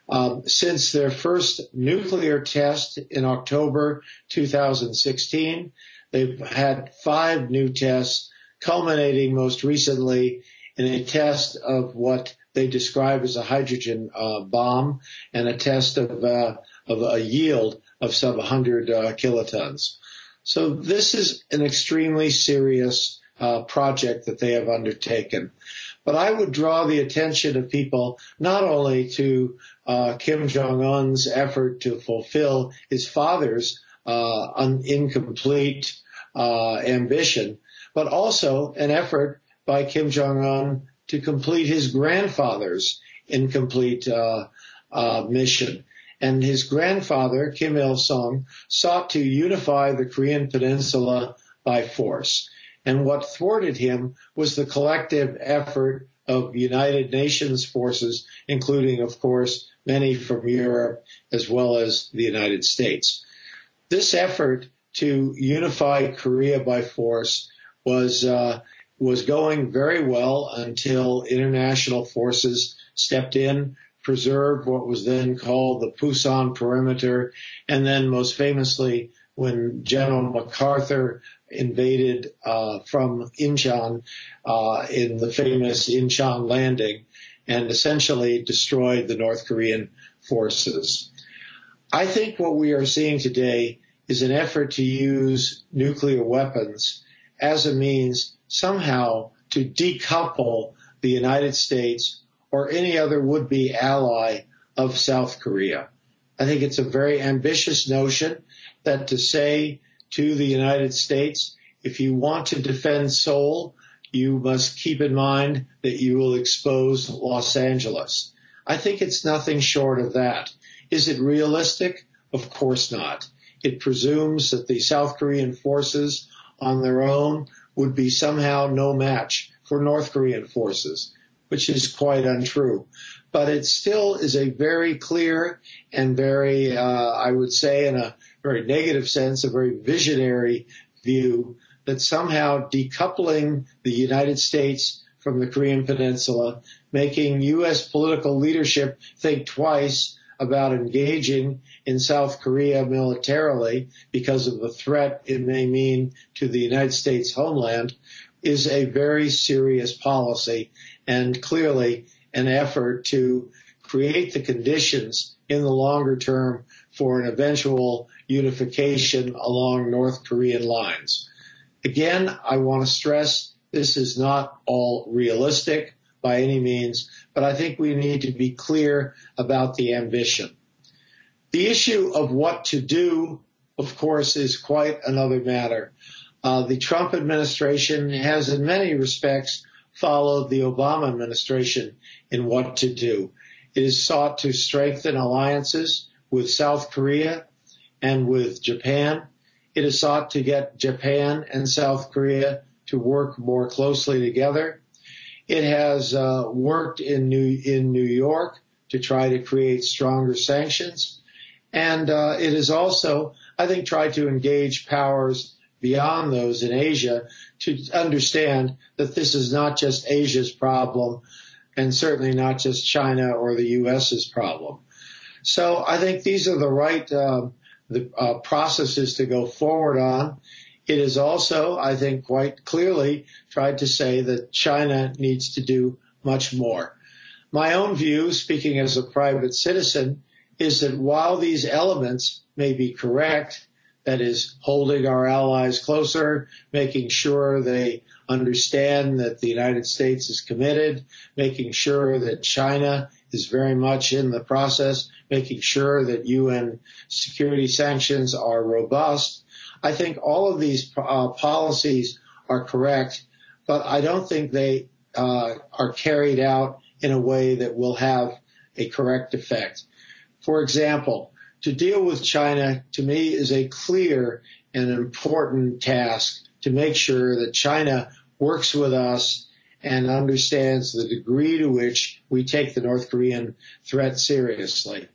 Um, since their first nuclear test in October 2016, they've had five new tests, culminating most recently in a test of what they describe as a hydrogen bomb and a test of, of a yield of some 100 kilotons. So this is an extremely serious uh, project that they have undertaken. But I would draw the attention of people not only to uh, Kim Jong Un's effort to fulfill his father's uh, un- incomplete uh, ambition, but also an effort by Kim Jong Un to complete his grandfather's incomplete uh, uh, mission. And his grandfather, Kim Il Sung, sought to unify the Korean Peninsula by force. And what thwarted him was the collective effort of United Nations forces, including, of course, many from Europe as well as the United States. This effort to unify Korea by force was uh, was going very well until international forces stepped in, preserved what was then called the Pusan perimeter, and then most famously when General MacArthur invaded uh, from Incheon uh, in the famous Incheon landing and essentially destroyed the North Korean forces. I think what we are seeing today is an effort to use nuclear weapons as a means somehow to decouple the United States or any other would-be ally of South Korea. I think it's a very ambitious notion that to say to the United States, if you want to defend Seoul, you must keep in mind that you will expose Los Angeles. I think it's nothing short of that. Is it realistic? Of course not. It presumes that the South Korean forces on their own would be somehow no match for North Korean forces, which is quite untrue. But it still is a very clear and very, uh, I would say, in a very negative sense, a very visionary view that somehow decoupling the United States from the Korean Peninsula, making U.S. political leadership think twice about engaging in South Korea militarily because of the threat it may mean to the United States homeland is a very serious policy and clearly an effort to create the conditions in the longer term for an eventual unification along North Korean lines. Again, I want to stress this is not all realistic by any means, but I think we need to be clear about the ambition. The issue of what to do, of course, is quite another matter. The Trump administration has in many respects followed the Obama administration in what to do. It has sought to strengthen alliances with South Korea, and with Japan. It has sought to get Japan and South Korea to work more closely together. It has uh, worked in New in New York to try to create stronger sanctions, and uh, it has also, I think, tried to engage powers beyond those in Asia to understand that this is not just Asia's problem, and certainly not just China or the U.S.'s problem. So I think these are the right the uh, processes to go forward on. It is also, I think, quite clearly tried to say that China needs to do much more. My own view, speaking as a private citizen, is that while these elements may be correct, that is holding our allies closer, making sure they understand that the United States is committed, making sure that China is very much in the process, making sure that UN security sanctions are robust. I think all of these policies are correct, but I don't think they are carried out in a way that will have a correct effect. For example, to deal with China to me is a clear and important task to make sure that China works with us and understands the degree to which we take the North Korean threat seriously.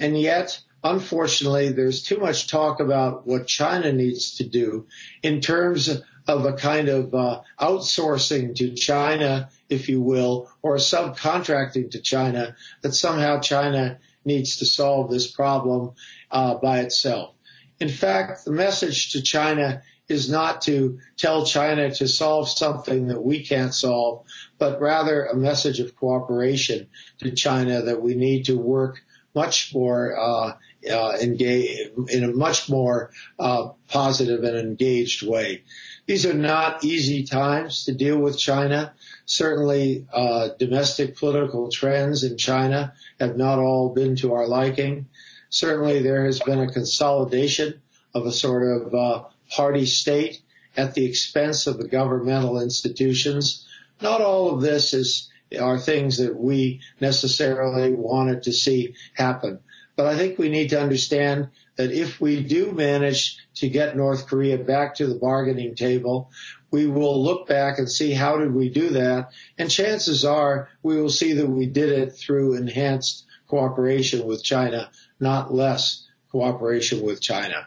And yet, unfortunately, there's too much talk about what China needs to do in terms of a kind of outsourcing to China, if you will, or subcontracting to China, that somehow China needs to solve this problem by itself. In fact, the message to China is not to tell China to solve something that we can't solve, but rather a message of cooperation to China that we need to work much more uh, uh, engage in a much more uh, positive and engaged way. These are not easy times to deal with China. Certainly, uh, domestic political trends in China have not all been to our liking. Certainly, there has been a consolidation of a sort of uh, party state at the expense of the governmental institutions. Not all of this is are things that we necessarily wanted to see happen. But I think we need to understand that if we do manage to get North Korea back to the bargaining table, we will look back and see how did we do that. And chances are we will see that we did it through enhanced cooperation with China, not less cooperation with China.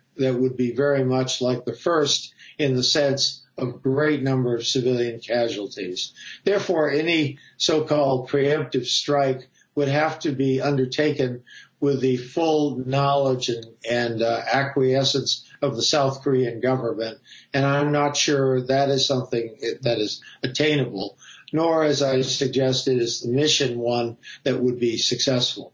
that would be very much like the first in the sense of great number of civilian casualties. Therefore, any so-called preemptive strike would have to be undertaken with the full knowledge and, acquiescence of the South Korean government. And I'm not sure that is something that is attainable, nor, as I suggested, is the mission one that would be successful.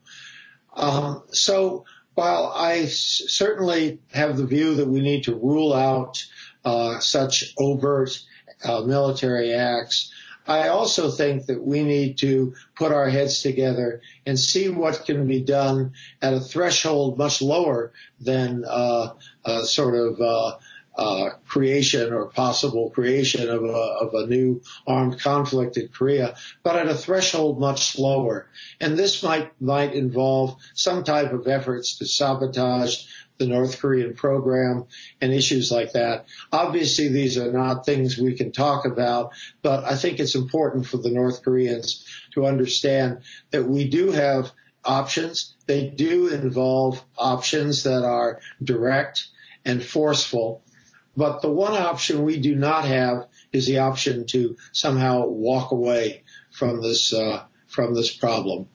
so Well, I certainly have the view that we need to rule out uh, such overt uh, military acts. I also think that we need to put our heads together and see what can be done at a threshold much lower than uh, uh, sort of uh, uh, creation or possible creation of a, of a new armed conflict in Korea, but at a threshold much slower And this might, might involve some type of efforts to sabotage the North Korean program and issues like that. Obviously, these are not things we can talk about, but I think it's important for the North Koreans to understand that we do have options. They do involve options that are direct and forceful But the one option we do not have is the option to somehow walk away from this uh, from this problem.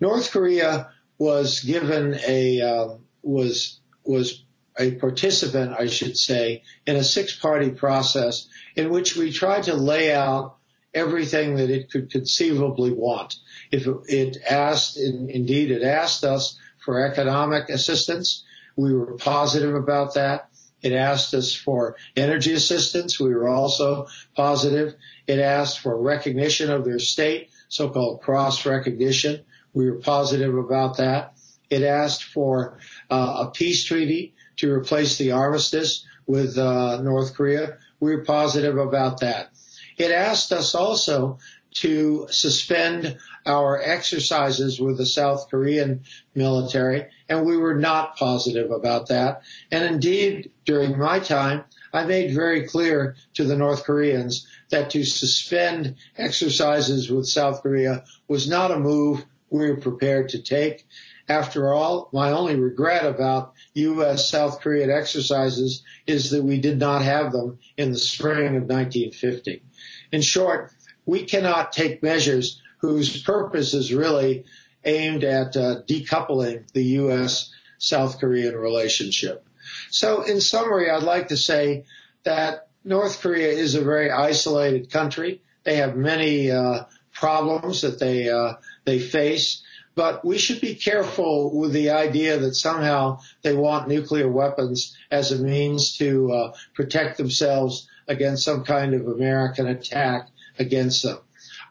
North Korea was given a uh, was was a participant, I should say, in a six-party process in which we tried to lay out everything that it could conceivably want. If it asked, indeed, it asked us for economic assistance, we were positive about that. It asked us for energy assistance. We were also positive. It asked for recognition of their state, so-called cross recognition. We were positive about that. It asked for uh, a peace treaty to replace the armistice with uh, North Korea. We were positive about that. It asked us also to suspend our exercises with the South Korean military, and we were not positive about that. And indeed, during my time, I made very clear to the North Koreans that to suspend exercises with South Korea was not a move we were prepared to take. After all, my only regret about U.S. South Korean exercises is that we did not have them in the spring of 1950. In short, we cannot take measures whose purpose is really aimed at decoupling the U.S. South Korean relationship. So in summary, I'd like to say that North Korea is a very isolated country. They have many uh, problems that they uh, they face, but we should be careful with the idea that somehow they want nuclear weapons as a means to uh, protect themselves against some kind of American attack against them.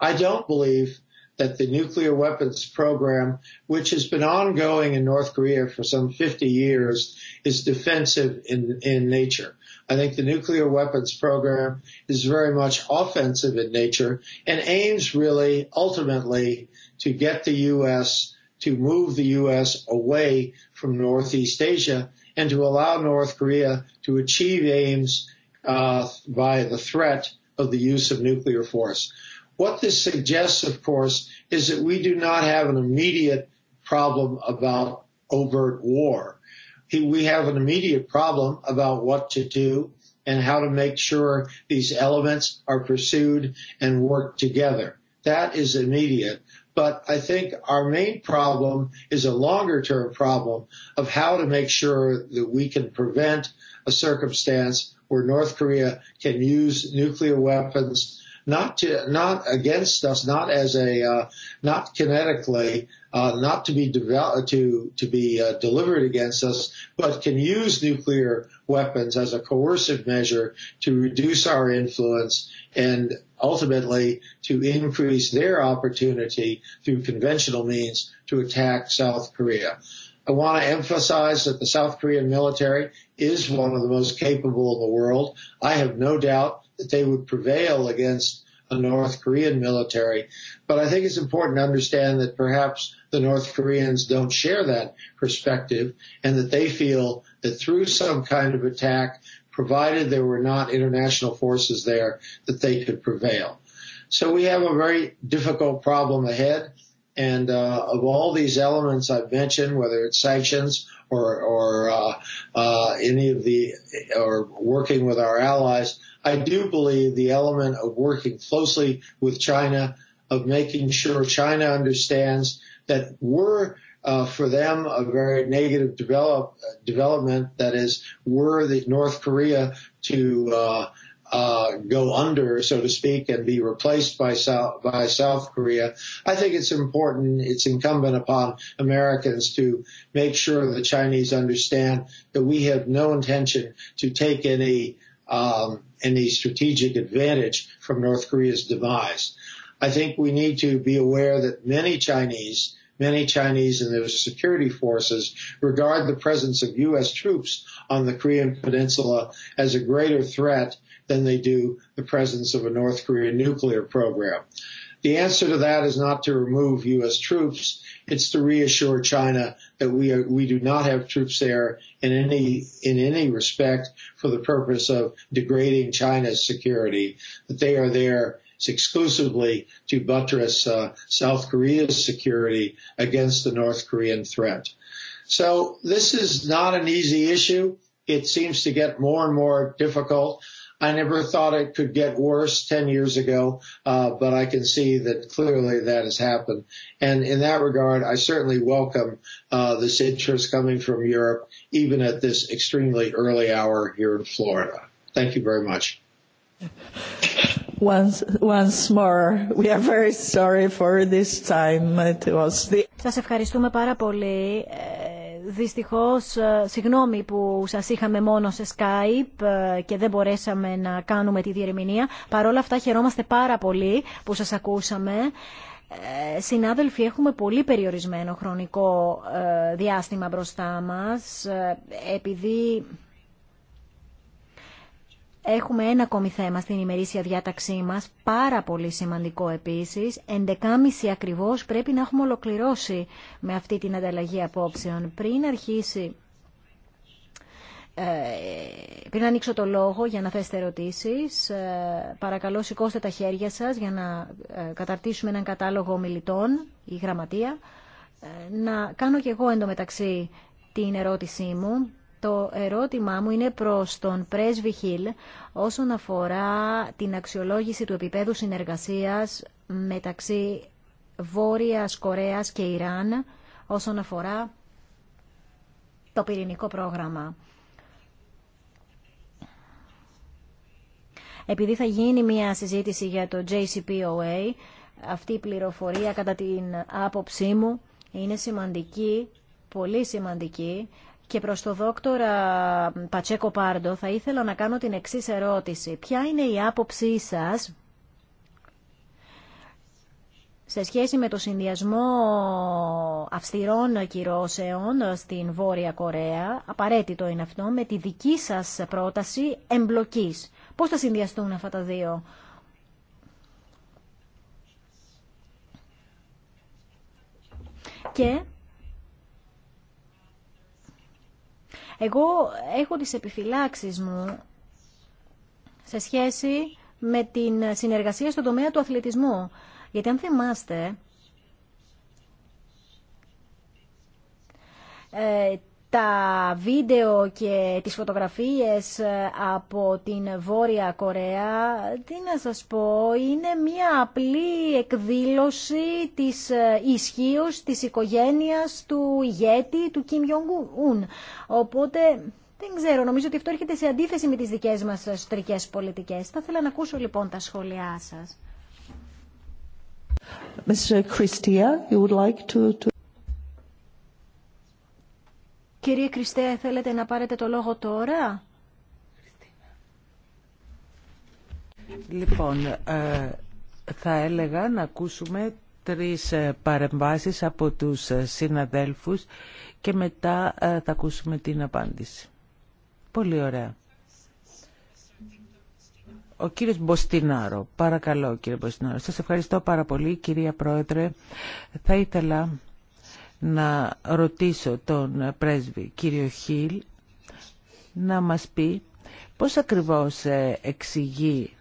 I don't believe that the nuclear weapons program, which has been ongoing in North Korea for some 50 years, is defensive in, in nature. I think the nuclear weapons program is very much offensive in nature and aims really ultimately to get the U.S. to move the U.S. away from Northeast Asia and to allow North Korea to achieve aims uh, by the threat of the use of nuclear force. What this suggests, of course, is that we do not have an immediate problem about overt war. We have an immediate problem about what to do and how to make sure these elements are pursued and work together. That is immediate. But I think our main problem is a longer term problem of how to make sure that we can prevent a circumstance where North Korea can use nuclear weapons not to not against us, not as a uh, not kinetically, uh, not to be developed to to be uh, delivered against us, but can use nuclear weapons as a coercive measure to reduce our influence and ultimately to increase their opportunity through conventional means to attack South Korea. I want to emphasize that the South Korean military is one of the most capable in the world. I have no doubt that they would prevail against a North Korean military. But I think it's important to understand that perhaps the North Koreans don't share that perspective and that they feel that through some kind of attack, provided there were not international forces there, that they could prevail. So we have a very difficult problem ahead. And uh, of all these elements I've mentioned, whether it's sanctions or, or uh, uh, any of the, or working with our allies, I do believe the element of working closely with China, of making sure China understands that we're uh, for them a very negative develop, development. That is, were the North Korea to uh, uh, go under, so to speak, and be replaced by South by South Korea. I think it's important. It's incumbent upon Americans to make sure the Chinese understand that we have no intention to take any. Um, any strategic advantage from North Korea's demise. I think we need to be aware that many Chinese, many Chinese and their security forces regard the presence of U.S. troops on the Korean Peninsula as a greater threat than they do the presence of a North Korean nuclear program. The answer to that is not to remove U.S. troops. It's to reassure China that we are, we do not have troops there in any, in any respect for the purpose of degrading China's security, that they are there exclusively to buttress uh, South Korea's security against the North Korean threat. So this is not an easy issue. It seems to get more and more difficult. I never thought it could get worse 10 years ago, uh, but I can see that clearly that has happened. And in that regard, I certainly welcome uh, this interest coming from Europe, even at this extremely early hour here in Florida. Thank you very much. Once, once more, we are very sorry for this time. It was the... Σας ευχαριστούμε πάρα πολύ. Δυστυχώς, ε, συγγνώμη που σας είχαμε μόνο σε Skype ε, και δεν μπορέσαμε να κάνουμε τη διερμηνία. Παρ' όλα αυτά χαιρόμαστε πάρα πολύ που σας ακούσαμε. Ε, συνάδελφοι, έχουμε πολύ περιορισμένο χρονικό διάστημα μπροστά μας, επειδή Έχουμε ένα ακόμη θέμα στην ημερήσια διάταξή μας, πάρα πολύ σημαντικό επίσης. 11.30 ακριβώς πρέπει να έχουμε ολοκληρώσει με αυτή την ανταλλαγή απόψεων. Πριν αρχίσει, ε, πριν ανοίξω το λόγο για να θέσετε ερωτήσεις, ε, παρακαλώ σηκώστε τα χέρια σας για να ε, καταρτήσουμε έναν κατάλογο μιλητών, η γραμματεία. Να κάνω κι εγώ εντωμεταξύ την ερώτησή μου το ερώτημά μου είναι προς τον πρέσβη Χιλ όσον αφορά την αξιολόγηση του επίπεδου συνεργασίας μεταξύ Βόρειας Κορέας και Ιράν όσον αφορά το πυρηνικό πρόγραμμα. Επειδή θα γίνει μια συζήτηση για το JCPOA, αυτή η πληροφορία κατά την άποψή μου είναι σημαντική, πολύ σημαντική, και προς τον δόκτορα Πατσέκο Πάρντο θα ήθελα να κάνω την εξής ερώτηση. Ποια είναι η άποψή σας σε σχέση με το συνδυασμό αυστηρών κυρώσεων στην Βόρεια Κορέα, απαραίτητο είναι αυτό, με τη δική σας πρόταση εμπλοκής. Πώς θα συνδυαστούν αυτά τα δύο. Και Εγώ έχω τις επιφυλάξεις μου σε σχέση με την συνεργασία στον τομέα του αθλητισμού. Γιατί αν θυμάστε, ε, τα βίντεο και τις φωτογραφίες ε, από την Βόρεια Κορέα, τι να σας πω, είναι μια απλή εκδήλωση της ε, ισχύω της οικογένειας του ηγέτη του Κιμ Ιονγκούν. Οπότε δεν ξέρω, νομίζω ότι αυτό έρχεται σε αντίθεση με τις δικές μας στρικές πολιτικές. Θα ήθελα να ακούσω λοιπόν τα σχόλιά σας. Christia, you would like to... Κύριε Κριστέ, θέλετε να πάρετε το λόγο τώρα. Λοιπόν, ε, θα έλεγα να ακούσουμε τρεις ε, παρεμβάσεις από τους ε, συναδέλφους και μετά θα ακούσουμε την απάντηση. Πολύ ωραία. Ο κύριος Μποστινάρο. Παρακαλώ κύριε Μποστινάρο. Σας ευχαριστώ πάρα πολύ κυρία Πρόεδρε. Θα ήθελα να ρωτήσω τον πρέσβη κύριο Χίλ να μας πει πώς ακριβώς ε, εξηγεί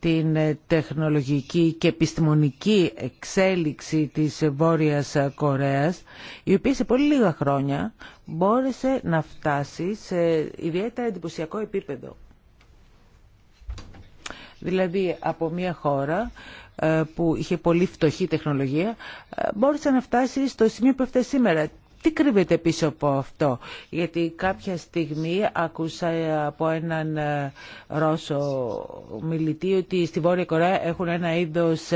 την ε, τεχνολογική και επιστημονική εξέλιξη της Βόρειας ε, Κορέας, η οποία σε πολύ λίγα χρόνια μπόρεσε να φτάσει σε ιδιαίτερα εντυπωσιακό επίπεδο. Δηλαδή από μια χώρα ε, που είχε πολύ φτωχή τεχνολογία ε, μπόρεσε να φτάσει στο σημείο που έφτασε σήμερα. Τι κρύβεται πίσω από αυτό, γιατί κάποια στιγμή άκουσα από έναν ε, Ρώσο μιλητή ότι στη Βόρεια Κορέα έχουν ένα είδος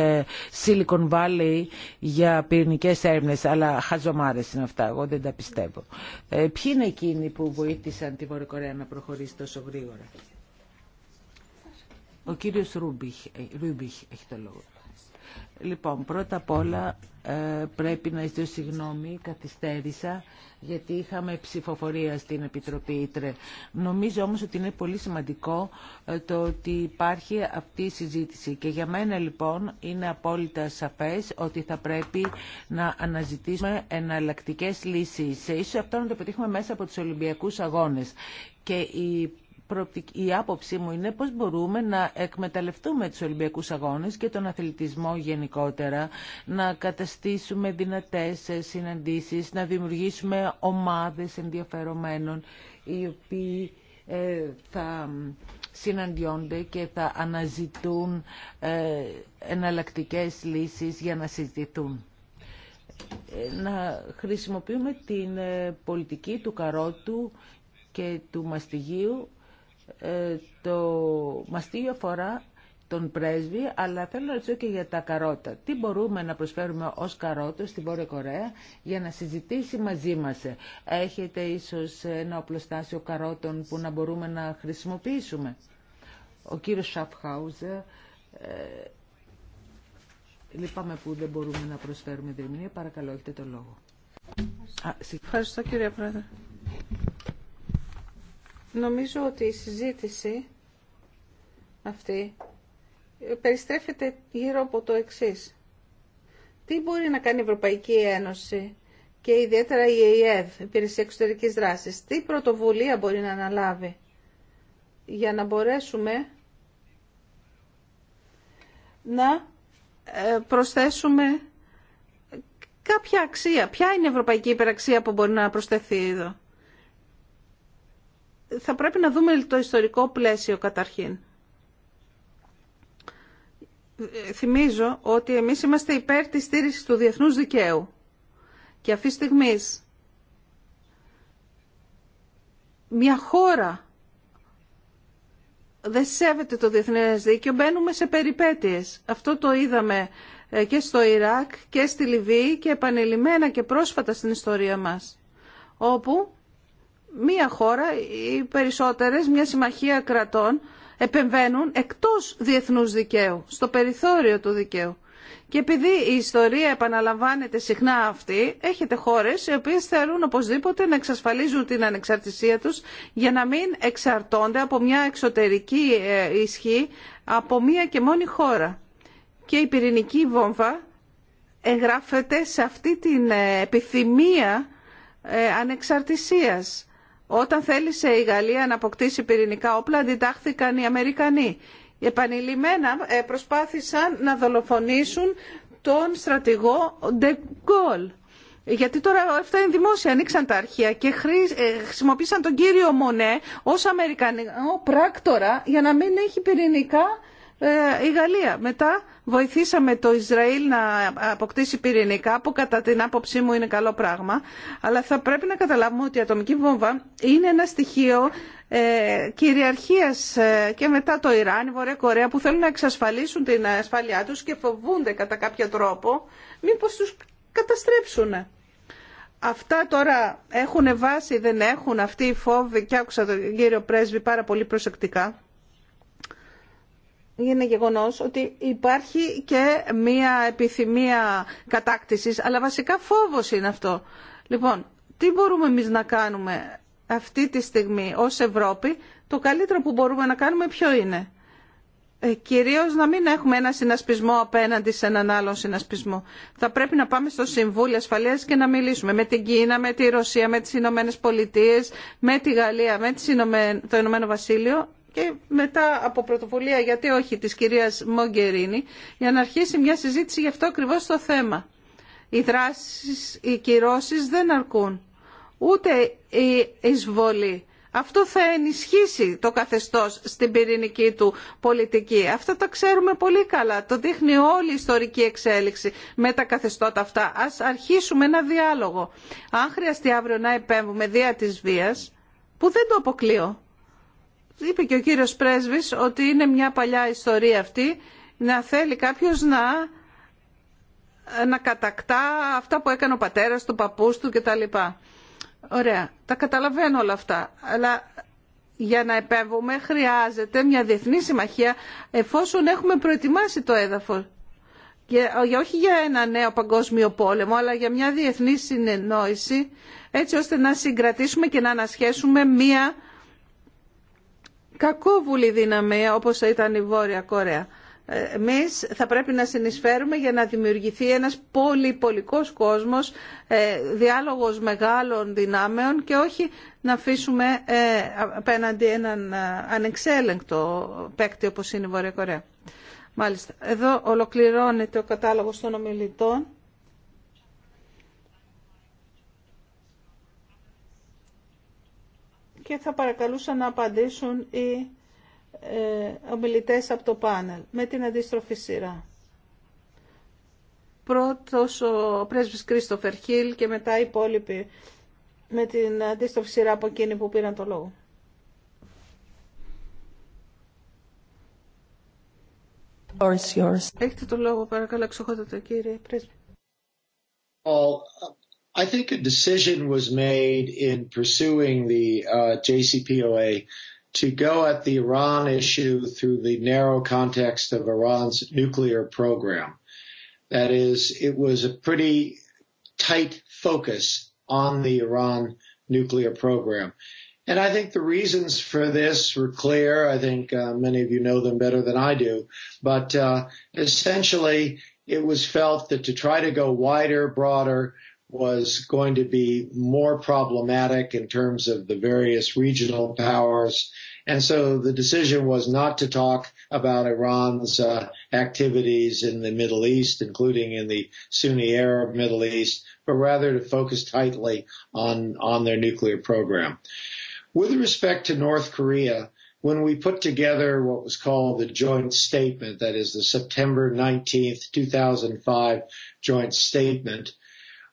Silicon Valley για πυρηνικές έρευνες, αλλά χαζομάρες είναι αυτά, εγώ δεν τα πιστεύω. ποιοι είναι εκείνοι που βοήθησαν τη Βόρεια Κορέα να προχωρήσει τόσο γρήγορα. Ο κύριος ε, Ρούμπιχ, έχει το λόγο. Λοιπόν, πρώτα απ' όλα ε, πρέπει να είστε συγγνώμη, καθυστέρησα, γιατί είχαμε ψηφοφορία στην Επιτροπή Ήτρε. Νομίζω όμως ότι είναι πολύ σημαντικό ε, το ότι υπάρχει αυτή η συζήτηση. Και για μένα λοιπόν είναι απόλυτα σαφές ότι θα πρέπει να αναζητήσουμε εναλλακτικές λύσεις. Ίσως αυτό να το πετύχουμε μέσα από τους Ολυμπιακούς Αγώνες. Και η η άποψή μου είναι πώς μπορούμε να εκμεταλλευτούμε τους Ολυμπιακούς Αγώνες και τον αθλητισμό γενικότερα, να καταστήσουμε δυνατές συναντήσεις, να δημιουργήσουμε ομάδες ενδιαφερομένων οι οποίοι ε, θα συναντιόνται και θα αναζητούν ε, εναλλακτικές λύσεις για να συζητηθούν ε, να χρησιμοποιούμε την πολιτική του καρότου και του μαστιγίου ε, το μαστίγιο φορά τον πρέσβη, αλλά θέλω να ρωτήσω και για τα καρότα. Τι μπορούμε να προσφέρουμε ως καρότο στην Βόρεια Κορέα για να συζητήσει μαζί μας. Έχετε ίσως ένα οπλοστάσιο καρότων που να μπορούμε να χρησιμοποιήσουμε. Ο κύριος Σαφχάουζε, ε, λυπάμαι που δεν μπορούμε να προσφέρουμε διερμηνία. Παρακαλώ, έχετε το λόγο. Ευχαριστώ κύριε Πρόεδρε. Νομίζω ότι η συζήτηση αυτή περιστρέφεται γύρω από το εξής. Τι μπορεί να κάνει η Ευρωπαϊκή Ένωση και ιδιαίτερα η ΕΕΔ, η Υπηρεσία Εξωτερικής Δράσης, τι πρωτοβουλία μπορεί να αναλάβει για να μπορέσουμε να ε, προσθέσουμε κάποια αξία. Ποια είναι η ευρωπαϊκή υπεραξία που μπορεί να προσθεθεί εδώ θα πρέπει να δούμε το ιστορικό πλαίσιο καταρχήν. Θυμίζω ότι εμείς είμαστε υπέρ της στήριξης του διεθνούς δικαίου. Και αυτή τη στιγμή μια χώρα δεν σέβεται το διεθνές δίκαιο, μπαίνουμε σε περιπέτειες. Αυτό το είδαμε ε, και στο Ιράκ και στη Λιβύη και επανειλημμένα και πρόσφατα στην ιστορία μας. Όπου μία χώρα ή περισσότερες, μια συμμαχία κρατών, επεμβαίνουν εκτός διεθνούς δικαίου, στο περιθώριο του δικαίου. Και επειδή η ιστορία επαναλαμβάνεται συχνά αυτή, έχετε χώρες οι οποίες θέλουν οπωσδήποτε να εξασφαλίζουν την ανεξαρτησία τους για να μην εξαρτώνται από μια εξωτερική ε, ισχύ από μια και μόνη χώρα. Και η πυρηνική βόμβα εγγράφεται σε αυτή την ε, επιθυμία ε, ανεξαρτησίας όταν θέλησε η Γαλλία να αποκτήσει πυρηνικά όπλα, αντιτάχθηκαν οι Αμερικανοί. Επανειλημμένα ε, προσπάθησαν να δολοφονήσουν τον στρατηγό de Gaulle. Γιατί τώρα αυτά είναι δημόσια, ανοίξαν τα αρχεία και ε, χρησιμοποίησαν τον κύριο Μονέ ως Αμερικανό πράκτορα για να μην έχει πυρηνικά ε, η Γαλλία. Μετά Βοηθήσαμε το Ισραήλ να αποκτήσει πυρηνικά, που κατά την άποψή μου είναι καλό πράγμα, αλλά θα πρέπει να καταλάβουμε ότι η ατομική βόμβα είναι ένα στοιχείο ε, κυριαρχίας ε, και μετά το Ιράν, η Βορεια Κορέα που θέλουν να εξασφαλίσουν την ασφάλειά τους και φοβούνται κατά κάποιο τρόπο μήπως τους καταστρέψουν. Αυτά τώρα έχουν βάση, δεν έχουν αυτοί οι φόβοι και άκουσα τον κύριο Πρέσβη πάρα πολύ προσεκτικά είναι γεγονός ότι υπάρχει και μία επιθυμία κατάκτησης, αλλά βασικά φόβος είναι αυτό. Λοιπόν, τι μπορούμε εμείς να κάνουμε αυτή τη στιγμή ως Ευρώπη, το καλύτερο που μπορούμε να κάνουμε ποιο είναι. Ε, κυρίως να μην έχουμε ένα συνασπισμό απέναντι σε έναν άλλον συνασπισμό. Θα πρέπει να πάμε στο Συμβούλιο Ασφαλείας και να μιλήσουμε με την Κίνα, με τη Ρωσία, με τις Ηνωμένε Πολιτείε, με τη Γαλλία, με το Ηνωμένο Βασίλειο και μετά από πρωτοβουλία, γιατί όχι, της κυρίας Μογκερίνη, για να αρχίσει μια συζήτηση γι' αυτό ακριβώς το θέμα. Οι δράσεις, οι κυρώσεις δεν αρκούν, ούτε η εισβολή. Αυτό θα ενισχύσει το καθεστώς στην πυρηνική του πολιτική. Αυτό τα ξέρουμε πολύ καλά. Το δείχνει όλη η ιστορική εξέλιξη με τα καθεστώτα αυτά. Ας αρχίσουμε ένα διάλογο. Αν χρειαστεί αύριο να επέμβουμε δια της βίας, που δεν το αποκλείω, είπε και ο κύριος πρέσβης ότι είναι μια παλιά ιστορία αυτή να θέλει κάποιος να, να κατακτά αυτά που έκανε ο πατέρας του, παππούς του κτλ. Ωραία, τα καταλαβαίνω όλα αυτά, αλλά για να επέμβουμε χρειάζεται μια διεθνή συμμαχία εφόσον έχουμε προετοιμάσει το έδαφος. Και, όχι για ένα νέο παγκόσμιο πόλεμο, αλλά για μια διεθνή συνεννόηση, έτσι ώστε να συγκρατήσουμε και να ανασχέσουμε μια κακόβουλη δύναμη όπως ήταν η Βόρεια Κορέα. Εμείς θα πρέπει να συνεισφέρουμε για να δημιουργηθεί ένας πολυπολικός κόσμος, ε, διάλογος μεγάλων δυνάμεων και όχι να αφήσουμε ε, απέναντι έναν ε, ανεξέλεγκτο παίκτη όπως είναι η Βόρεια Κορέα. Μάλιστα, εδώ ολοκληρώνεται ο κατάλογος των ομιλητών. και θα παρακαλούσα να απαντήσουν οι ε, ομιλητές από το πάνελ με την αντίστροφη σειρά. Πρώτος ο πρέσβης Κρίστοφερ Χίλ και μετά οι υπόλοιποι με την αντίστροφη σειρά από εκείνοι που πήραν το λόγο. Έχετε το λόγο, παρακαλώ, εξοχότατε κύριε πρέσβη. I think a decision was made in pursuing the uh, JCPOA to go at the Iran issue through the narrow context of Iran's nuclear program. That is, it was a pretty tight focus on the Iran nuclear program. And I think the reasons for this were clear. I think uh, many of you know them better than I do. But uh, essentially, it was felt that to try to go wider, broader, was going to be more problematic in terms of the various regional powers. And so the decision was not to talk about Iran's uh, activities in the Middle East, including in the Sunni Arab Middle East, but rather to focus tightly on, on their nuclear program. With respect to North Korea, when we put together what was called the joint statement, that is the September 19th, 2005 joint statement,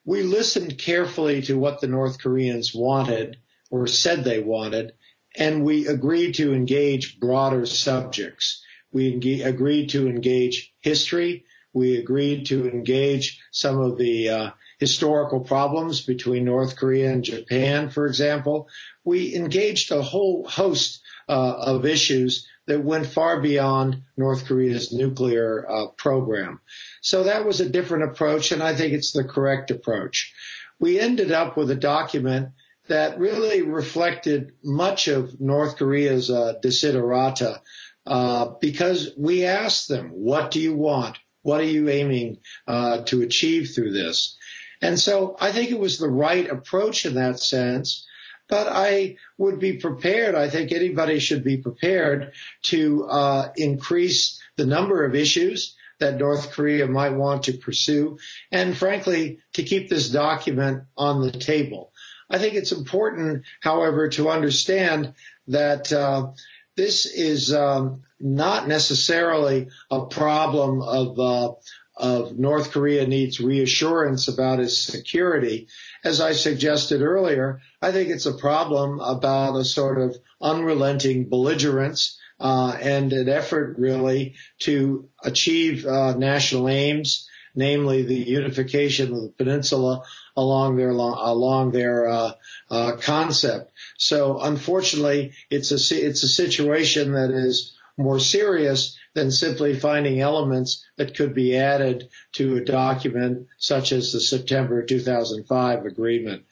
we listened carefully to what the North Koreans wanted or said they wanted, and we agreed to engage broader subjects. We agreed to engage history. We agreed to engage some of the uh, historical problems between North Korea and Japan, for example. We engaged a whole host uh, of issues that went far beyond North Korea's nuclear uh, program. So that was a different approach, and I think it's the correct approach. We ended up with a document that really reflected much of North Korea's uh, desiderata uh, because we asked them, what do you want? What are you aiming uh, to achieve through this? And so I think it was the right approach in that sense but I would be prepared, I think anybody should be prepared to uh, increase the number of issues that North Korea might want to pursue, and frankly, to keep this document on the table. I think it's important, however, to understand that uh, this is um, not necessarily a problem of uh, of North Korea needs reassurance about its security. As I suggested earlier, I think it's a problem about a sort of unrelenting belligerence uh, and an effort really to achieve uh, national aims, namely the unification of the peninsula along their along their uh, uh, concept. So unfortunately, it's a it's a situation that is more serious than simply finding elements that could be added to a document such as the September 2005 agreement.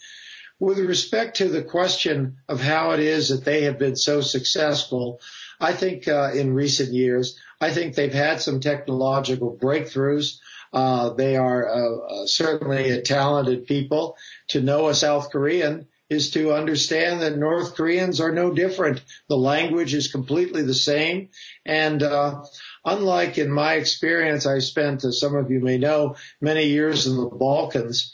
With respect to the question of how it is that they have been so successful, I think uh, in recent years, I think they've had some technological breakthroughs. Uh, they are uh, certainly a talented people. To know a South Korean is to understand that North Koreans are no different. The language is completely the same. And uh, unlike in my experience, I spent, as some of you may know, many years in the Balkans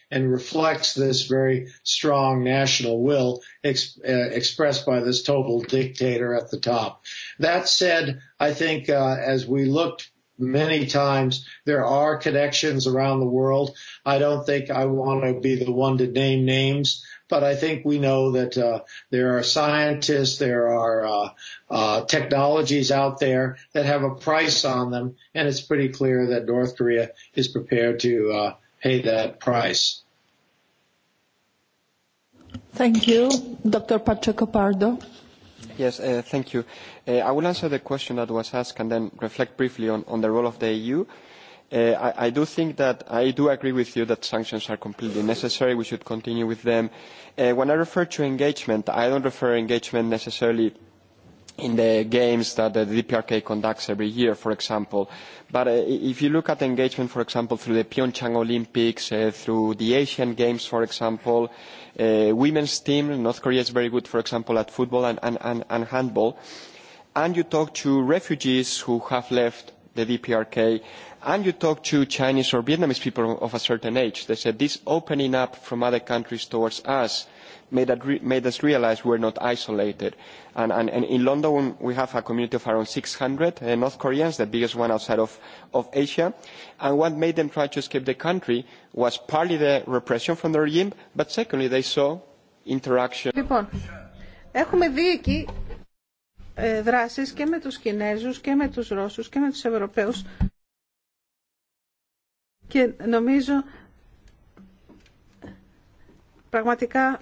and reflects this very strong national will expressed by this total dictator at the top. That said, I think as we looked many times. There are connections around the world. I don't think I want to be the one to name names, but I think we know that there are scientists, there are uh, technologies out there that have a price on them, and it's pretty clear that North Korea is prepared to pay that price. Thank you. Dr. Pacheco Pardo. Yes, thank you. I will answer the question that was asked and then reflect briefly on the role of the EU. I do think that I do agree with you that sanctions are completely necessary. We should continue with them. When I refer to engagement, I don't refer engagement necessarily in the games that the DPRK conducts every year, for example. But if you look at engagement, for example, through the Pyeongchang Olympics, through the Asian Games, for example, women's team, North Korea is very good, for example, at football and handball. And you talk to refugees who have left the DPRK, and you talk to Chinese or Vietnamese people of a certain age. They said this opening up from other countries towards us made us realize we're not isolated. And in London, we have a community of around 600 North Koreans, the biggest one outside of Asia. And what made them try to escape the country was partly the repression from the regime, but secondly, they saw interaction. Λοιπόν, έχουμε δει εκεί δράσεις και με τους Κινέζους και με τους Ρώσους και με τους Ευρωπαίους. Και νομίζω πραγματικά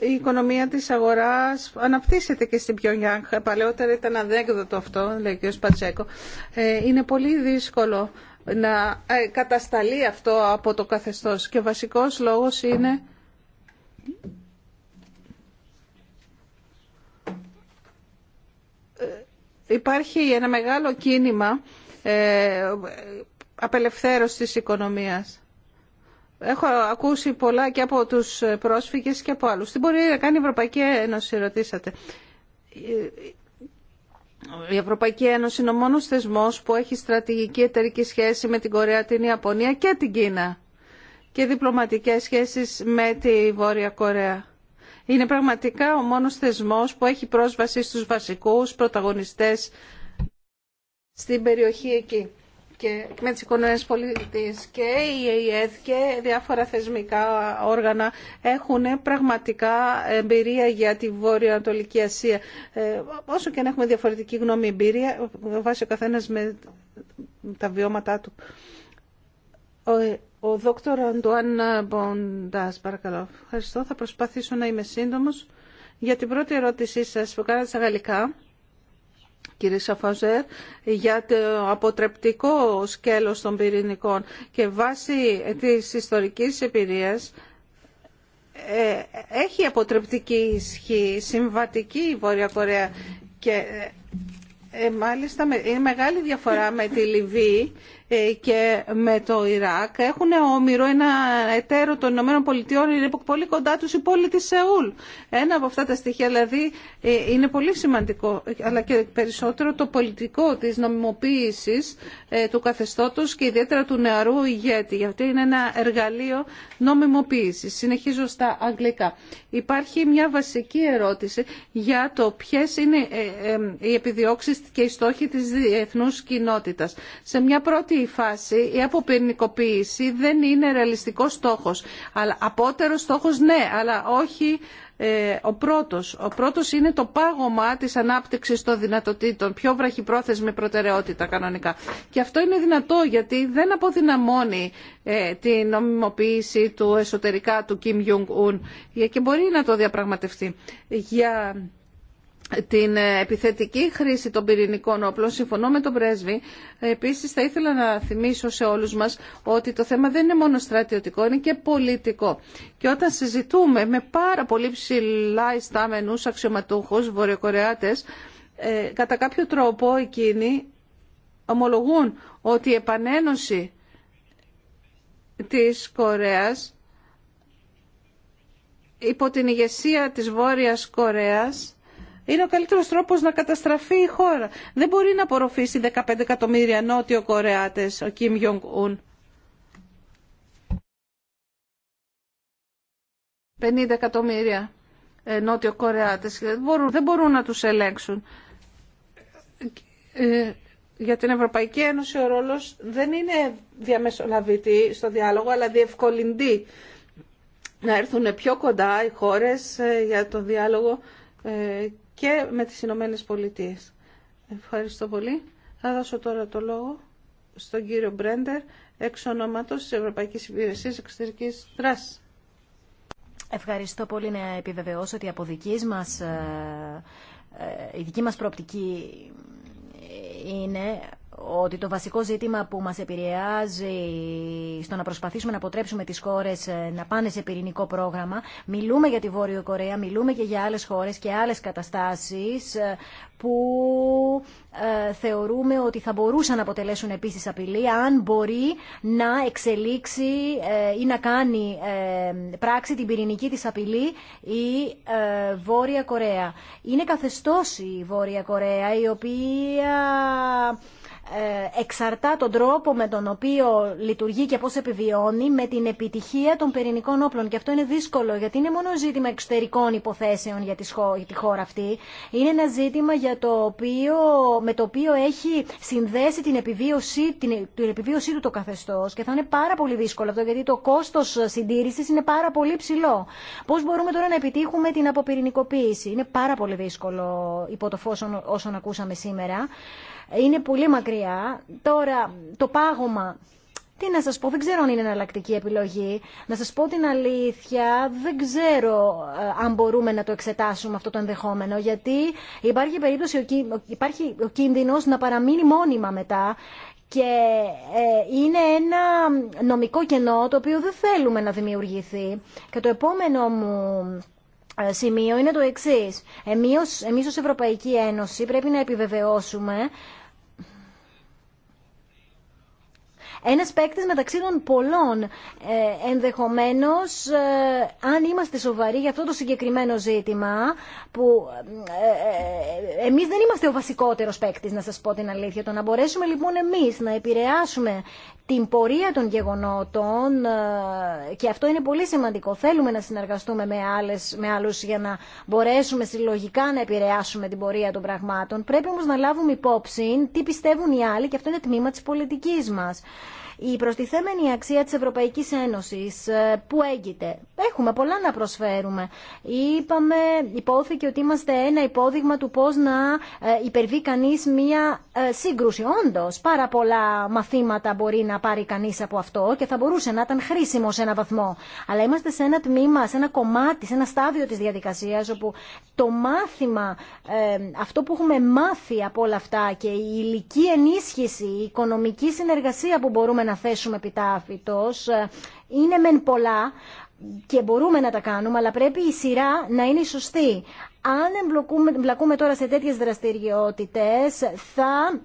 η οικονομία της αγοράς αναπτύσσεται και στην Πιονιάνγκ. Παλαιότερα ήταν ανέκδοτο αυτό, λέει ο κ. Πατσέκο. Ε, είναι πολύ δύσκολο να ε, κατασταλεί αυτό από το καθεστώς και βασικός λόγος είναι ε, υπάρχει ένα μεγάλο κίνημα ε, απελευθέρωσης της οικονομίας. Έχω ακούσει πολλά και από τους πρόσφυγες και από άλλους. Τι μπορεί να κάνει η Ευρωπαϊκή Ένωση, ρωτήσατε. Η Ευρωπαϊκή Ένωση είναι ο μόνος θεσμός που έχει στρατηγική εταιρική σχέση με την Κορέα, την Ιαπωνία και την Κίνα και διπλωματικές σχέσεις με τη Βόρεια Κορέα. Είναι πραγματικά ο μόνος θεσμός που έχει πρόσβαση στους βασικούς πρωταγωνιστές στην περιοχή εκεί και με τις οικονομίες πολιτικής και η ΕΕΔ και διάφορα θεσμικά όργανα έχουν πραγματικά εμπειρία για τη Βόρεια Ανατολική Ασία. Ε, όσο και αν έχουμε διαφορετική γνώμη εμπειρία, βάσει ο καθένας με τα βιώματά του. Ο, ο δόκτωρ Αντουάν Μποντάς, παρακαλώ. Ευχαριστώ. Θα προσπαθήσω να είμαι σύντομος. Για την πρώτη ερώτησή σας που κάνατε στα γαλλικά, κύριε Σαφαζέρ, για το αποτρεπτικό σκέλος των πυρηνικών και βάσει της ιστορικής εμπειρίας ε, έχει αποτρεπτική ισχύ, συμβατική η Βόρεια Κορέα και ε, ε, μάλιστα είναι μεγάλη διαφορά με τη Λιβύη ε, και με το Ιράκ έχουν όμοιρο ένα εταίρο των Ηνωμένων Πολιτειών είναι πολύ κοντά τους η πόλη της Σεούλ. Ένα από αυτά τα στοιχεία δηλαδή ε, είναι πολύ σημαντικό αλλά και περισσότερο το πολιτικό της νομιμοποίησης ε, του καθεστώτος και ιδιαίτερα του νεαρού ηγέτη γιατί είναι ένα εργαλείο νομιμοποίησης. Συνεχίζω στα αγγλικά. Υπάρχει μια βασική ερώτηση για το ποιε είναι οι επιδιώξεις και οι στόχοι της διεθνούς κοινότητας. Σε μια πρώτη η φάση, η αποπυρηνικοποίηση δεν είναι ρεαλιστικό στόχο. Αλλά, απότερος στόχος ναι, αλλά όχι ε, ο πρώτο. Ο πρώτο είναι το πάγωμα τη ανάπτυξη των δυνατοτήτων, πιο βραχυπρόθεσμη προτεραιότητα κανονικά. Και αυτό είναι δυνατό γιατί δεν αποδυναμώνει ε, την νομιμοποίηση του εσωτερικά του Κιμ. Jong-un και μπορεί να το διαπραγματευτεί. Για την ε, επιθετική χρήση των πυρηνικών όπλων, συμφωνώ με τον πρέσβη. Επίσης θα ήθελα να θυμίσω σε όλους μας ότι το θέμα δεν είναι μόνο στρατιωτικό, είναι και πολιτικό. Και όταν συζητούμε με πάρα πολύ ψηλά ιστάμενους αξιωματούχους, βορειοκορεάτες, ε, κατά κάποιο τρόπο εκείνοι ομολογούν ότι η επανένωση της Κορέας υπό την ηγεσία της Βόρειας Κορέας είναι ο καλύτερος τρόπος να καταστραφεί η χώρα. Δεν μπορεί να απορροφήσει 15 εκατομμύρια νότιο Κορεάτες ο Κιμ Ιονγκ Ουν. 50 εκατομμύρια ε, νότιο Κορεάτες. Δεν μπορούν, να τους ελέγξουν. Ε, για την Ευρωπαϊκή Ένωση ο ρόλος δεν είναι διαμεσολαβητή στο διάλογο, αλλά διευκολυντή να έρθουν πιο κοντά οι χώρες ε, για το διάλογο και με τις Ηνωμένε Πολιτείε. Ευχαριστώ πολύ. Θα δώσω τώρα το λόγο στον κύριο Μπρέντερ, εξ ονόματος της Ευρωπαϊκής Υπηρεσίας Εξωτερικής Δράσης. Ευχαριστώ πολύ να επιβεβαιώσω ότι από μας, ε, ε, η δική μας προοπτική είναι ότι το βασικό ζήτημα που μας επηρεάζει στο να προσπαθήσουμε να αποτρέψουμε τις χώρες ε, να πάνε σε πυρηνικό πρόγραμμα, μιλούμε για τη Βόρειο Κορέα, μιλούμε και για άλλες χώρες και άλλες καταστάσεις ε, που ε, θεωρούμε ότι θα μπορούσαν να αποτελέσουν επίσης απειλή αν μπορεί να εξελίξει ή να κάνει πράξη την πυρηνική της απειλή η Βόρεια Κορέα. Είναι καθεστώς η Βόρεια Κορέα η οποία ε, εξαρτά τον τρόπο με τον οποίο λειτουργεί και πώς επιβιώνει με την επιτυχία των πυρηνικών όπλων. Και αυτό είναι δύσκολο γιατί είναι μόνο ζήτημα εξωτερικών υποθέσεων για τη χώρα αυτή. Είναι ένα ζήτημα για το οποίο, με το οποίο έχει συνδέσει την επιβίωση, την, την του το καθεστώς και θα είναι πάρα πολύ δύσκολο αυτό γιατί το κόστος συντήρησης είναι πάρα πολύ ψηλό. Πώς μπορούμε τώρα να επιτύχουμε την αποπυρηνικοποίηση. Είναι πάρα πολύ δύσκολο υπό το φως όσων ακούσαμε σήμερα είναι πολύ μακριά. Τώρα το πάγωμα τι να σας πω, δεν ξέρω αν είναι εναλλακτική επιλογή. Να σας πω την αλήθεια, δεν ξέρω ε, αν μπορούμε να το εξετάσουμε αυτό το ενδεχόμενο, γιατί υπάρχει περίπτωση, υπάρχει ο κίνδυνος να παραμείνει μόνιμα μετά και ε, είναι ένα νομικό κενό το οποίο δεν θέλουμε να δημιουργηθεί. Και το επόμενο μου ε, σημείο είναι το εξής. Εμείς, εμείς ως Ευρωπαϊκή Ένωση πρέπει να επιβεβαιώσουμε Ένα παίκτη μεταξύ των πολλών. Ε, ενδεχομένως, ε, αν είμαστε σοβαροί για αυτό το συγκεκριμένο ζήτημα, που ε, ε εμείς δεν είμαστε ο βασικότερος παίκτη, να σας πω την αλήθεια, το να μπορέσουμε λοιπόν εμεί να επηρεάσουμε την πορεία των γεγονότων ε, και αυτό είναι πολύ σημαντικό. Θέλουμε να συνεργαστούμε με, άλλες, με άλλους για να μπορέσουμε συλλογικά να επηρεάσουμε την πορεία των πραγμάτων. Πρέπει όμως να λάβουμε υπόψη τι πιστεύουν οι άλλοι και αυτό είναι τμήμα της πολιτικής μας. Η προστιθέμενη αξία της Ευρωπαϊκής Ένωσης ε, που έγκυται. Έχουμε πολλά να προσφέρουμε. Είπαμε, υπόθηκε ότι είμαστε ένα υπόδειγμα του πώς να ε, υπερβεί κανείς μία ε, σύγκρουση. Όντως, πάρα πολλά μαθήματα μπορεί να πάρει κανείς από αυτό και θα μπορούσε να ήταν χρήσιμο σε ένα βαθμό. Αλλά είμαστε σε ένα τμήμα, σε ένα κομμάτι, σε ένα στάδιο της διαδικασίας όπου το μάθημα, αυτό που έχουμε μάθει από όλα αυτά και η ηλική ενίσχυση, η οικονομική συνεργασία που μπορούμε να θέσουμε επιτάφητος. Ε, είναι μεν πολλά και μπορούμε να τα κάνουμε, αλλά πρέπει η σειρά να είναι σωστή. Αν εμπλακούμε, τώρα σε τέτοιες δραστηριότητες, θα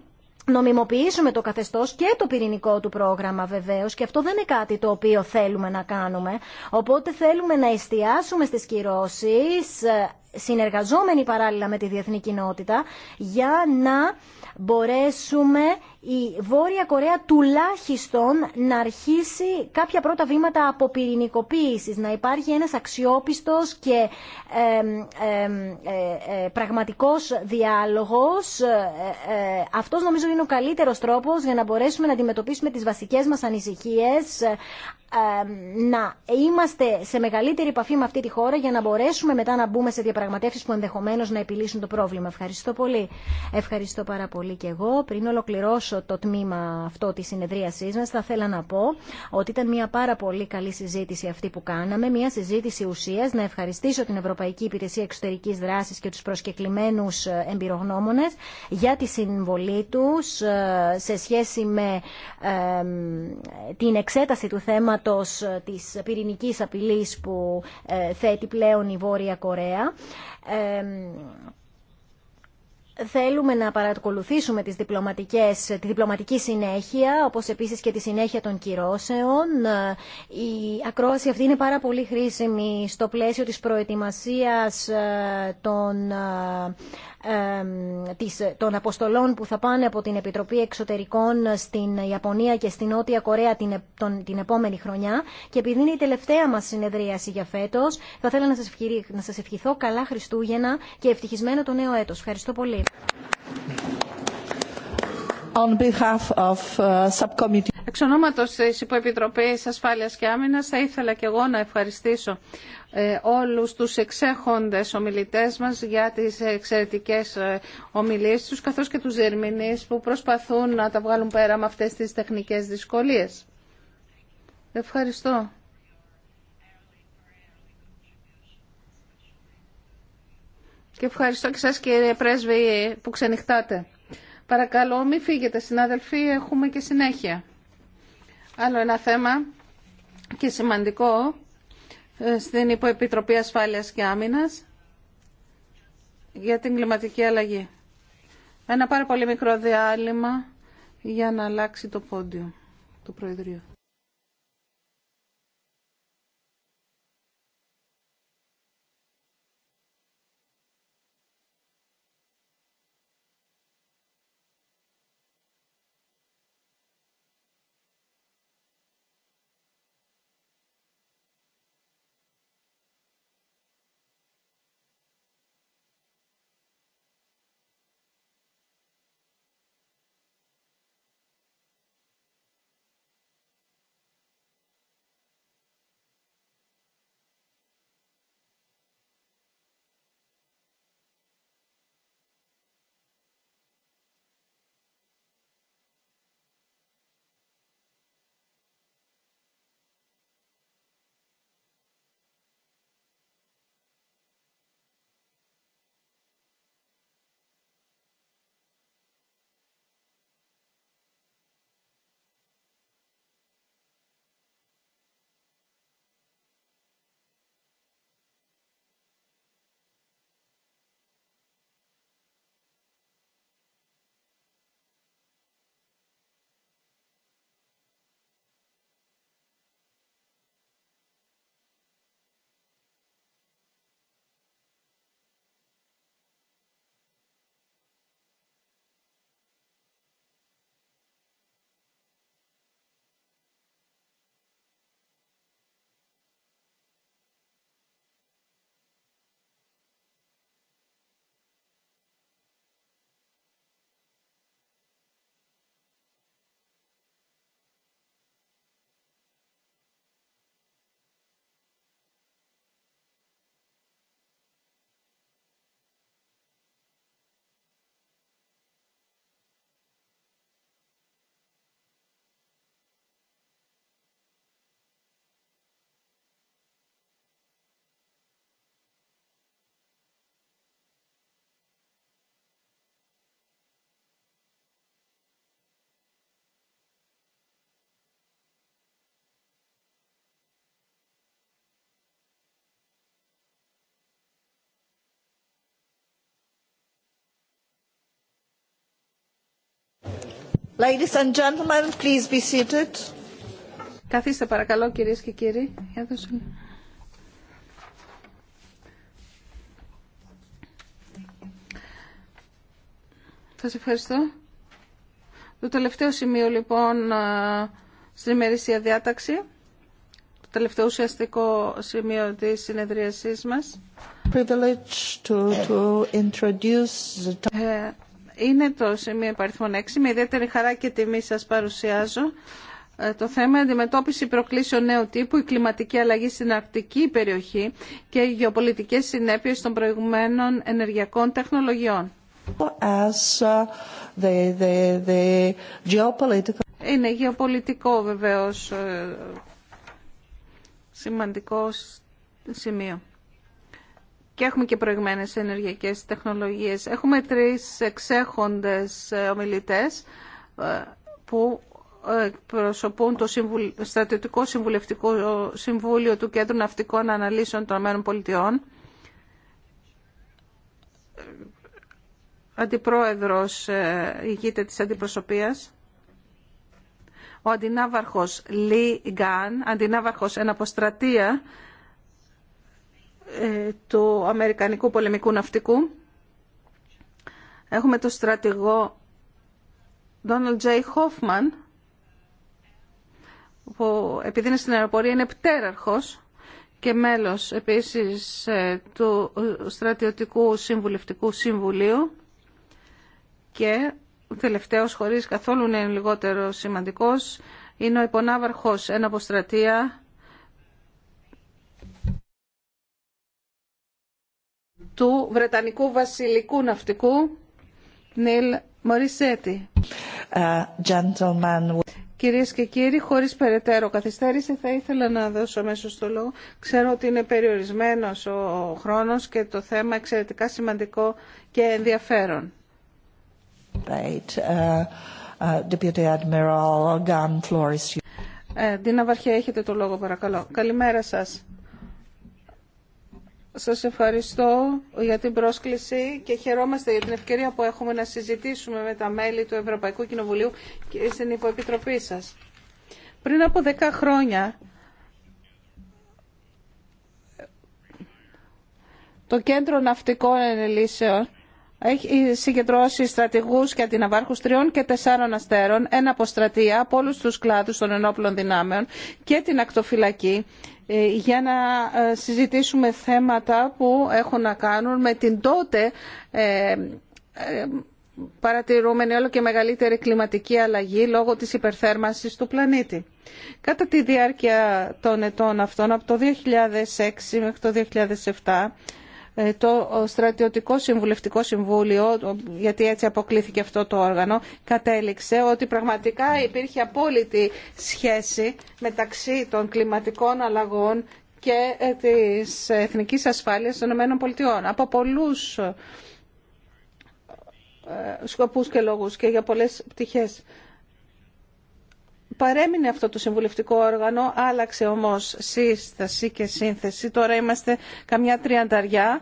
νομιμοποιήσουμε το καθεστώς και το πυρηνικό του πρόγραμμα βεβαίως και αυτό δεν είναι κάτι το οποίο θέλουμε να κάνουμε. Οπότε θέλουμε να εστιάσουμε στις κυρώσεις ε, συνεργαζόμενοι παράλληλα με τη διεθνή κοινότητα για να μπορέσουμε η Βόρεια Κορέα τουλάχιστον να αρχίσει κάποια πρώτα βήματα από να υπάρχει ένας αξιόπιστος και ε, ε, πραγματικός διάλογος. Ε, ε, αυτός νομίζω είναι ο καλύτερος τρόπος για να μπορέσουμε να αντιμετωπίσουμε τις βασικές μας ανησυχίες να είμαστε σε μεγαλύτερη επαφή με αυτή τη χώρα για να μπορέσουμε μετά να μπούμε σε διαπραγματεύσεις που ενδεχομένως να επιλύσουν το πρόβλημα. Ευχαριστώ πολύ. Ευχαριστώ πάρα πολύ και εγώ. Πριν ολοκληρώσω το τμήμα αυτό της συνεδρίασής μας θα ήθελα να πω ότι ήταν μια πάρα πολύ καλή συζήτηση αυτή που κάναμε, μια συζήτηση ουσίας. Να ευχαριστήσω την Ευρωπαϊκή Υπηρεσία Εξωτερικής Δράσης και τους προσκεκλημένους ε, εμπειρογνώμονες για τη συμβολή τους ε, σε σχέση με την εξέταση του θέματος θέματος ε, της πυρηνικής απειλής που ε, θέτει πλέον η Βόρεια Κορέα θέλουμε να παρακολουθήσουμε τις διπλωματικές, τη διπλωματική συνέχεια, όπως επίσης και τη συνέχεια των κυρώσεων. Η ακρόαση αυτή είναι πάρα πολύ χρήσιμη στο πλαίσιο της προετοιμασίας ε, των των αποστολών που θα πάνε από την Επιτροπή Εξωτερικών στην Ιαπωνία και στην Νότια Κορέα την επόμενη χρονιά και επειδή είναι η τελευταία μας συνεδρίαση για φέτος θα θέλω να σας ευχηθώ καλά Χριστούγεννα και ευτυχισμένο το νέο έτος. Ευχαριστώ πολύ. On behalf of uh, subcommittee. Εξ ονόματος της Υποεπιτροπής Ασφάλειας και Άμυνας θα ήθελα και εγώ να ευχαριστήσω ε, όλους τους εξέχοντες ομιλητές μας για τις εξαιρετικές ε, ομιλίες τους καθώς και τους ερμηνείς που προσπαθούν να τα βγάλουν πέρα με αυτές τις τεχνικές δυσκολίες. Ευχαριστώ. Και ευχαριστώ και σας κύριε Πρέσβη που ξενυχτάτε. Παρακαλώ μην φύγετε συνάδελφοι, έχουμε και συνέχεια. Άλλο ένα θέμα και σημαντικό ε, στην Υποεπιτροπή Ασφάλειας και Άμυνας για την κλιματική αλλαγή. Ένα πάρα πολύ μικρό διάλειμμα για να αλλάξει το πόντιο του Προεδρείου. Ladies and gentlemen, please be seated. Καθίστε παρακαλώ κυρίες και κύριοι. Σας ευχαριστώ. Το τελευταίο σημείο λοιπόν στην ημερήσια διάταξη, το τελευταίο ουσιαστικό σημείο της συνεδρίασής μας. Privilege ε, είναι το σημείο υπαριθμών 6. Με ιδιαίτερη χαρά και τιμή σας παρουσιάζω ε, το θέμα αντιμετώπιση προκλήσεων νέου τύπου, η κλιματική αλλαγή στην αρκτική περιοχή και οι γεωπολιτικέ συνέπειε των προηγουμένων ενεργειακών τεχνολογιών. Uh, the, geopolitical... Είναι γεωπολιτικό βεβαίως ε, σημαντικό σημείο και έχουμε και προηγμένες ενεργειακές τεχνολογίες. Έχουμε τρεις εξέχοντες ε, ομιλητές ε, που ε, προσωπούν το Στρατιωτικό Συμβουλευτικό Συμβούλιο του Κέντρου Ναυτικών Αναλύσεων των ΗΠΑ. Αντιπρόεδρος ηγείται της αντιπροσωπείας. Ο αντινάβαρχος Λι Γκάν, αντινάβαρχος εν αποστρατεία ε, του Αμερικανικού πολεμικού ναυτικού. Έχουμε τον στρατηγό Donald J. Hoffman, που επειδή είναι στην αεροπορία είναι πτέραρχος και μέλος επίσης ε, του Στρατιωτικού Συμβουλευτικού Συμβουλίου και τελευταίος χωρίς καθόλου είναι λιγότερο σημαντικός είναι ο υπονάβαρχος ένα στρατεία του Βρετανικού Βασιλικού Ναυτικού Νίλ Μωρισέτη. Ε, Κυρίες και κύριοι, χωρίς περαιτέρω καθυστέρηση θα ήθελα να δώσω μέσω στο λόγο. Ξέρω ότι είναι περιορισμένος ο χρόνος και το θέμα εξαιρετικά σημαντικό και ενδιαφέρον. Right. Uh, Deputy Admiral Floris. Βαρχέ, έχετε το λόγο παρακαλώ. Καλημέρα σας. Σας ευχαριστώ για την πρόσκληση και χαιρόμαστε για την ευκαιρία που έχουμε να συζητήσουμε με τα μέλη του Ευρωπαϊκού Κοινοβουλίου και στην υποεπιτροπή σας. Πριν από 10 χρόνια, το Κέντρο Ναυτικών Ενελίσεων έχει συγκεντρώσει στρατηγούς και αντιναβάρχους τριών και τεσσάρων αστέρων, ένα από στρατεία από όλους τους κλάδους των ενόπλων δυνάμεων και την ακτοφυλακή ε, για να ε, συζητήσουμε θέματα που έχουν να κάνουν με την τότε ε, παρατηρούμενη όλο και μεγαλύτερη κλιματική αλλαγή λόγω της υπερθέρμανσης του πλανήτη. Κατά τη διάρκεια των ετών αυτών, από το 2006 μέχρι το 2007, ε, το Στρατιωτικό Συμβουλευτικό Συμβούλιο, γιατί έτσι αποκλήθηκε αυτό το όργανο, κατέληξε ότι πραγματικά υπήρχε απόλυτη σχέση μεταξύ των κλιματικών αλλαγών και ε, της εθνικής ασφάλειας των ΗΠΑ. Από πολλούς ε, σκοπούς και λόγους και για πολλές πτυχές. Παρέμεινε αυτό το συμβουλευτικό όργανο, άλλαξε όμως σύσταση και σύνθεση. Τώρα είμαστε καμιά τριανταριά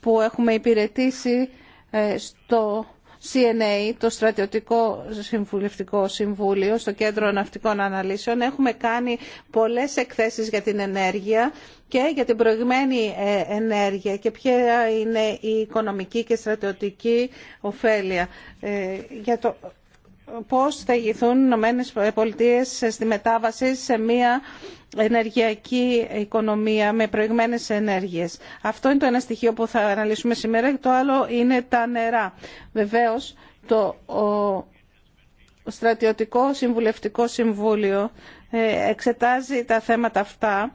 που έχουμε υπηρετήσει ε, στο CNA, το Στρατιωτικό Συμβουλευτικό Συμβούλιο, στο Κέντρο Ναυτικών Αναλύσεων. Έχουμε κάνει πολλές εκθέσεις για την ενέργεια και για την προηγμένη ε, ενέργεια και ποια είναι η οικονομική και στρατιωτική ωφέλεια. Ε, για το πώς θα ηγηθούν οι Ηνωμένες Πολιτείες στη μετάβαση σε μια ενεργειακή οικονομία με προηγμένες ενέργειες. Αυτό είναι το ένα στοιχείο που θα αναλύσουμε σήμερα και το άλλο είναι τα νερά. Βεβαίως το Στρατιωτικό Συμβουλευτικό Συμβούλιο ε, εξετάζει τα θέματα αυτά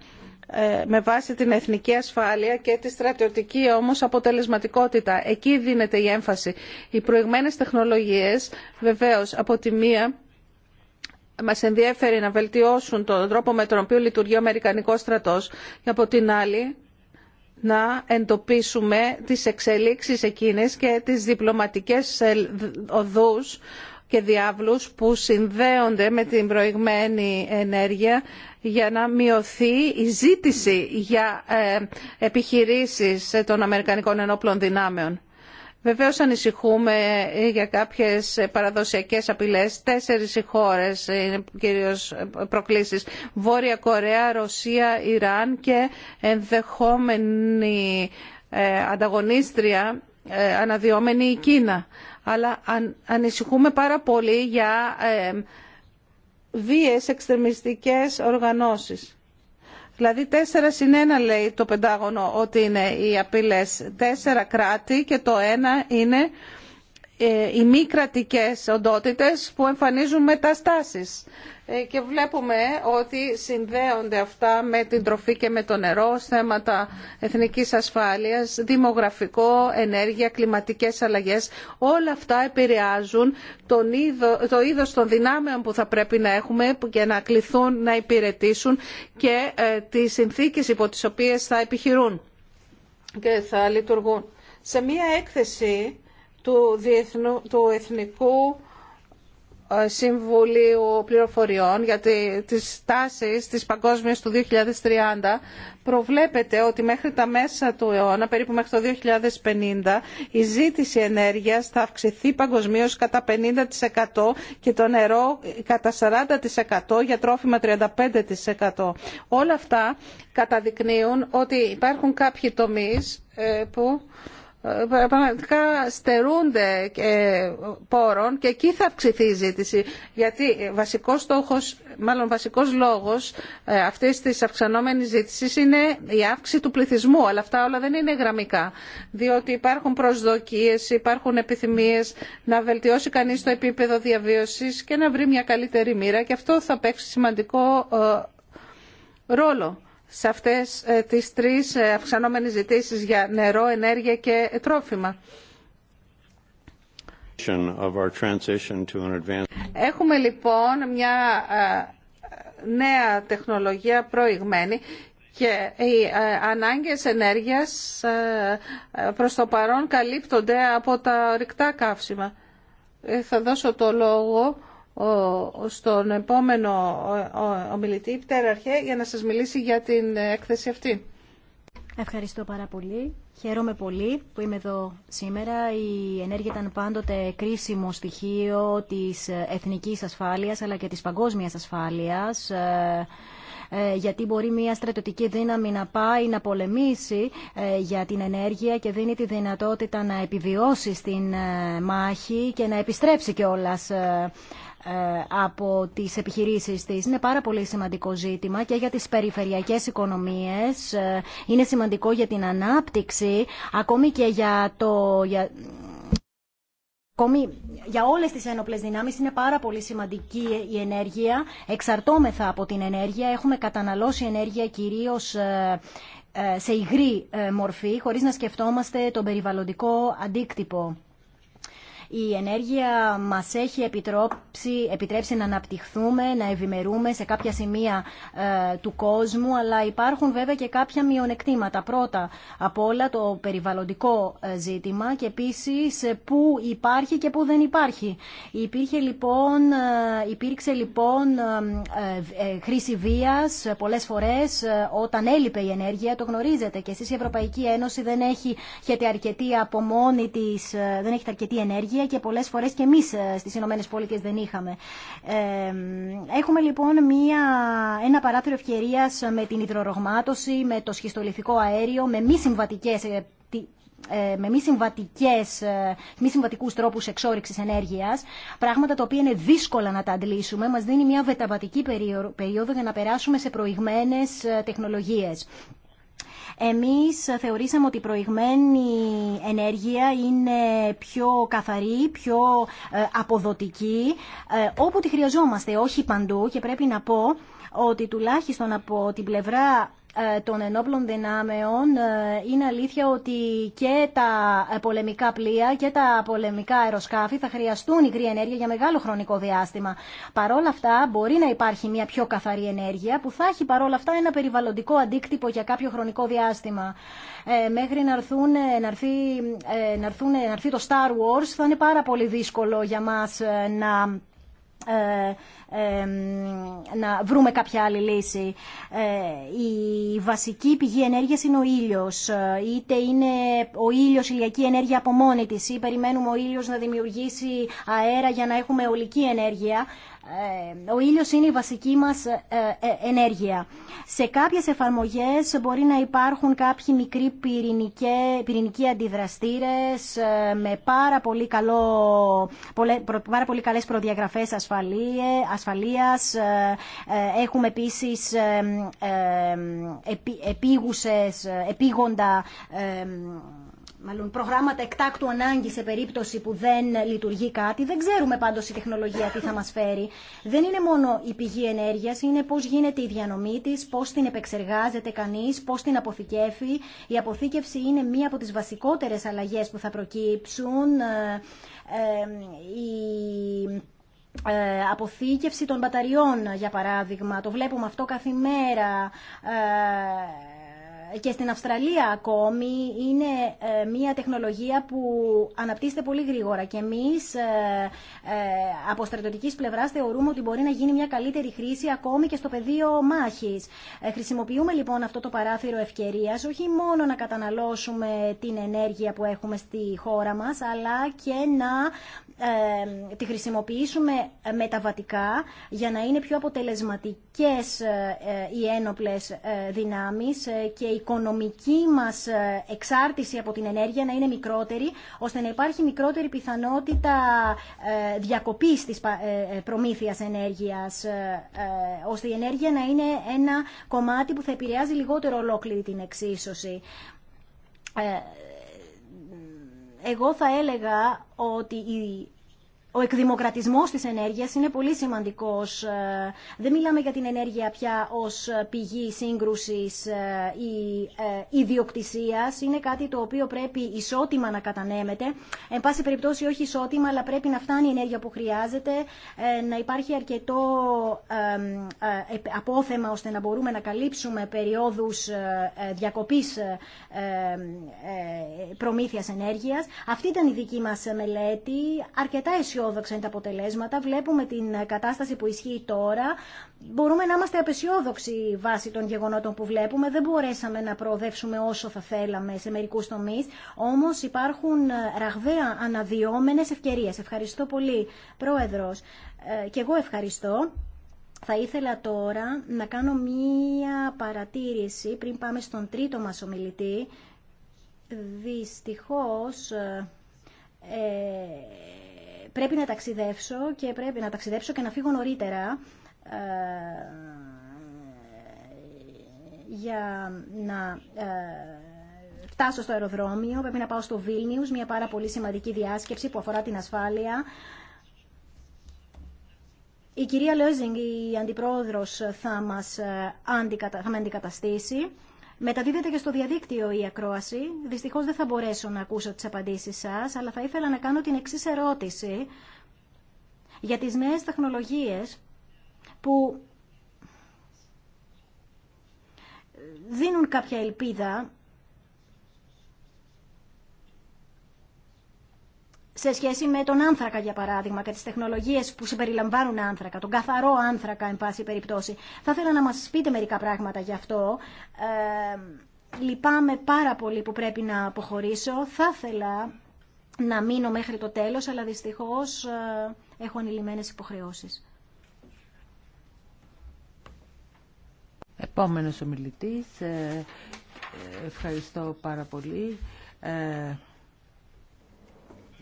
ε, με βάση την εθνική ασφάλεια και τη στρατιωτική όμως αποτελεσματικότητα. Εκεί δίνεται η έμφαση. Οι προηγμένες τεχνολογίες βεβαίως από τη μία μας ενδιαφέρει να βελτιώσουν τον τρόπο με τον οποίο λειτουργεί ο Αμερικανικός στρατός και από την άλλη να εντοπίσουμε τις εξελίξεις εκείνες και τις διπλωματικές οδούς και διάβλους που συνδέονται με την προηγμένη ενέργεια για να μειωθεί η ζήτηση για ε, επιχειρήσεις των Αμερικανικών Ενόπλων Δυνάμεων. Βεβαίως ανησυχούμε για κάποιες παραδοσιακές απειλές. Τέσσερις οι χώρες είναι κυρίως προκλήσεις. Βόρεια Κορέα, Ρωσία, Ιράν και ενδεχόμενη ε, ανταγωνίστρια ε, αναδυόμενη η Κίνα. Αλλά ανησυχούμε πάρα πολύ για βίες εξτρεμιστικές οργανώσεις. Δηλαδή τέσσερα συν ένα λέει το Πεντάγωνο ότι είναι οι απειλές. Τέσσερα κράτη και το ένα είναι ε, οι μη κρατικέ οντότητε που εμφανίζουν μεταστάσει. Ε, και βλέπουμε ότι συνδέονται αυτά με την τροφή και με το νερό, θέματα εθνικής ασφάλειας, δημογραφικό, ενέργεια, κλιματικές αλλαγές. Όλα αυτά επηρεάζουν τον είδο, το είδος των δυνάμεων που θα πρέπει να έχουμε και να κληθούν να υπηρετήσουν και ε, τις συνθήκες υπό τις οποίες θα επιχειρούν και θα λειτουργούν. Σε μία έκθεση του, διεθνου, του Εθνικού ε, Συμβουλίου Πληροφοριών για τις τάσεις της παγκόσμιας του 2030 προβλέπεται ότι μέχρι τα μέσα του αιώνα, περίπου μέχρι το 2050, η ζήτηση ενέργειας θα αυξηθεί παγκοσμίως κατά 50% και το νερό κατά 40% για τρόφιμα 35%. Όλα αυτά καταδεικνύουν ότι υπάρχουν κάποιοι τομείς ε, που πραγματικά στερούνται πόρων και εκεί θα αυξηθεί η ζήτηση. Γιατί βασικός στόχος, μάλλον βασικός λόγος ε, αυτής της αυξανόμενης ζήτησης είναι η αύξηση του πληθυσμού. Αλλά αυτά όλα δεν είναι γραμμικά. Διότι υπάρχουν προσδοκίες, υπάρχουν επιθυμίες να βελτιώσει κανείς το επίπεδο διαβίωσης και να βρει μια καλύτερη μοίρα και αυτό θα παίξει σημαντικό ε, ρόλο σε αυτές ε, τις τρεις ε, αυξανόμενες ζητήσεις για νερό, ενέργεια και τρόφιμα. Έχουμε λοιπόν μια ε, νέα τεχνολογία προηγμένη και οι ανάγκες ενέργειας προς το παρόν καλύπτονται από τα ρηκτά καύσιμα. Θα δώσω το λόγο στον επόμενο ομιλητή, Πτέρα Αρχέ, για να σας μιλήσει για την έκθεση αυτή. Ευχαριστώ πάρα πολύ. Χαίρομαι πολύ που είμαι εδώ σήμερα. Η ενέργεια ήταν πάντοτε κρίσιμο στοιχείο της εθνικής ασφάλειας αλλά και της παγκόσμιας ασφάλειας ε, ε, γιατί μπορεί μια στρατιωτική δύναμη να πάει να πολεμήσει ε, για την ενέργεια και δίνει τη δυνατότητα να επιβιώσει στην μάχη και να επιστρέψει κιόλας ε, από τις επιχειρήσεις της. Είναι πάρα πολύ σημαντικό ζήτημα και για τις περιφερειακές οικονομίες. Ε, είναι σημαντικό για την ανάπτυξη, ακόμη και για το... Για... Ακόμη, για όλες τις ένοπλες δυνάμεις είναι πάρα πολύ σημαντική η ενέργεια. Εξαρτώμεθα από την ενέργεια. Έχουμε καταναλώσει ενέργεια κυρίως ε, σε υγρή μορφή, χωρίς να σκεφτόμαστε τον περιβαλλοντικό αντίκτυπο. Η ενέργεια μας έχει επιτρέψει, να αναπτυχθούμε, να ευημερούμε σε κάποια σημεία ε, του κόσμου, αλλά υπάρχουν βέβαια και κάποια μειονεκτήματα. Πρώτα απ' όλα το περιβαλλοντικό ε, ζήτημα και επίσης ε, πού υπάρχει και πού δεν υπάρχει. Υπήρχε, λοιπόν, υπήρξε λοιπόν χρήση βίας πολλές φορές όταν έλειπε η ενέργεια, το γνωρίζετε και εσείς η Ευρωπαϊκή Ένωση δεν έχει αρκετή αρκετή ενέργεια και πολλές φορές και εμεί ε, στι Ηνωμένες Πολιτείες δεν είχαμε. Ε, έχουμε λοιπόν μια, ένα παράθυρο ευκαιρία με την υδρορογμάτωση, με το σχιστολιθικό αέριο, με μη συμβατικές ε, με μη, συμβατικές, μη συμβατικούς τρόπους εξόριξης ενέργειας, πράγματα τα οποία είναι δύσκολα να τα αντλήσουμε, μας δίνει μια βεταβατική περίοδο για να περάσουμε σε προηγμένες τεχνολογίες. Εμείς θεωρήσαμε ότι η προηγμένη ενέργεια είναι πιο καθαρή, πιο ε, αποδοτική, ε, όπου τη χρειαζόμαστε, όχι παντού και πρέπει να πω ότι τουλάχιστον από την πλευρά ε, των ενόπλων δυνάμεων ε, είναι αλήθεια ότι και τα πολεμικά πλοία και τα πολεμικά αεροσκάφη θα χρειαστούν υγρή ενέργεια για μεγάλο χρονικό διάστημα. Παρόλα αυτά μπορεί να υπάρχει μια πιο καθαρή ενέργεια που θα έχει παρόλα αυτά ένα περιβαλλοντικό αντίκτυπο για κάποιο χρονικό διάστημα. Ε, μέχρι να, έρθουν, να, έρθει, να έρθει το Star Wars θα είναι πάρα πολύ δύσκολο για μας να ε, ε, να βρούμε κάποια άλλη λύση. Ε, η βασική πηγή ενέργειας είναι ο ήλιος. Είτε είναι ο ήλιος ηλιακή ενέργεια από μόνη της ή περιμένουμε ο ήλιος να δημιουργήσει αέρα για να έχουμε ολική ενέργεια. Ε, ο ήλιος είναι η βασική μας ε, ε, ενέργεια. Σε κάποιες εφαρμογές μπορεί να υπάρχουν κάποιοι μικροί πυρηνικοί αντιδραστήρες με πάρα πολύ, καλό, πάρα πολύ καλές προδιαγραφές ασφαλείας. Έχουμε επίσης επίγουσες, επίγοντα μάλλον προγράμματα εκτάκτου ανάγκη σε περίπτωση που δεν λειτουργεί κάτι. Δεν ξέρουμε πάντως η τεχνολογία τι θα μα φέρει. Δεν είναι μόνο η πηγή ενέργεια, είναι πώ γίνεται η διανομή τη, πώ την επεξεργάζεται κανεί, πώ την αποθηκεύει. Η αποθήκευση είναι μία από τι βασικότερε αλλαγέ που θα προκύψουν. Ε, η ε, αποθήκευση των μπαταριών, για παράδειγμα. Το βλέπουμε αυτό κάθε μέρα. Ε, και στην Αυστραλία ακόμη είναι ε, μια τεχνολογία που αναπτύσσεται πολύ γρήγορα και εμείς ε, ε, από στρατιωτικής πλευράς θεωρούμε ότι μπορεί να γίνει μια καλύτερη χρήση ακόμη και στο πεδίο μάχης. Χρησιμοποιούμε λοιπόν αυτό το παράθυρο ευκαιρίας όχι μόνο να καταναλώσουμε την ενέργεια που έχουμε στη χώρα μας αλλά και να τη χρησιμοποιήσουμε μεταβατικά για να είναι πιο αποτελεσματικές οι ένοπλες δυνάμεις και οικονομική μας ε, εξάρτηση από την ενέργεια να είναι μικρότερη, ώστε να υπάρχει μικρότερη πιθανότητα ε, διακοπής της ε, προμήθειας ενέργειας, ώστε η ενέργεια να είναι ένα κομμάτι που θα επηρεάζει λιγότερο ολόκληρη την εξίσωση. Εγώ θα έλεγα ότι η ο εκδημοκρατισμός της ενέργειας είναι πολύ σημαντικός. Ε, δεν μιλάμε για την ενέργεια πια ως πηγή σύγκρουσης ε, ή ε, ιδιοκτησίας. Είναι κάτι το οποίο πρέπει ισότιμα να κατανέμεται. Εν πάση περιπτώσει όχι ισότιμα, αλλά πρέπει να φτάνει η ενέργεια που χρειάζεται, να υπάρχει αρκετό απόθεμα ώστε να μπορούμε να καλύψουμε περιόδους διακοπής προμήθειας ενέργειας. Αυτή ήταν η δική μας μελέτη, αρκετά αισιόδοξη αισιόδοξα είναι τα αποτελέσματα. Βλέπουμε την κατάσταση που ισχύει τώρα. Μπορούμε να είμαστε απεσιόδοξοι βάσει των γεγονότων που βλέπουμε. Δεν μπορέσαμε να προοδεύσουμε όσο θα θέλαμε σε μερικού τομεί. Όμω υπάρχουν ραγδαία αναδυόμενε ευκαιρίε. Ευχαριστώ πολύ, Πρόεδρο. Ε, και εγώ ευχαριστώ. Θα ήθελα τώρα να κάνω μία παρατήρηση πριν πάμε στον τρίτο μας ομιλητή. Δυστυχώς ε, ε πρέπει να ταξιδεύσω και πρέπει να ταξιδέψω και να φύγω νωρίτερα ε, για να ε, φτάσω στο αεροδρόμιο, πρέπει να πάω στο Βίλνιους, μια πάρα πολύ σημαντική διάσκεψη που αφορά την ασφάλεια. Η κυρία Λέζινγκ, η αντιπρόεδρος, θα, μας, ε, θα με αντικαταστήσει. Μεταδίδεται και στο διαδίκτυο η ακρόαση. Δυστυχώς δεν θα μπορέσω να ακούσω τις απαντήσεις σας, αλλά θα ήθελα να κάνω την εξής ερώτηση για τις νέες τεχνολογίες που δίνουν κάποια ελπίδα σε σχέση με τον άνθρακα, για παράδειγμα, και τι τεχνολογίε που συμπεριλαμβάνουν άνθρακα, τον καθαρό άνθρακα, εν πάση περιπτώσει. Θα ήθελα να μα πείτε μερικά πράγματα γι' αυτό. Ε, λυπάμαι πάρα πολύ που πρέπει να αποχωρήσω. Θα ήθελα να μείνω μέχρι το τέλος, αλλά δυστυχώς ε, έχω ανηλυμένε υποχρεώσεις. Επόμενος ομιλητής, ε, ε ευχαριστώ πάρα πολύ. Ε,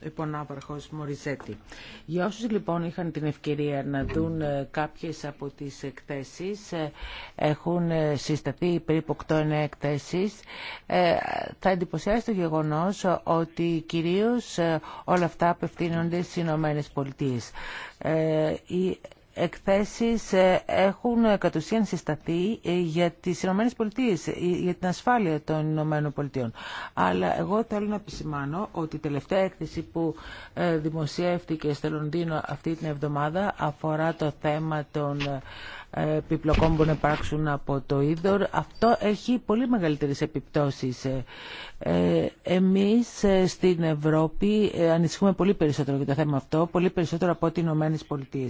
υπονάβαρχος Μοριζέτη. Για όσους λοιπόν είχαν την ευκαιρία να δουν ε, κάποιες από τις εκθέσεις, ε, έχουν ε, συσταθεί περίπου 8-9 εκθέσεις, θα εντυπωσιάσει το γεγονός ότι κυρίως όλα αυτά απευθύνονται στις Ηνωμένε Πολιτείες εκθέσεις ε, έχουν ε, κατ' ουσίαν συσταθεί ε, για τις Ηνωμένες Πολιτείες, για την ασφάλεια των Ηνωμένων Πολιτείων. Αλλά εγώ θέλω να επισημάνω ότι η τελευταία έκθεση που δημοσιεύτηκε στο Λονδίνο αυτή την εβδομάδα αφορά το θέμα των επιπλοκών που να υπάρξουν από το είδωρ. Αυτό έχει πολύ μεγαλύτερες επιπτώσεις. Ε, εμείς ε, στην Ευρώπη ε, ανησυχούμε πολύ περισσότερο για το θέμα αυτό, πολύ περισσότερο από ό,τι οι Ηνωμένε Πολιτείε.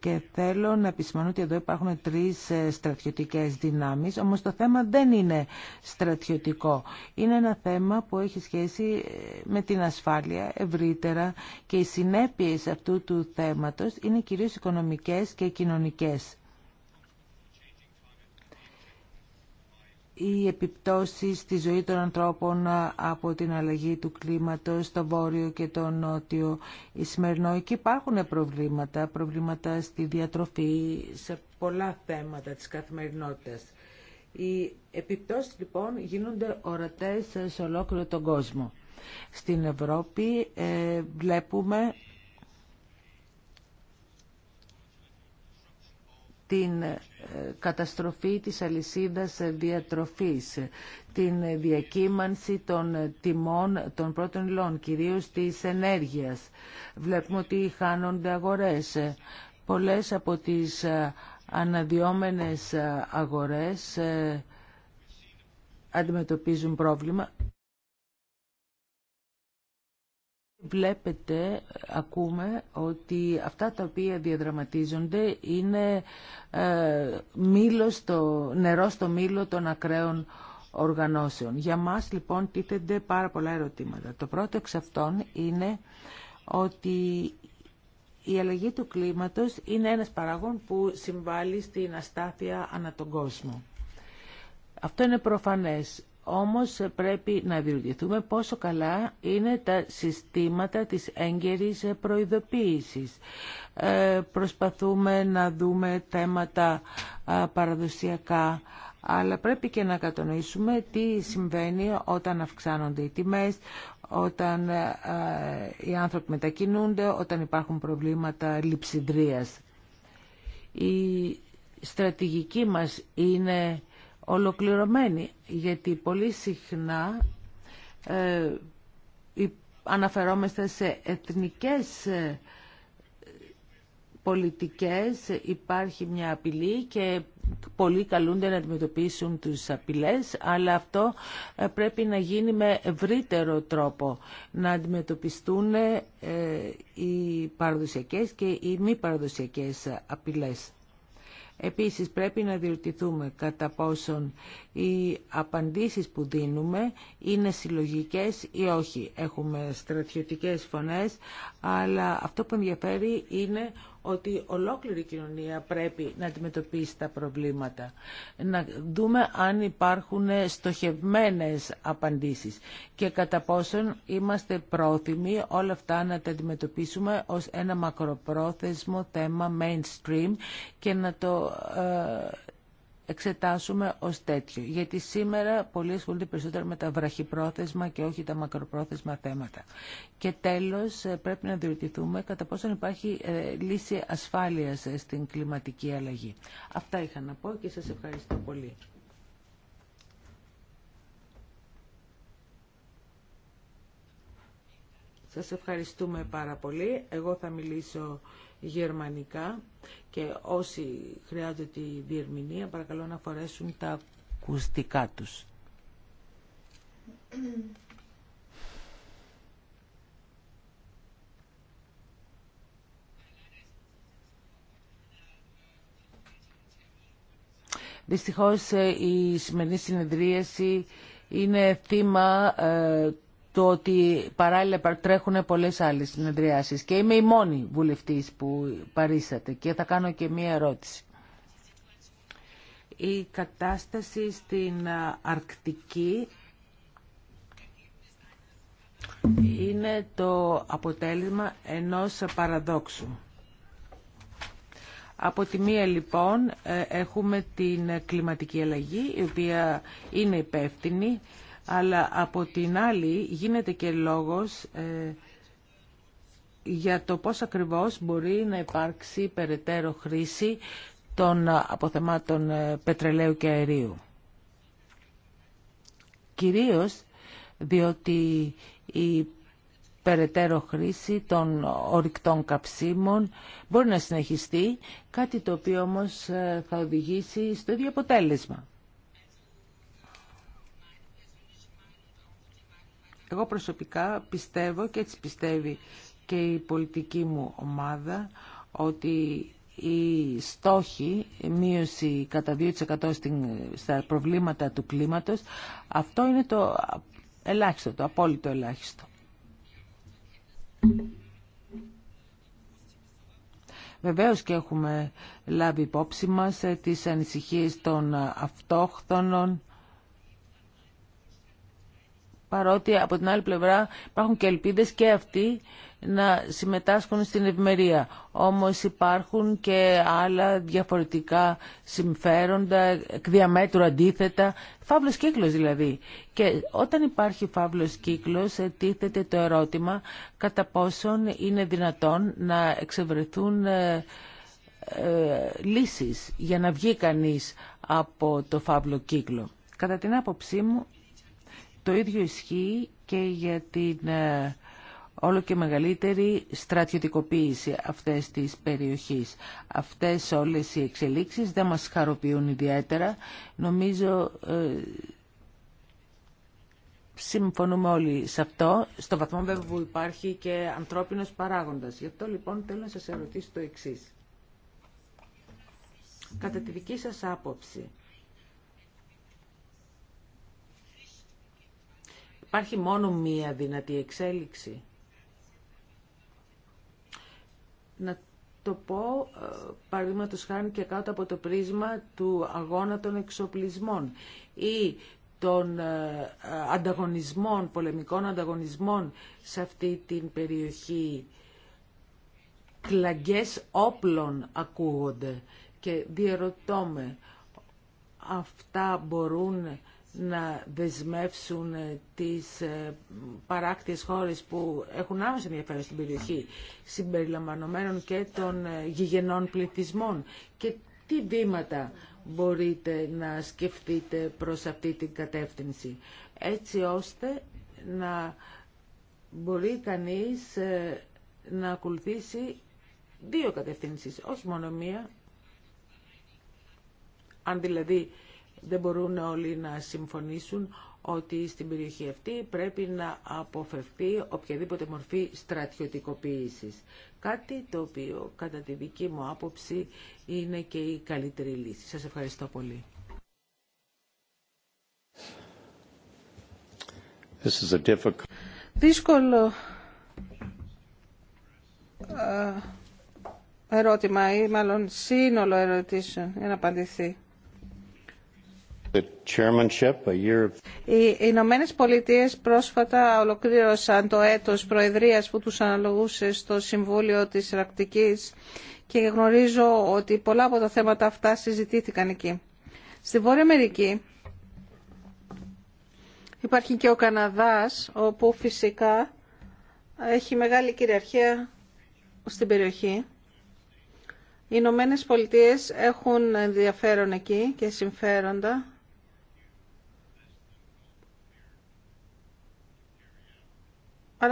Και θέλω να επισημανώ ότι εδώ υπάρχουν τρεις στρατιωτικές δυνάμεις, όμως το θέμα δεν είναι στρατιωτικό. Είναι ένα θέμα που έχει σχέση με την ασφάλεια ευρύτερα και οι συνέπειες αυτού του θέματος είναι κυρίως οικονομικές και κοινωνικές. οι επιπτώσεις στη ζωή των ανθρώπων από την αλλαγή του κλίματος στο βόρειο και το νότιο η σημερινό. Εκεί υπάρχουν προβλήματα, προβλήματα στη διατροφή, σε πολλά θέματα της καθημερινότητας. Οι επιπτώσεις λοιπόν γίνονται ορατές σε ολόκληρο τον κόσμο. Στην Ευρώπη ε, βλέπουμε την ε, καταστροφή της αλυσίδας ε, διατροφής, την ε, διακύμανση των τιμών των πρώτων υλών, κυρίως της ενέργειας. Βλέπουμε ότι χάνονται αγορές. Πολλές από τις αναδιόμενες αγορές αντιμετωπίζουν πρόβλημα. βλέπετε, ακούμε ότι αυτά τα οποία διαδραματίζονται είναι ε, στο, νερό στο μήλο των ακραίων οργανώσεων. Για μας λοιπόν τίθενται πάρα πολλά ερωτήματα. Το πρώτο εξ αυτών είναι ότι η αλλαγή του κλίματος είναι ένας παράγων που συμβάλλει στην αστάθεια ανά τον κόσμο. Αυτό είναι προφανές. Όμως ε, πρέπει να διουργηθούμε πόσο καλά είναι τα συστήματα της έγκαιρης ε, προειδοποίησης. Ε, προσπαθούμε να δούμε θέματα παραδοσιακά, αλλά πρέπει και να κατανοήσουμε τι συμβαίνει όταν αυξάνονται οι τιμές, όταν οι άνθρωποι μετακινούνται, όταν υπάρχουν προβλήματα λειψιδρίας. Η στρατηγική μας είναι ολοκληρωμένη, γιατί πολύ συχνά ε, αναφερόμαστε σε εθνικές ε, πολιτικές, υπάρχει μια απειλή και πολλοί καλούνται να αντιμετωπίσουν τους απειλές, αλλά αυτό ε, πρέπει να γίνει με ευρύτερο τρόπο, να αντιμετωπιστούν οι παραδοσιακές και οι μη παραδοσιακές απειλές. Επίσης πρέπει να διορτηθούμε κατά πόσον οι απαντήσεις που δίνουμε είναι συλλογικές ή όχι. Έχουμε στρατιωτικές φωνές, αλλά αυτό που ενδιαφέρει είναι ότι ολόκληρη η κοινωνία πρέπει να αντιμετωπίσει τα προβλήματα. Να δούμε αν υπάρχουν στοχευμένες απαντήσεις και κατά πόσον είμαστε πρόθυμοι όλα αυτά να τα αντιμετωπίσουμε ως ένα μακροπρόθεσμο θέμα mainstream και να το ε, εξετάσουμε ως τέτοιο. Γιατί σήμερα πολλοί ασχολούνται περισσότερο με τα βραχυπρόθεσμα και όχι τα μακροπρόθεσμα θέματα. Και τέλος ε, πρέπει να διορτηθούμε κατά πόσον υπάρχει ε, λύση ασφάλειας ε, στην κλιματική αλλαγή. Αυτά είχα να πω και σας ευχαριστώ πολύ. Σας ευχαριστούμε πάρα πολύ. Εγώ θα μιλήσω γερμανικά και όσοι χρειάζονται τη διερμηνία παρακαλώ να φορέσουν τα ακουστικά τους. Δυστυχώς ε, η σημερινή συνεδρίαση είναι θύμα ε, το ότι παράλληλα τρέχουν πολλές άλλες συνεδριάσεις και είμαι η μόνη βουλευτής που παρήσατε και θα κάνω και μία ερώτηση. Η κατάσταση στην Αρκτική είναι το αποτέλεσμα ενός παραδόξου. Από τη μία λοιπόν ε, έχουμε την κλιματική αλλαγή η οποία είναι υπεύθυνη αλλά από την άλλη γίνεται και λόγος ε, για το πώς ακριβώς μπορεί να υπάρξει περαιτέρω χρήση των αποθεμάτων ε, πετρελαίου και αερίου. Κυρίως διότι η περαιτέρω χρήση των ορυκτών καψίμων μπορεί να συνεχιστεί, κάτι το οποίο όμως ε, θα οδηγήσει στο ίδιο αποτέλεσμα. Εγώ προσωπικά πιστεύω και έτσι πιστεύει και η πολιτική μου ομάδα ότι η στόχη μείωση κατά 2% στα προβλήματα του κλίματος, αυτό είναι το ελάχιστο, το απόλυτο ελάχιστο. Βεβαίως και έχουμε λάβει υπόψη μας ε, τις ανησυχίες των ε, αυτόχθονων παρότι από την άλλη πλευρά υπάρχουν και ελπίδες και αυτοί να συμμετάσχουν στην ευημερία. Όμως υπάρχουν και άλλα διαφορετικά συμφέροντα, διαμέτρου αντίθετα, φαύλος κύκλος δηλαδή. Και όταν υπάρχει φαύλος κύκλος ε, τίθεται το ερώτημα κατά πόσον είναι δυνατόν να εξευρεθούν ε, ε, λύσεις για να βγει κανείς από το φαύλο κύκλο. Κατά την άποψή μου το ίδιο ισχύει και για την ε, όλο και μεγαλύτερη στρατιωτικοποίηση αυτές της περιοχής. Αυτές όλες οι εξελίξεις δεν μας χαροποιούν ιδιαίτερα. Νομίζω ε, συμφωνούμε όλοι σε αυτό, στο βαθμό βέβαια που υπάρχει και ανθρώπινος παράγοντας. Γι' αυτό λοιπόν θέλω να σας ερωτήσω το εξής. Κατά τη δική σας άποψη, Υπάρχει μόνο μία δυνατή εξέλιξη. Να το πω, ε, παραδείγματος χάνει και κάτω από το πρίσμα του αγώνα των εξοπλισμών ή των ε, ανταγωνισμών, πολεμικών ανταγωνισμών σε αυτή την περιοχή. Κλαγκές όπλων ακούγονται και διαρωτώ με, αυτά μπορούν να δεσμεύσουν ε, τις ε, παράκτιες χώρες που έχουν άμεσα ενδιαφέρον στην περιοχή, συμπεριλαμβανομένων και των ε, γηγενών πληθυσμών. Και τι βήματα μπορείτε να σκεφτείτε προς αυτή την κατεύθυνση, έτσι ώστε να μπορεί κανείς να ακολουθήσει δύο κατευθύνσεις, όχι μόνο μία. Αν δηλαδή δεν μπορούν όλοι να συμφωνήσουν ότι στην περιοχή αυτή πρέπει να αποφευθεί οποιαδήποτε μορφή στρατιωτικοποίησης. Κάτι το οποίο κατά τη δική μου άποψη είναι και η καλύτερη λύση. Σας ευχαριστώ πολύ. Δύσκολο ε, ερώτημα ή μάλλον σύνολο ερωτήσεων για να απαντηθεί. Οι Ηνωμένε Πολιτείε πρόσφατα ολοκλήρωσαν το έτος προεδρίας που τους αναλογούσε στο Συμβούλιο της Ρακτικής και γνωρίζω ότι πολλά από τα θέματα αυτά συζητήθηκαν εκεί. Στη Βόρεια Αμερική υπάρχει και ο Καναδάς, όπου φυσικά έχει μεγάλη κυριαρχία στην περιοχή. Οι Ηνωμένε Πολιτείε έχουν ενδιαφέρον εκεί και συμφέροντα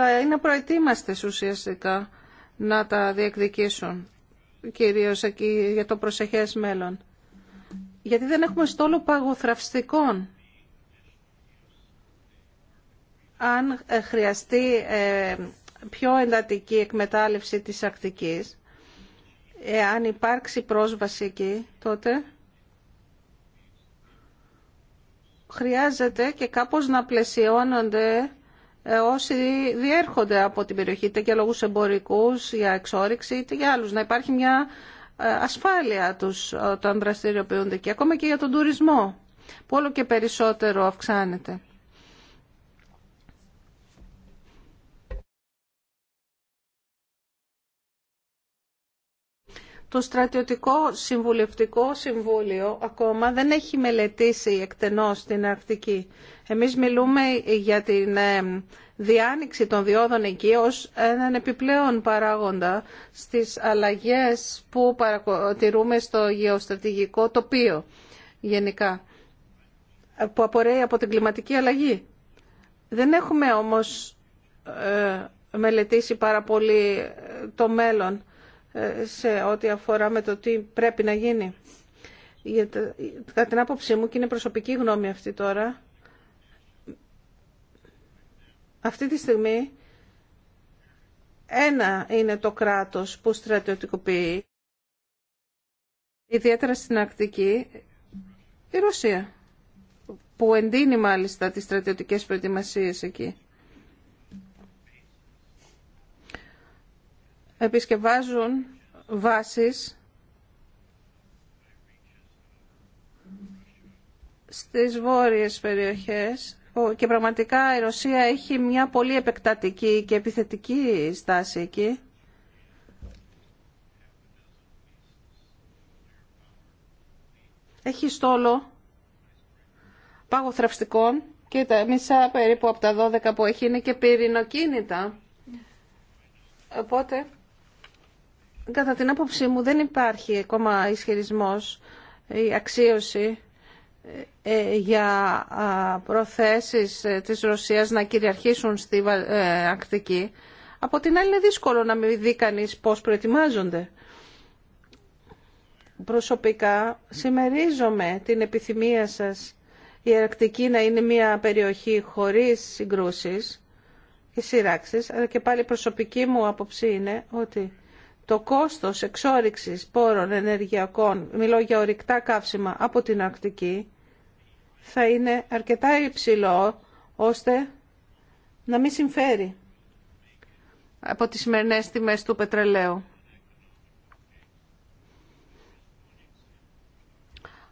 αλλά είναι προετοίμαστες ουσιαστικά να τα διεκδικήσουν, κυρίως εκεί για το προσεχές μέλλον. Γιατί δεν έχουμε στόλο παγωθραυστικών. Αν ε, χρειαστεί ε, πιο εντατική εκμετάλλευση της ακτικής, εάν υπάρξει πρόσβαση εκεί, τότε χρειάζεται και κάπως να πλαισιώνονται ε, όσοι διέρχονται από την περιοχή, είτε για λόγους εμπορικούς, για εξόριξη, είτε για άλλους. Να υπάρχει μια ε, ασφάλεια τους όταν δραστηριοποιούνται και ακόμα και για τον τουρισμό, που όλο και περισσότερο αυξάνεται. το στρατιωτικό συμβουλευτικό συμβούλιο ακόμα δεν έχει μελετήσει εκτενώς την Αρκτική. Εμείς μιλούμε για την ε, διάνοιξη των διόδων εκεί ως έναν επιπλέον παράγοντα στις αλλαγές που παρατηρούμε στο γεωστρατηγικό τοπίο γενικά, που απορρέει από την κλιματική αλλαγή. Δεν έχουμε όμως ε, μελετήσει πάρα πολύ ε, το μέλλον σε ό,τι αφορά με το τι πρέπει να γίνει. Για τα, κατά την άποψή μου, και είναι προσωπική γνώμη αυτή τώρα, αυτή τη στιγμή ένα είναι το κράτος που στρατιωτικοποιεί, ιδιαίτερα στην Αρκτική, η Ρωσία, που εντείνει μάλιστα τις στρατιωτικές προετοιμασίες εκεί. επισκευάζουν βάσεις στις βόρειες περιοχές και πραγματικά η Ρωσία έχει μια πολύ επεκτατική και επιθετική στάση εκεί. Έχει στόλο πάγο και τα μισά περίπου από τα 12 που έχει είναι και πυρηνοκίνητα. Οπότε Κατά την άποψή μου δεν υπάρχει ακόμα ισχυρισμός η αξίωση ε, ε, για προθέσεις ε, της Ρωσίας να κυριαρχήσουν στη Ακτική. Από την άλλη είναι δύσκολο να μην δει κανεί πώς προετοιμάζονται. Προσωπικά συμμερίζομαι την επιθυμία σας η Ακτική να είναι μια περιοχή χωρίς συγκρούσεις και σειράξεις, αλλά και πάλι προσωπική μου άποψη είναι ότι το κόστος εξόριξης πόρων ενεργειακών, μιλώ για ορυκτά καύσιμα από την Αρκτική, θα είναι αρκετά υψηλό ώστε να μην συμφέρει από τις σημερινές τιμές του πετρελαίου.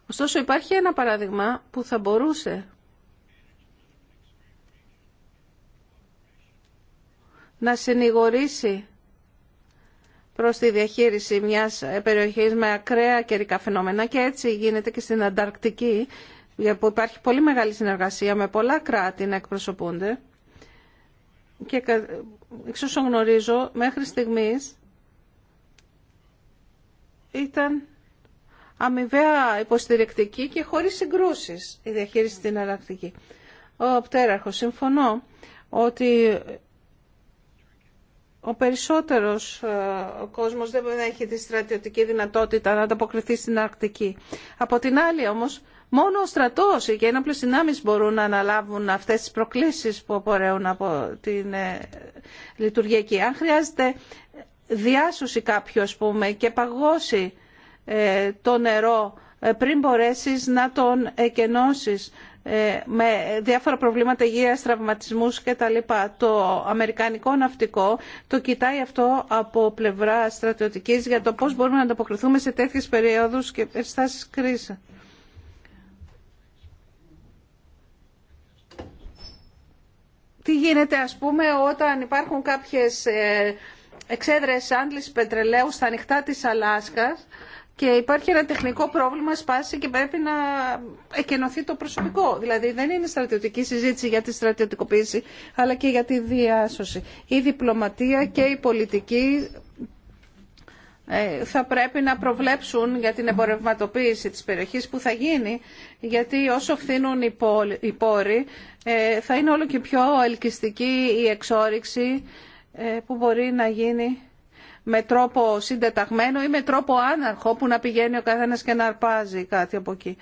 Ωστόσο υπάρχει ένα παράδειγμα που θα μπορούσε να συνηγορήσει προς τη διαχείριση μιας ε, περιοχής με ακραία καιρικά φαινόμενα και έτσι γίνεται και στην Ανταρκτική που υπάρχει πολύ μεγάλη συνεργασία με πολλά κράτη να εκπροσωπούνται και εξ όσων γνωρίζω μέχρι στιγμής ήταν αμοιβαία υποστηρικτική και χωρίς συγκρούσεις η διαχείριση στην Ανταρκτική. Ο Πτέραρχος, συμφωνώ ότι ο περισσότερος ε, ο κόσμος δεν έχει τη στρατιωτική δυνατότητα να ανταποκριθεί στην Αρκτική. Από την άλλη όμως, μόνο ο στρατός και ένα ένοπλες μπορούν να αναλάβουν αυτές τις προκλήσεις που απορρέουν από την ε, λειτουργία εκεί. Αν χρειάζεται διάσωση κάποιου, πούμε, και παγώσει ε, το νερό πριν μπορέσεις να τον εκενώσεις, ε, με διάφορα προβλήματα υγείας, τραυματισμούς και τα λοιπά. Το αμερικανικό ναυτικό το κοιτάει αυτό από πλευρά στρατιωτικής για το πώς μπορούμε να ανταποκριθούμε σε τέτοιες περιόδους και περιστάσεις κρίσης. Τι γίνεται ας πούμε όταν υπάρχουν κάποιες ε, εξέδρες άντλησης πετρελαίου στα ανοιχτά της Αλάσκας και υπάρχει ένα τεχνικό πρόβλημα σπάσει και πρέπει να εκενωθεί το προσωπικό. Δηλαδή δεν είναι στρατιωτική συζήτηση για τη στρατιωτικοποίηση, αλλά και για τη διάσωση. Η διπλωματία και η πολιτική ε, θα πρέπει να προβλέψουν για την εμπορευματοποίηση της περιοχής που θα γίνει, γιατί όσο φθήνουν οι πόροι ε, θα είναι όλο και πιο ελκυστική η εξόριξη ε, που μπορεί να γίνει με τρόπο συντεταγμένο ή με τρόπο άναρχο που να πηγαίνει ο καθένας και να αρπάζει κάτι από εκεί.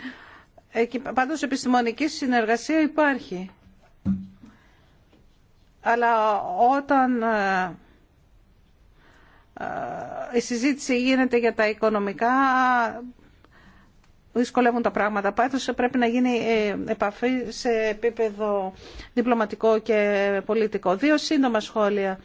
εκεί πάντως επιστημονική συνεργασία υπάρχει. Αλλά όταν ε, ε, η συζήτηση γίνεται για τα οικονομικά, δυσκολεύουν τα πράγματα. Πάντως πρέπει να γίνει ε, επαφή σε επίπεδο διπλωματικό και πολιτικό. Δύο σύντομα σχόλια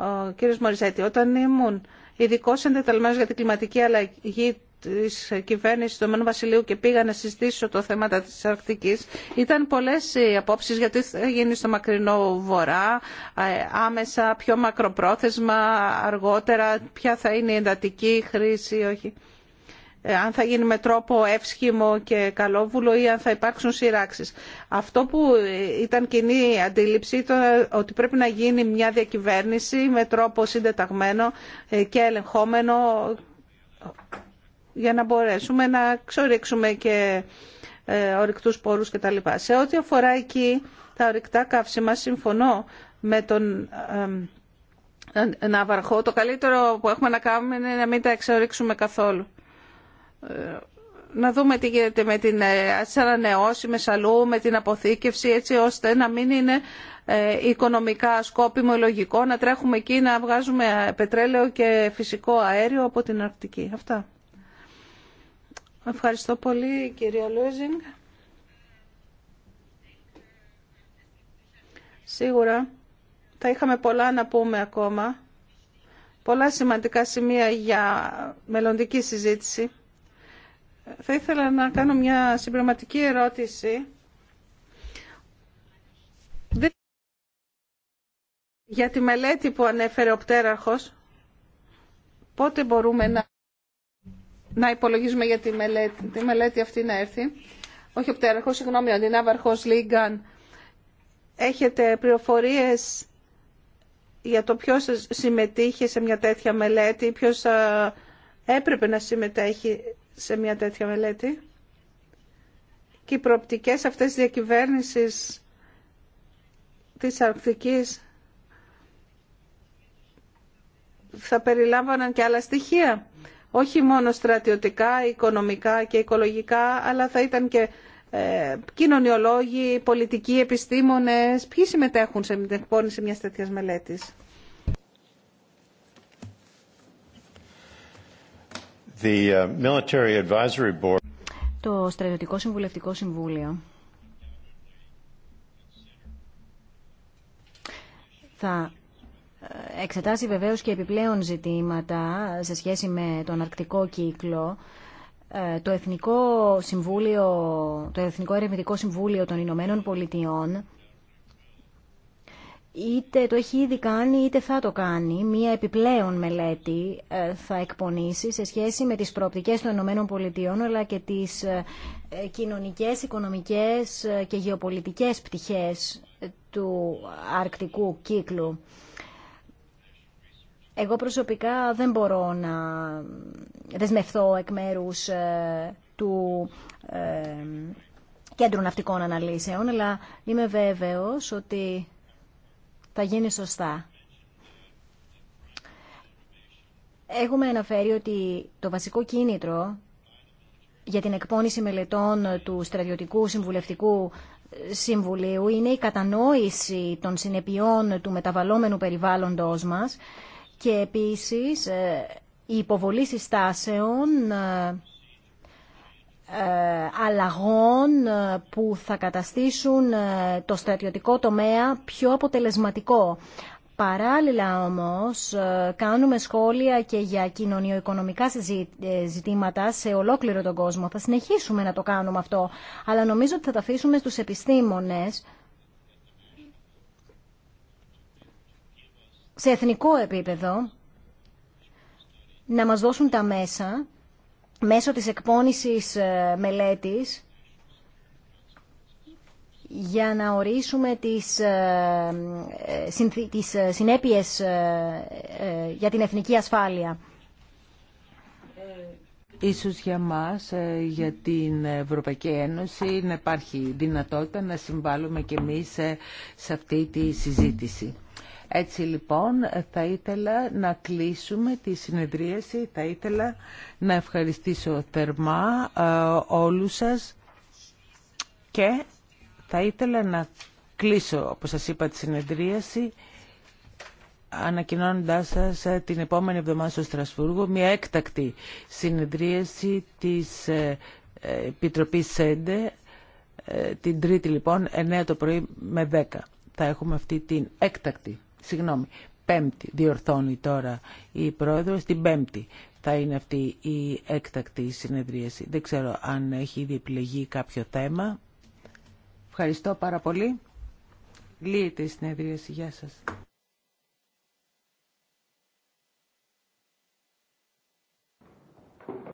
Κύριε κύριος Μωρισέτη, όταν ήμουν ειδικό εντεταλμένος για την κλιματική αλλαγή τη κυβέρνηση του Ηνωμένου Βασιλείου και πήγα να συζητήσω το θέμα της Αρκτική. ήταν πολλές οι απόψεις γιατί θα γίνει στο μακρινό βορρά, ε, άμεσα, πιο μακροπρόθεσμα, αργότερα, ποια θα είναι η εντατική χρήση ή όχι. Ε, αν θα γίνει με τρόπο εύσχημο και καλόβουλο ή αν θα υπάρξουν σειράξει. Αυτό που ε, ήταν κοινή αντίληψη ήταν ότι πρέπει να γίνει μια διακυβέρνηση με τρόπο συντεταγμένο ε, και ελεγχόμενο για να μπορέσουμε να ξορίξουμε και ορυκτούς πόρους κτλ. Σε ό,τι αφορά εκεί τα ορυκτά καύσιμα συμφωνώ με τον Ναυαρχό. Το καλύτερο που έχουμε να κάνουμε είναι να μην τα εξορίξουμε καθόλου να δούμε τι γίνεται με την ε, ανανεώσιμε αλλού, με την αποθήκευση, έτσι ώστε να μην είναι ε, οικονομικά σκόπιμο, λογικό, να τρέχουμε εκεί να βγάζουμε ε, πετρέλαιο και φυσικό αέριο από την Αρκτική. Αυτά. Ευχαριστώ πολύ, κυρία Λούζινγκ. Σίγουρα θα είχαμε πολλά να πούμε ακόμα, πολλά σημαντικά σημεία για μελλοντική συζήτηση. Θα ήθελα να κάνω μια συμπληρωματική ερώτηση. Για τη μελέτη που ανέφερε ο Πτέραρχος, πότε μπορούμε να, να υπολογίζουμε για τη μελέτη, τη μελέτη αυτή να έρθει. Όχι ο Πτέραρχος, συγγνώμη, ο Αντινάβαρχος Λίγκαν. Έχετε πληροφορίες για το ποιος συμμετείχε σε μια τέτοια μελέτη, ποιος ε, έπρεπε να συμμετέχει σε μια τέτοια μελέτη και οι προοπτικές αυτές της διακυβέρνησης της Αρκτικής θα περιλάμβαναν και άλλα στοιχεία. Όχι μόνο στρατιωτικά, οικονομικά και οικολογικά, αλλά θα ήταν και ε, κοινωνιολόγοι, πολιτικοί, επιστήμονες. Ποιοι συμμετέχουν σε μια τέτοια μελέτης. Uh, το Στρατιωτικό Συμβουλευτικό Συμβούλιο θα ε, εξετάσει βεβαίως και επιπλέον ζητήματα σε σχέση με τον αρκτικό κύκλο. Ε, το Εθνικό, Συμβούλιο, το Εθνικό Ερευνητικό Συμβούλιο των Ηνωμένων Πολιτειών είτε το έχει ήδη κάνει είτε θα το κάνει, μία επιπλέον μελέτη ε, θα εκπονήσει σε σχέση με τις προοπτικές των ΗΠΑ αλλά και τις ε, ε, κοινωνικές, οικονομικές και γεωπολιτικές πτυχές του αρκτικού κύκλου. Εγώ προσωπικά δεν μπορώ να δεσμευθώ εκ μέρους του Κέντρου Ναυτικών Αναλύσεων, αλλά είμαι βέβαιος ότι θα γίνει σωστά. Έχουμε αναφέρει ότι το βασικό κίνητρο για την εκπόνηση μελετών του Στρατιωτικού Συμβουλευτικού Συμβουλίου είναι η κατανόηση των συνεπειών του μεταβαλλόμενου περιβάλλοντος μας και επίσης ε, η υποβολή συστάσεων ε, ε, αλλαγών ε, που θα καταστήσουν ε, το στρατιωτικό τομέα πιο αποτελεσματικό. Παράλληλα όμως κάνουμε σχόλια και για κοινωνιοοικονομικά ζητήματα σε ολόκληρο τον κόσμο. Θα συνεχίσουμε να το κάνουμε αυτό, αλλά νομίζω ότι θα τα αφήσουμε στους επιστήμονες σε εθνικό επίπεδο να μας δώσουν τα μέσα μέσω της εκπόνησης ε, μελέτης για να ορίσουμε τις, ε, ε, τις συνέπειες για την εθνική ασφάλεια. Ίσως για μας, για την Ευρωπαϊκή Ένωση, να υπάρχει δυνατότητα να συμβάλλουμε και εμείς σε αυτή τη συζήτηση. Έτσι λοιπόν θα ήθελα να κλείσουμε τη συνεδρίαση, θα ήθελα να ευχαριστήσω θερμά ε, όλους σας και θα ήθελα να κλείσω, όπως σας είπα, τη συνεδρίαση ανακοινώνοντάς σας ε, την επόμενη εβδομάδα στο Στρασβούργο μια έκτακτη συνεδρίαση της ε, Επιτροπής ΣΕΝΤΕ την Τρίτη λοιπόν 9 το πρωί με 10 θα έχουμε αυτή την έκτακτη Συγγνώμη, πέμπτη διορθώνει τώρα η πρόεδρος, την πέμπτη θα είναι αυτή η έκτακτη συνεδρίαση. Δεν ξέρω αν έχει ήδη επιλεγεί κάποιο θέμα. Ευχαριστώ πάρα πολύ. Λύεται η συνεδρίαση. Γεια σας.